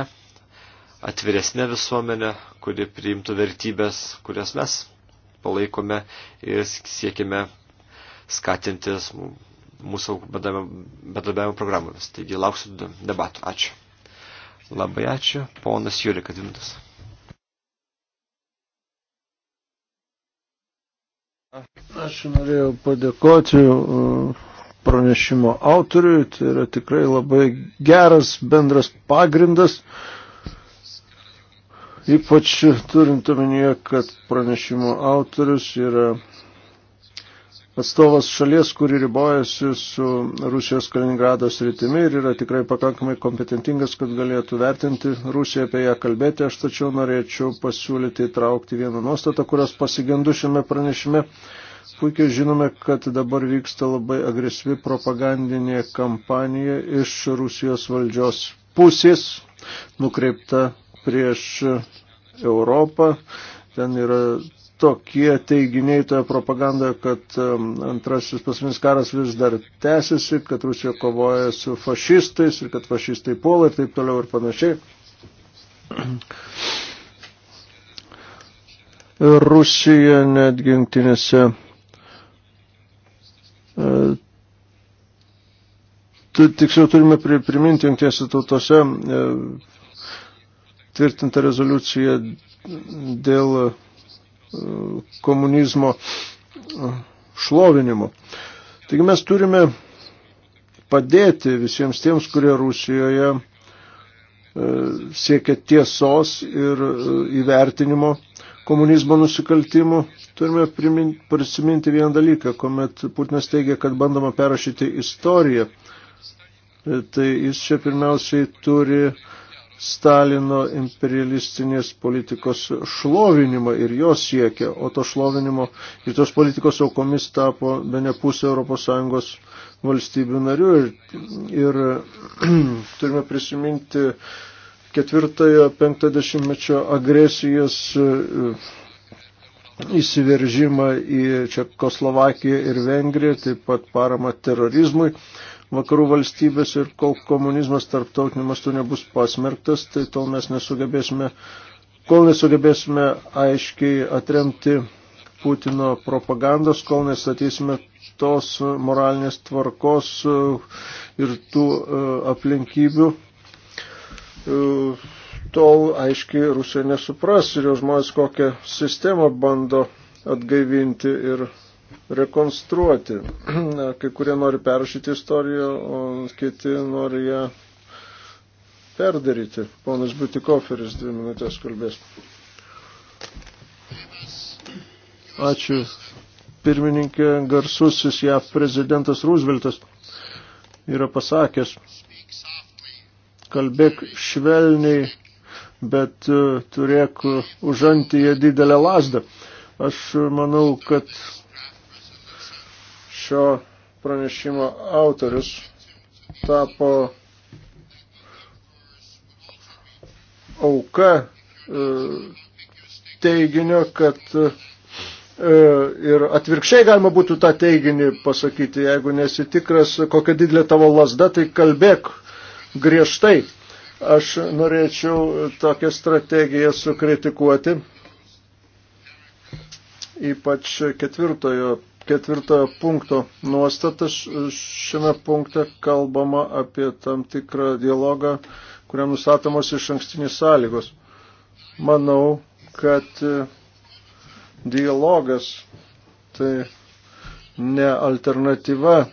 atviresnė visuomenė, kuri priimtų vertybės, kurias mes palaikome ir siekime skatinti mūsų bendradarbiavimo programomis. Taigi lauksiu debatų. Ačiū. Labai ačiū. Ponas Jurika Dvintas. Aš norėjau padėkoti uh, pranešimo autoriui. Tai yra tikrai labai geras bendras pagrindas. Ypač turint omenyje, kad pranešimo autorius yra atstovas šalies, kuri ribojasi su Rusijos Kaliningrado sritimi ir yra tikrai pakankamai kompetentingas, kad galėtų vertinti Rusiją apie ją kalbėti. Aš tačiau norėčiau pasiūlyti įtraukti vieną nuostatą, kurios pasigendu šiame pranešime. Puikiai žinome, kad dabar vyksta labai agresyvi propagandinė kampanija iš Rusijos valdžios pusės, nukreipta prieš Europą. Ten yra tokie teiginiai toje propagandoje, kad antrasis pasaulinis karas vis dar tęsiasi, kad Rusija kovoja su fašistais ir kad fašistai puola ir taip toliau ir panašiai. Rusija netgi jungtinėse e, tiksliau turime priminti jungtinėse tautose e, tvirtintą rezoliuciją dėl komunizmo šlovinimu. Taigi mes turime padėti visiems tiems, kurie Rusijoje e, siekia tiesos ir e, įvertinimo komunizmo nusikaltimų. Turime priminti, prisiminti vieną dalyką, kuomet Putinas teigia, kad bandoma perrašyti istoriją. E, tai jis čia pirmiausiai turi uh, Stalino imperialistinės politikos šlovinimą ir jos siekia, o to šlovinimo ir tos politikos aukomis tapo be ne pusė ES valstybių narių ir, ir turime prisiminti ketvirtojo penktadešimtmečio agresijos e, įsiveržimą į Čekoslovakiją ir Vengriją, taip pat paramą terorizmui vakarų valstybės ir kol komunizmas tarptautiniu mastu nebus pasmerktas, tai tol mes nesugebėsime, kol nesugebėsime aiškiai atremti Putino propagandos, kol nestatysime tos moralinės tvarkos e, ir tų e, aplinkybių, e, tol aiškiai Rusija nesupras ir jo žmonės kokią sistemą bando atgaivinti ir rekonstruoti. Kai kurie nori perrašyti istoriją, o kiti nori ją perdaryti. Ponas Butikoferis dvi minutės kalbės. Ačiū. Pirmininkė garsusis JAV prezidentas Rooseveltas yra pasakęs, kalbėk švelniai, bet uh, turėk užantyje didelę lasdą. Aš manau, kad šio pranešimo autorius tapo auka e, teiginio, kad e, ir atvirkščiai galima būtų tą teiginį pasakyti, jeigu nesitikras, kokia didelė tavo lasda, tai kalbėk griežtai. Aš norėčiau tokią strategiją sukritikuoti, ypač ketvirtojo ketvirtojo punkto nuostatas. Šiame punkte kalbama apie tam tikrą dialogą, kuriam nustatomos iš ankstinės sąlygos. Manau, kad e, dialogas tai ne alternatyva e,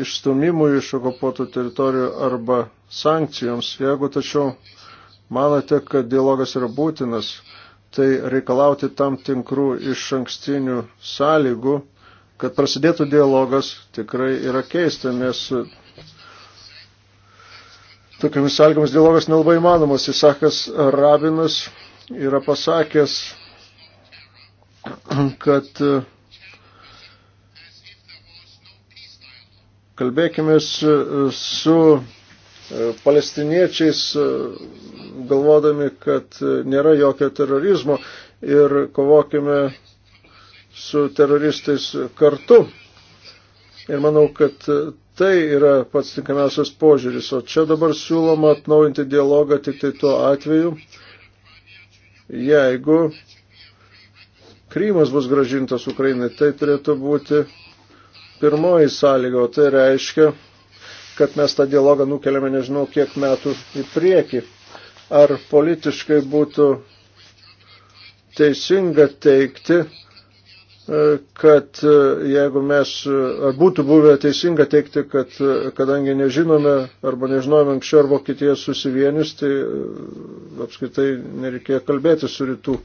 išstumimui iš okupuotų teritorijų arba sankcijoms. Jeigu tačiau manote, kad dialogas yra būtinas, tai reikalauti tam tinkrų iš ankstinių sąlygų, kad prasidėtų dialogas, tikrai yra keista, nes tokiamis sąlygomis dialogas nelabai įmanomas. Isakas Rabinas yra pasakęs, kad kalbėkime su E, palestiniečiais, e, galvodami, kad e, nėra jokio terorizmo ir kovokime su teroristais kartu. Ir manau, kad tai yra pats tinkamiausias požiūris. O čia dabar siūloma atnaujinti dialogą tik tai tuo atveju, jeigu Krymas bus gražintas Ukrainai. Tai turėtų būti pirmoji sąlyga, o tai reiškia, kad mes tą dialogą nukeliame nežinau kiek metų į priekį. Ar politiškai būtų teisinga teikti, e, kad e, jeigu mes, e, ar būtų buvę teisinga teikti, kad kadangi nežinome arba nežinojame anksčiau ar Vokietija susivienis, tai apskritai nereikėjo kalbėti su rytų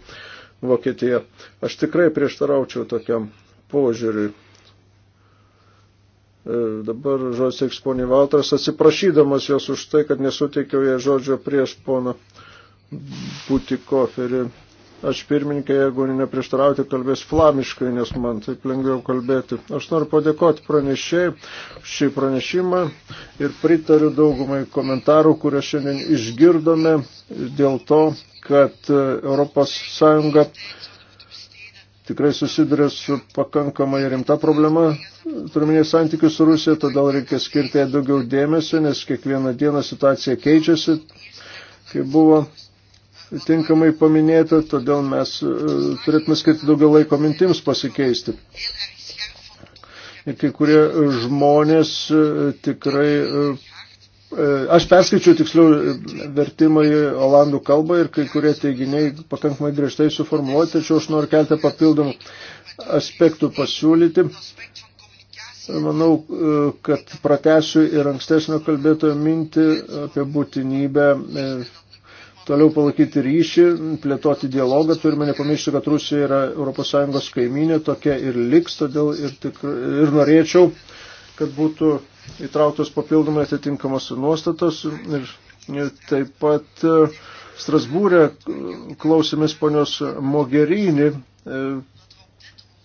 Vokietija. Aš tikrai prieštaraučiau tokiam požiūriui. E, dabar žodis teiks poniai Valtras, atsiprašydamas jos už tai, kad nesuteikiau jai žodžio prieš pono Putikoferį. Aš pirmininkai, jeigu neprieštarauti, kalbės flamiškai, nes man taip lengviau kalbėti. Aš noriu padėkoti pranešėjai šį pranešimą ir pritariu daugumai komentarų, kurie šiandien išgirdome dėl to, kad ES tikrai susiduria su pakankamai rimta problema, turiminė santykių su Rusija, todėl reikia skirti daugiau dėmesio, nes kiekvieną dieną situacija keičiasi, kaip buvo tinkamai paminėta, todėl mes e, turėtume skirti daugiau laiko mintims pasikeisti. Ir kai kurie žmonės e, tikrai e, E, aš perskaičiu tiksliau vertimą į olandų kalbą ir kai kurie teiginiai pakankamai griežtai suformuoti, tačiau aš noriu keltą papildomų aspektų pasiūlyti. Manau, e, kad pratesiu ir ankstesnio kalbėtojo mintį apie būtinybę e, toliau palaikyti ryšį, plėtoti dialogą. Turime nepamiršti, kad Rusija yra ES kaiminė, tokia ir liks, todėl ir, tikr, ir norėčiau, kad būtų įtrauktos papildomai atitinkamos nuostatos ir taip pat e, Strasbūrė klausėmės ponios Mogerinį e,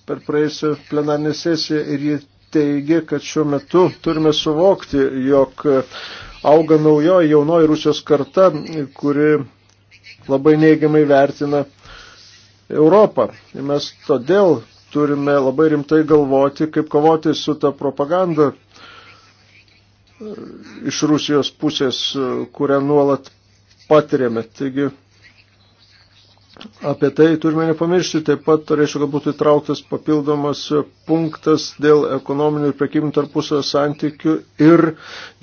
per praėjusią plenarinę sesiją ir ji teigia, kad šiuo metu turime suvokti, jog auga naujoji jaunoji Rusijos karta, kuri labai neigiamai vertina Europą. Ir mes todėl turime labai rimtai galvoti, kaip kovoti su ta propaganda, iš Rusijos pusės, kurią nuolat patiriame. Taigi apie tai turime nepamiršti. Taip pat turėčiau, kad būtų įtrauktas papildomas punktas dėl ekonominių ir prekybinių tarpusio santykių ir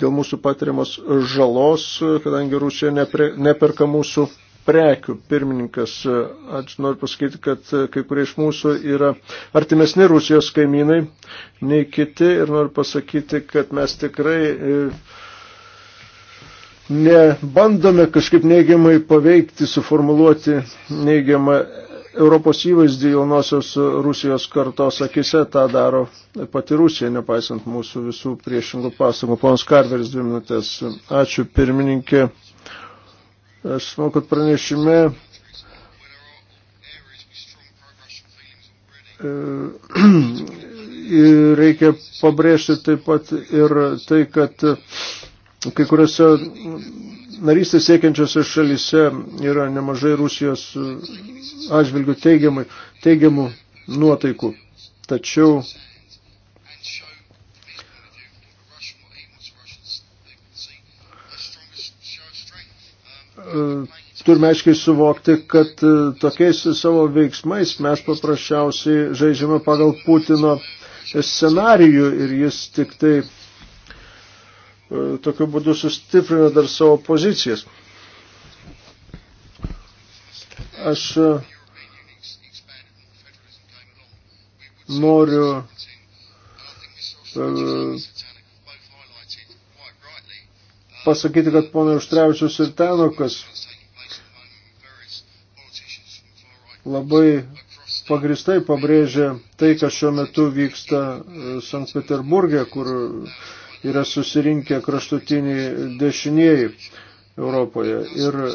dėl mūsų patiriamos žalos, kadangi Rusija nepre, neperka mūsų prekių. Pirmininkas, aš noriu pasakyti, kad e, kai kurie iš mūsų yra artimesni Rusijos kaimynai nei kiti ir noriu pasakyti, kad mes tikrai e, nebandome kažkaip neigiamai paveikti, suformuluoti neigiamą Europos įvaizdį jaunosios Rusijos kartos akise tą daro pati Rusija, nepaisant mūsų visų priešingų pasakų. Ponas Karveris, dvi minutės. Ačiū pirmininkė. Aš manau, kad pranešime e, reikia pabrėžti taip pat ir tai, kad kai kuriuose narystės siekiančiose šalyse yra nemažai Rusijos atžvilgių teigiamų nuotaikų. Tačiau E, turime aiškiai suvokti, kad e, tokiais savo veiksmais mes paprasčiausiai žaidžiame pagal Putino scenarijų ir jis tik tai e, tokiu būdu sustiprina dar savo pozicijas. Aš noriu pasakyti, kad ponai Užtrevičius ir Tenokas labai pagristai pabrėžė tai, kas šiuo metu vyksta e, Sankt Peterburgė, kur yra susirinkę kraštutiniai dešinieji Europoje. Ir e,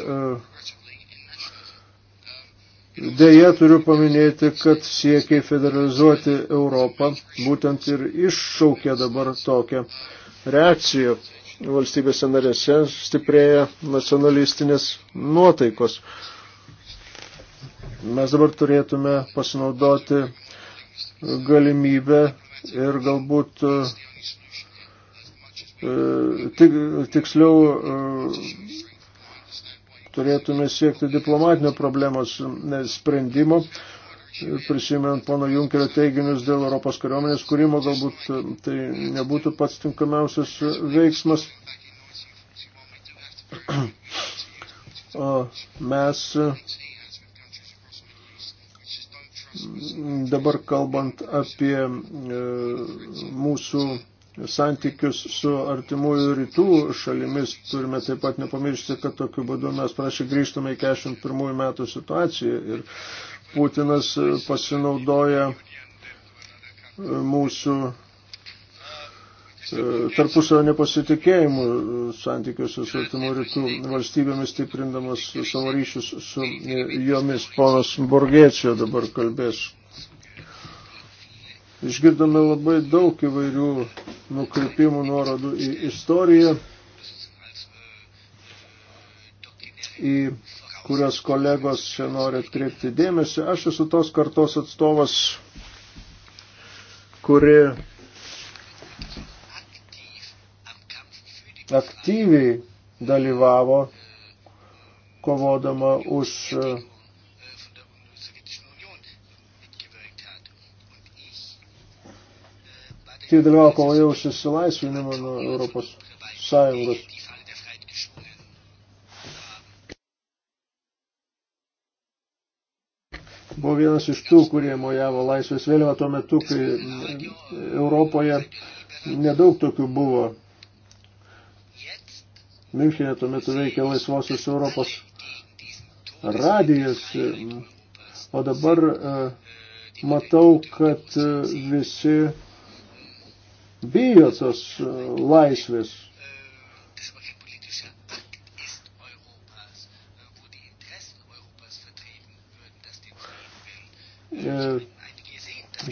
dėja turiu paminėti, kad siekiai federalizuoti Europą būtent ir iššaukė dabar tokią reakciją valstybėse narėse stiprėja nacionalistinės nuotaikos. Mes dabar turėtume pasinaudoti galimybę ir galbūt e, tik, tiksliau e, turėtume siekti diplomatinio problemos sprendimo, prisimint pono Junkerio teiginius dėl Europos kariuomenės kūrimo, galbūt e, tai nebūtų pats tinkamiausias e, veiksmas. O mes e, dabar kalbant apie mūsų santykius su artimųjų rytų šalimis, turime taip pat nepamiršti, kad tokiu būdu mes prašy grįžtume į 41 metų situaciją ir Putinas e, pasinaudoja e, mūsų e, tarpusavio nepasitikėjimų santykiuose su Artimų rytų valstybėmis, stiprindamas savo ryšius su jomis. Ponas Borgėčio dabar kalbės. Išgirdome labai daug įvairių nukreipimų nuorodų į istoriją, į kurios kolegos čia nori atkreipti dėmesį. Aš esu tos kartos atstovas, kuri aktyviai dalyvavo kovodama už aktyviai dalyvavo kovoje už išsilaisvinimą nuo Europos Sąjungos. vienas iš tų, kurie mojavo laisvės vėliavą tuo metu, kai Europoje nedaug tokių buvo. Minchinė tuo metu veikė laisvosios Europos radijas, o dabar e, matau, kad e, visi bijo tos e, laisvės E,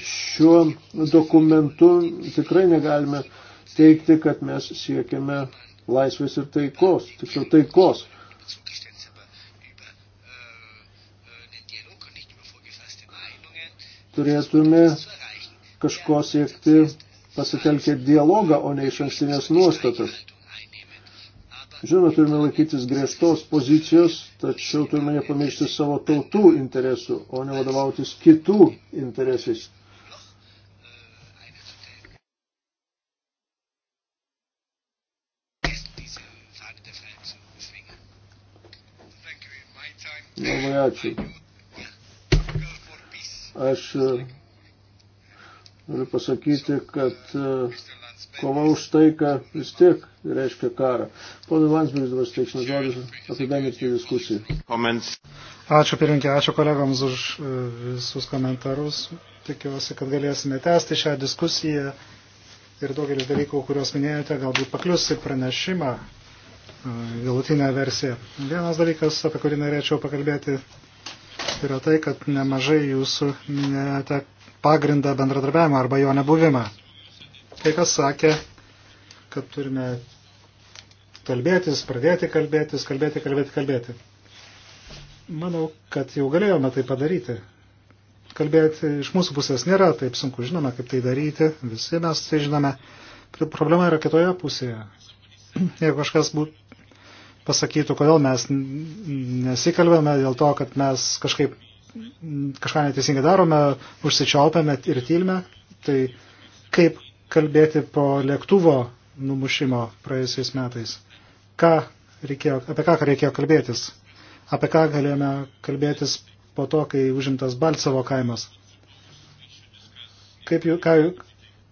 šiuo dokumentu tikrai negalime teikti, kad mes siekiame laisvės ir taikos, tiksliau taikos. Turėtume kažko siekti pasitelkę dialogą, o ne iš ankstinės nuostatas. Žinoma, turime laikytis griežtos pozicijos, tačiau turime nepamiršti savo tautų interesų, o ne vadovautis kitų interesais. Labai ačiū. Aš e, noriu pasakyti, kad uh, kova už taiką vis tiek reiškia karą. Pone Landsbergis dabar steiksime žodžius apibendrinti diskusiją. Comments. Ačiū pirinkė, ačiū kolegoms už e, visus komentarus. Tikiuosi, kad galėsime tęsti šią diskusiją ir daugelis dalykų, kuriuos minėjote, galbūt paklius į pranešimą, e, galutinę versiją. Vienas dalykas, apie kurį norėčiau pakalbėti, yra tai, kad nemažai jūsų minėjote pagrindą bendradarbiavimą arba jo nebuvimą. Kai kas sakė, kad turime kalbėtis, pradėti kalbėtis, kalbėti, kalbėti, kalbėti. Manau, kad jau galėjome tai padaryti. Kalbėti iš mūsų pusės nėra taip sunku, žinome, kaip tai daryti, visi mes tai žinome. Problema yra kitoje pusėje. Jeigu kažkas būtų pasakytų, kodėl mes nesikalbėme dėl to, kad mes kažkaip kažką neteisingai darome, užsičiaupiame ir tylime, tai kaip kalbėti po lėktuvo numušimo praėjusiais metais. Ką reikėjo, apie ką reikėjo kalbėtis? Apie ką galėjome kalbėtis po to, kai užimtas Balcevo kaimas? Kaip, jų, ką,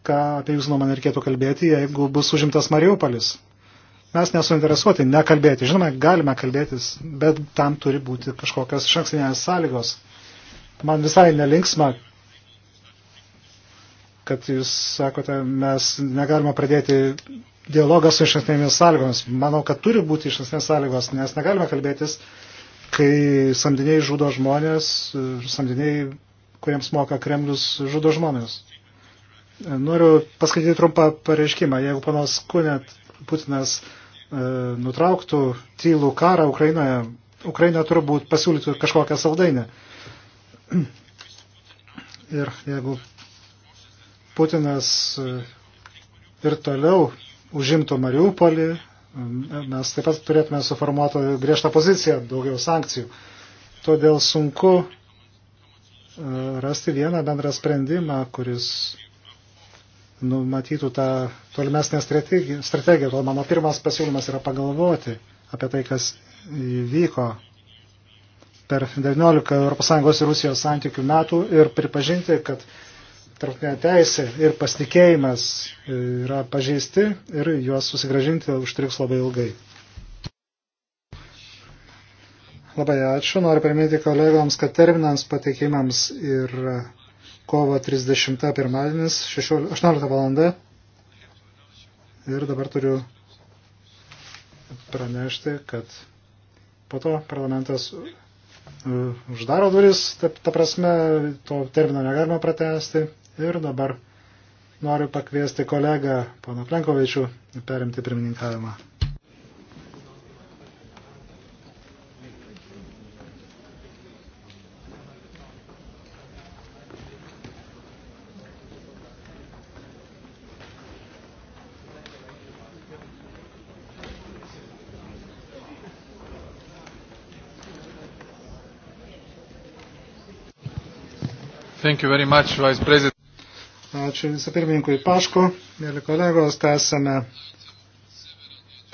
ką apie jūsų nuomonę reikėtų kalbėti, jeigu bus užimtas Mariupolis? Mes nesuinteresuoti nekalbėti. Žinoma, galime kalbėtis, bet tam turi būti kažkokios šankstinės sąlygos. Man visai nelinksma kad jūs sakote, mes negalime pradėti dialogą su išankstinėmis sąlygomis. Manau, kad turi būti išankstinės sąlygos, nes negalime kalbėtis, kai samdiniai žudo žmonės, samdiniai, kuriems moka Kremlius, žudo žmonės. Noriu paskaityti trumpą pareiškimą. Jeigu panas Kunet Putinas e, nutrauktų tylų karą Ukrainoje, Ukraina turbūt pasiūlytų kažkokią saldainę. Ir jeigu Putinas e, ir toliau užimtų Mariupolį, e, mes taip pat turėtume suformuotą griežtą poziciją, daugiau sankcijų. Todėl sunku e, rasti vieną bendrą sprendimą, kuris numatytų tą tolimesnę strategiją. strategiją. Todėl mano pirmas pasiūlymas yra pagalvoti apie tai, kas įvyko per 19 ES ir Rusijos santykių metų ir pripažinti, kad tarptautinė teisė ir pasitikėjimas e, yra pažeisti ir juos susigražinti užtruks labai ilgai. Labai ačiū. Noriu priminti kolegoms, kad terminams pateikimams ir kovo 30 pirmadienis 18 valanda. Ir dabar turiu pranešti, kad po to parlamentas e, uždaro duris, ta, ta prasme, to termino negalima pratesti. Ir dabar noriu pakviesti kolegą, pono Plenkovičių, perimti pirmininkavimą. Thank you very much, Vice President. Ačiū visapirmininkui Paško. Mėly kolegos, tęsame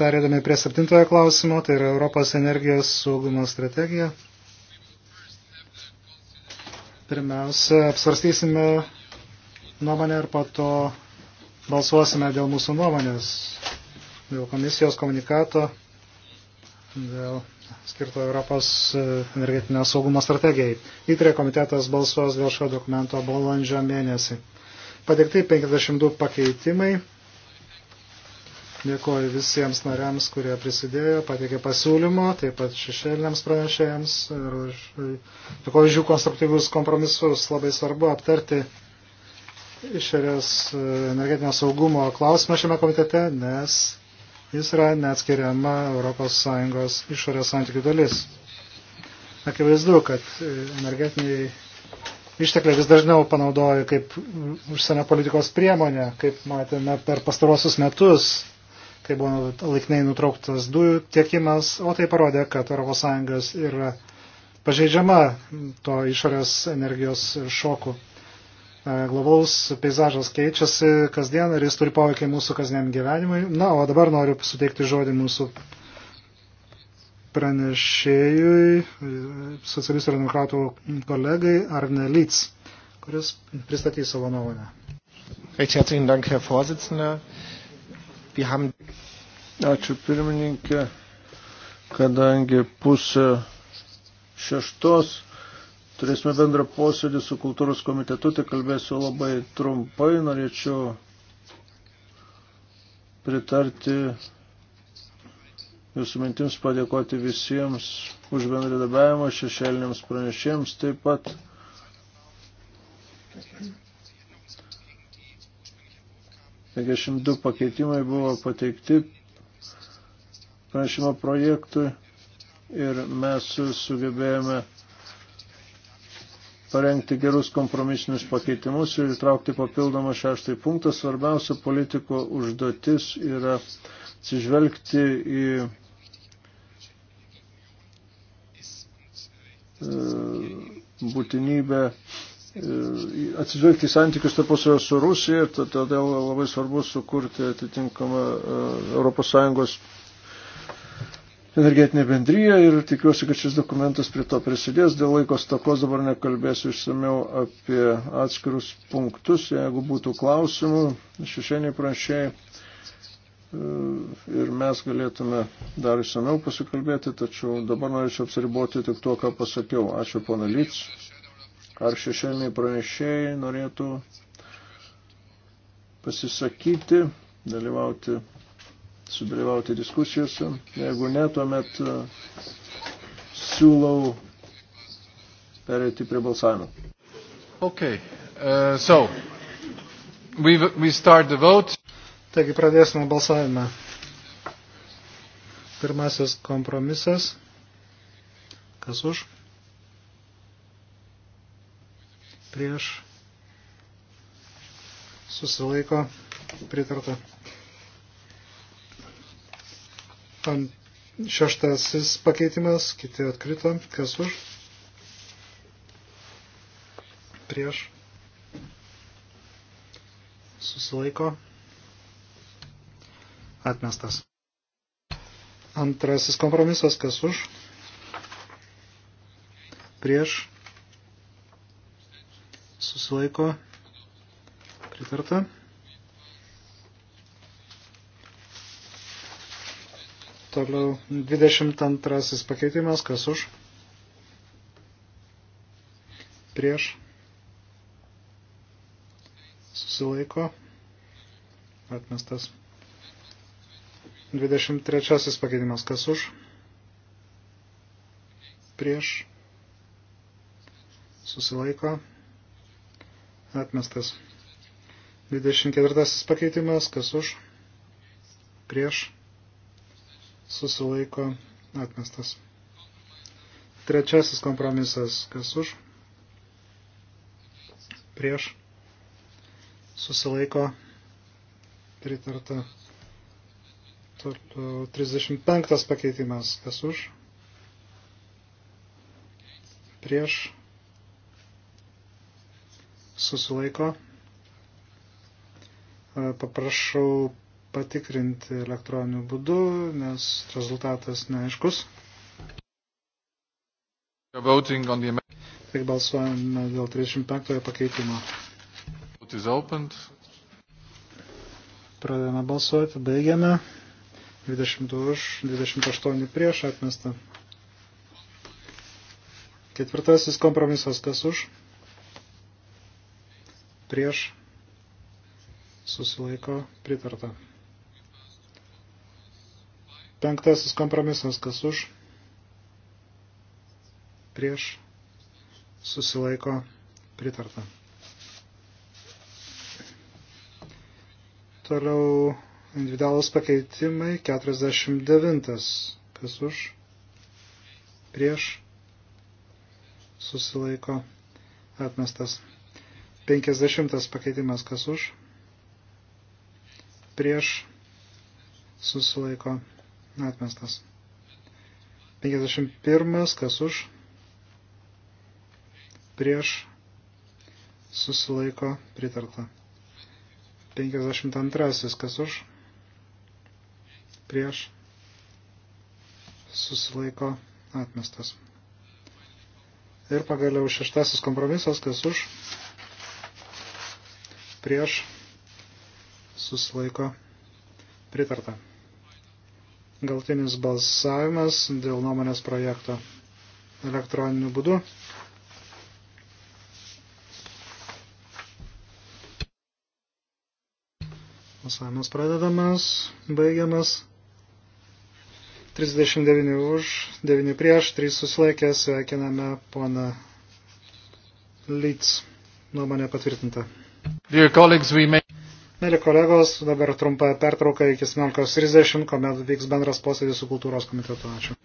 perėdami prie septintojo klausimo, tai yra Europos energijos saugumo strategija. Pirmiausia, apsvarstysime nuomonę ir po to balsuosime dėl mūsų nuomonės, dėl komisijos komunikato, dėl skirto Europos energetinio saugumo strategijai. Įtrė komitetas balsuos dėl šio dokumento balandžio mėnesį. Pateiktai 52 pakeitimai. Dėkoju visiems nariams, kurie prisidėjo, pateikė pasiūlymo, taip pat šešėliniams pranešėjams ir dėkoju už jų konstruktyvius kompromisus. Labai svarbu aptarti išorės e, energetinio saugumo klausimą šiame komitete, nes jis yra neatskiriama ES išorės santykių dalis. Akivaizdu, kad energetiniai ištekliai vis dažniau panaudoja kaip užsienio politikos priemonė, kaip matėme per pastarosius metus, kai buvo laikinai nutrauktas dujų tiekimas, o tai parodė, kad ES yra pažeidžiama to išorės energijos šokų. E, Globaus peizažas keičiasi kasdien ir jis turi poveikį mūsų kasdieniam gyvenimui. Na, o dabar noriu suteikti žodį mūsų pranešėjui, socialistų ir demokratų kolegai Arne Lyts, kuris pristatys savo nuomonę. Ačiū pirmininkė, kadangi pusė šeštos turėsime bendrą posėdį su kultūros komitetu, tai kalbėsiu labai trumpai, norėčiau pritarti jūsų mintims padėkoti visiems už bendradarbiavimą šešėliniams pranešėjams taip pat. Thank you. 52 pakeitimai buvo pateikti pranešimo projektui ir mes sugebėjome parengti gerus kompromisinius pakeitimus ir įtraukti papildomą šeštąjį punktą. Svarbiausia politiko užduotis yra atsižvelgti į e, būtinybę e, atsižvelgti į santykius tarpusavio su Rusija, todėl labai svarbu sukurti atitinkamą ES energetinė bendryja ir tikiuosi, kad šis dokumentas prie to prisidės. Dėl laikos takos dabar nekalbėsiu išsameu apie atskirus punktus, jeigu būtų klausimų, šešėniai pranešėjai e, ir mes galėtume dar išsameu pasikalbėti, tačiau dabar norėčiau apsiriboti tik tuo, ką pasakiau. Ačiū, pana Lyts. Ar šešėliniai pranešėjai norėtų pasisakyti, dalyvauti sudalyvauti diskusijose. Jeigu ne, tuomet e, siūlau perėti prie balsavimo. Okay. Uh, so, we, we start the vote. Taigi pradėsime balsavimą. Pirmasis kompromisas. Kas už? Prieš. Susilaiko. Pritarta. Ant šeštasis pakeitimas, kiti atkrito, kas už? Prieš. Susilaiko. Atmestas. Antrasis kompromisas, kas už? Prieš. Susilaiko. Pritarta. Toliau 22 pakeitimas, kas už? Prieš. Susilaiko. Atmestas. 23 pakeitimas, kas už? Prieš. Susilaiko. Atmestas. 24 pakeitimas, kas už? Prieš susilaiko atmestas. Trečiasis kompromisas, kas už, prieš, susilaiko pritarta. Toliau 35 pakeitimas, kas už, prieš, susilaiko. Paprašau patikrinti elektroniniu būdu, nes rezultatas neaiškus. Tik balsuojame dėl 35 pakeitimo. Pradėjome balsuoti, baigiame. 22 už, 28 prieš atmestą. Ketvirtasis kompromisas kas už? Prieš susilaiko pritarta. Penktasis kompromisas, kas už, prieš, susilaiko, pritarta. Toliau individualus pakeitimai, 49, kas už, prieš, susilaiko, atmestas. 50 pakeitimas, kas už, prieš, susilaiko, atmestas Atmestas. 51. Kas už? Prieš. Susilaiko. Pritarta. 52. Kas už? Prieš. Susilaiko. Atmestas. Ir pagaliau šeštasis kompromisas, kas už, prieš, susilaiko, pritarta galtinis balsavimas dėl nuomonės projekto elektroniniu būdu. Balsavimas pradedamas, baigiamas. 39 už, 9 prieš, 3 susilaikė, sveikiname poną Lyts. Nuomonė patvirtinta. Dear colleagues, we may... Mėly kolegos, dabar trumpa pertrauka iki 17.30, kuomet vyks bendras posėdis su kultūros komitetu. Ačiū.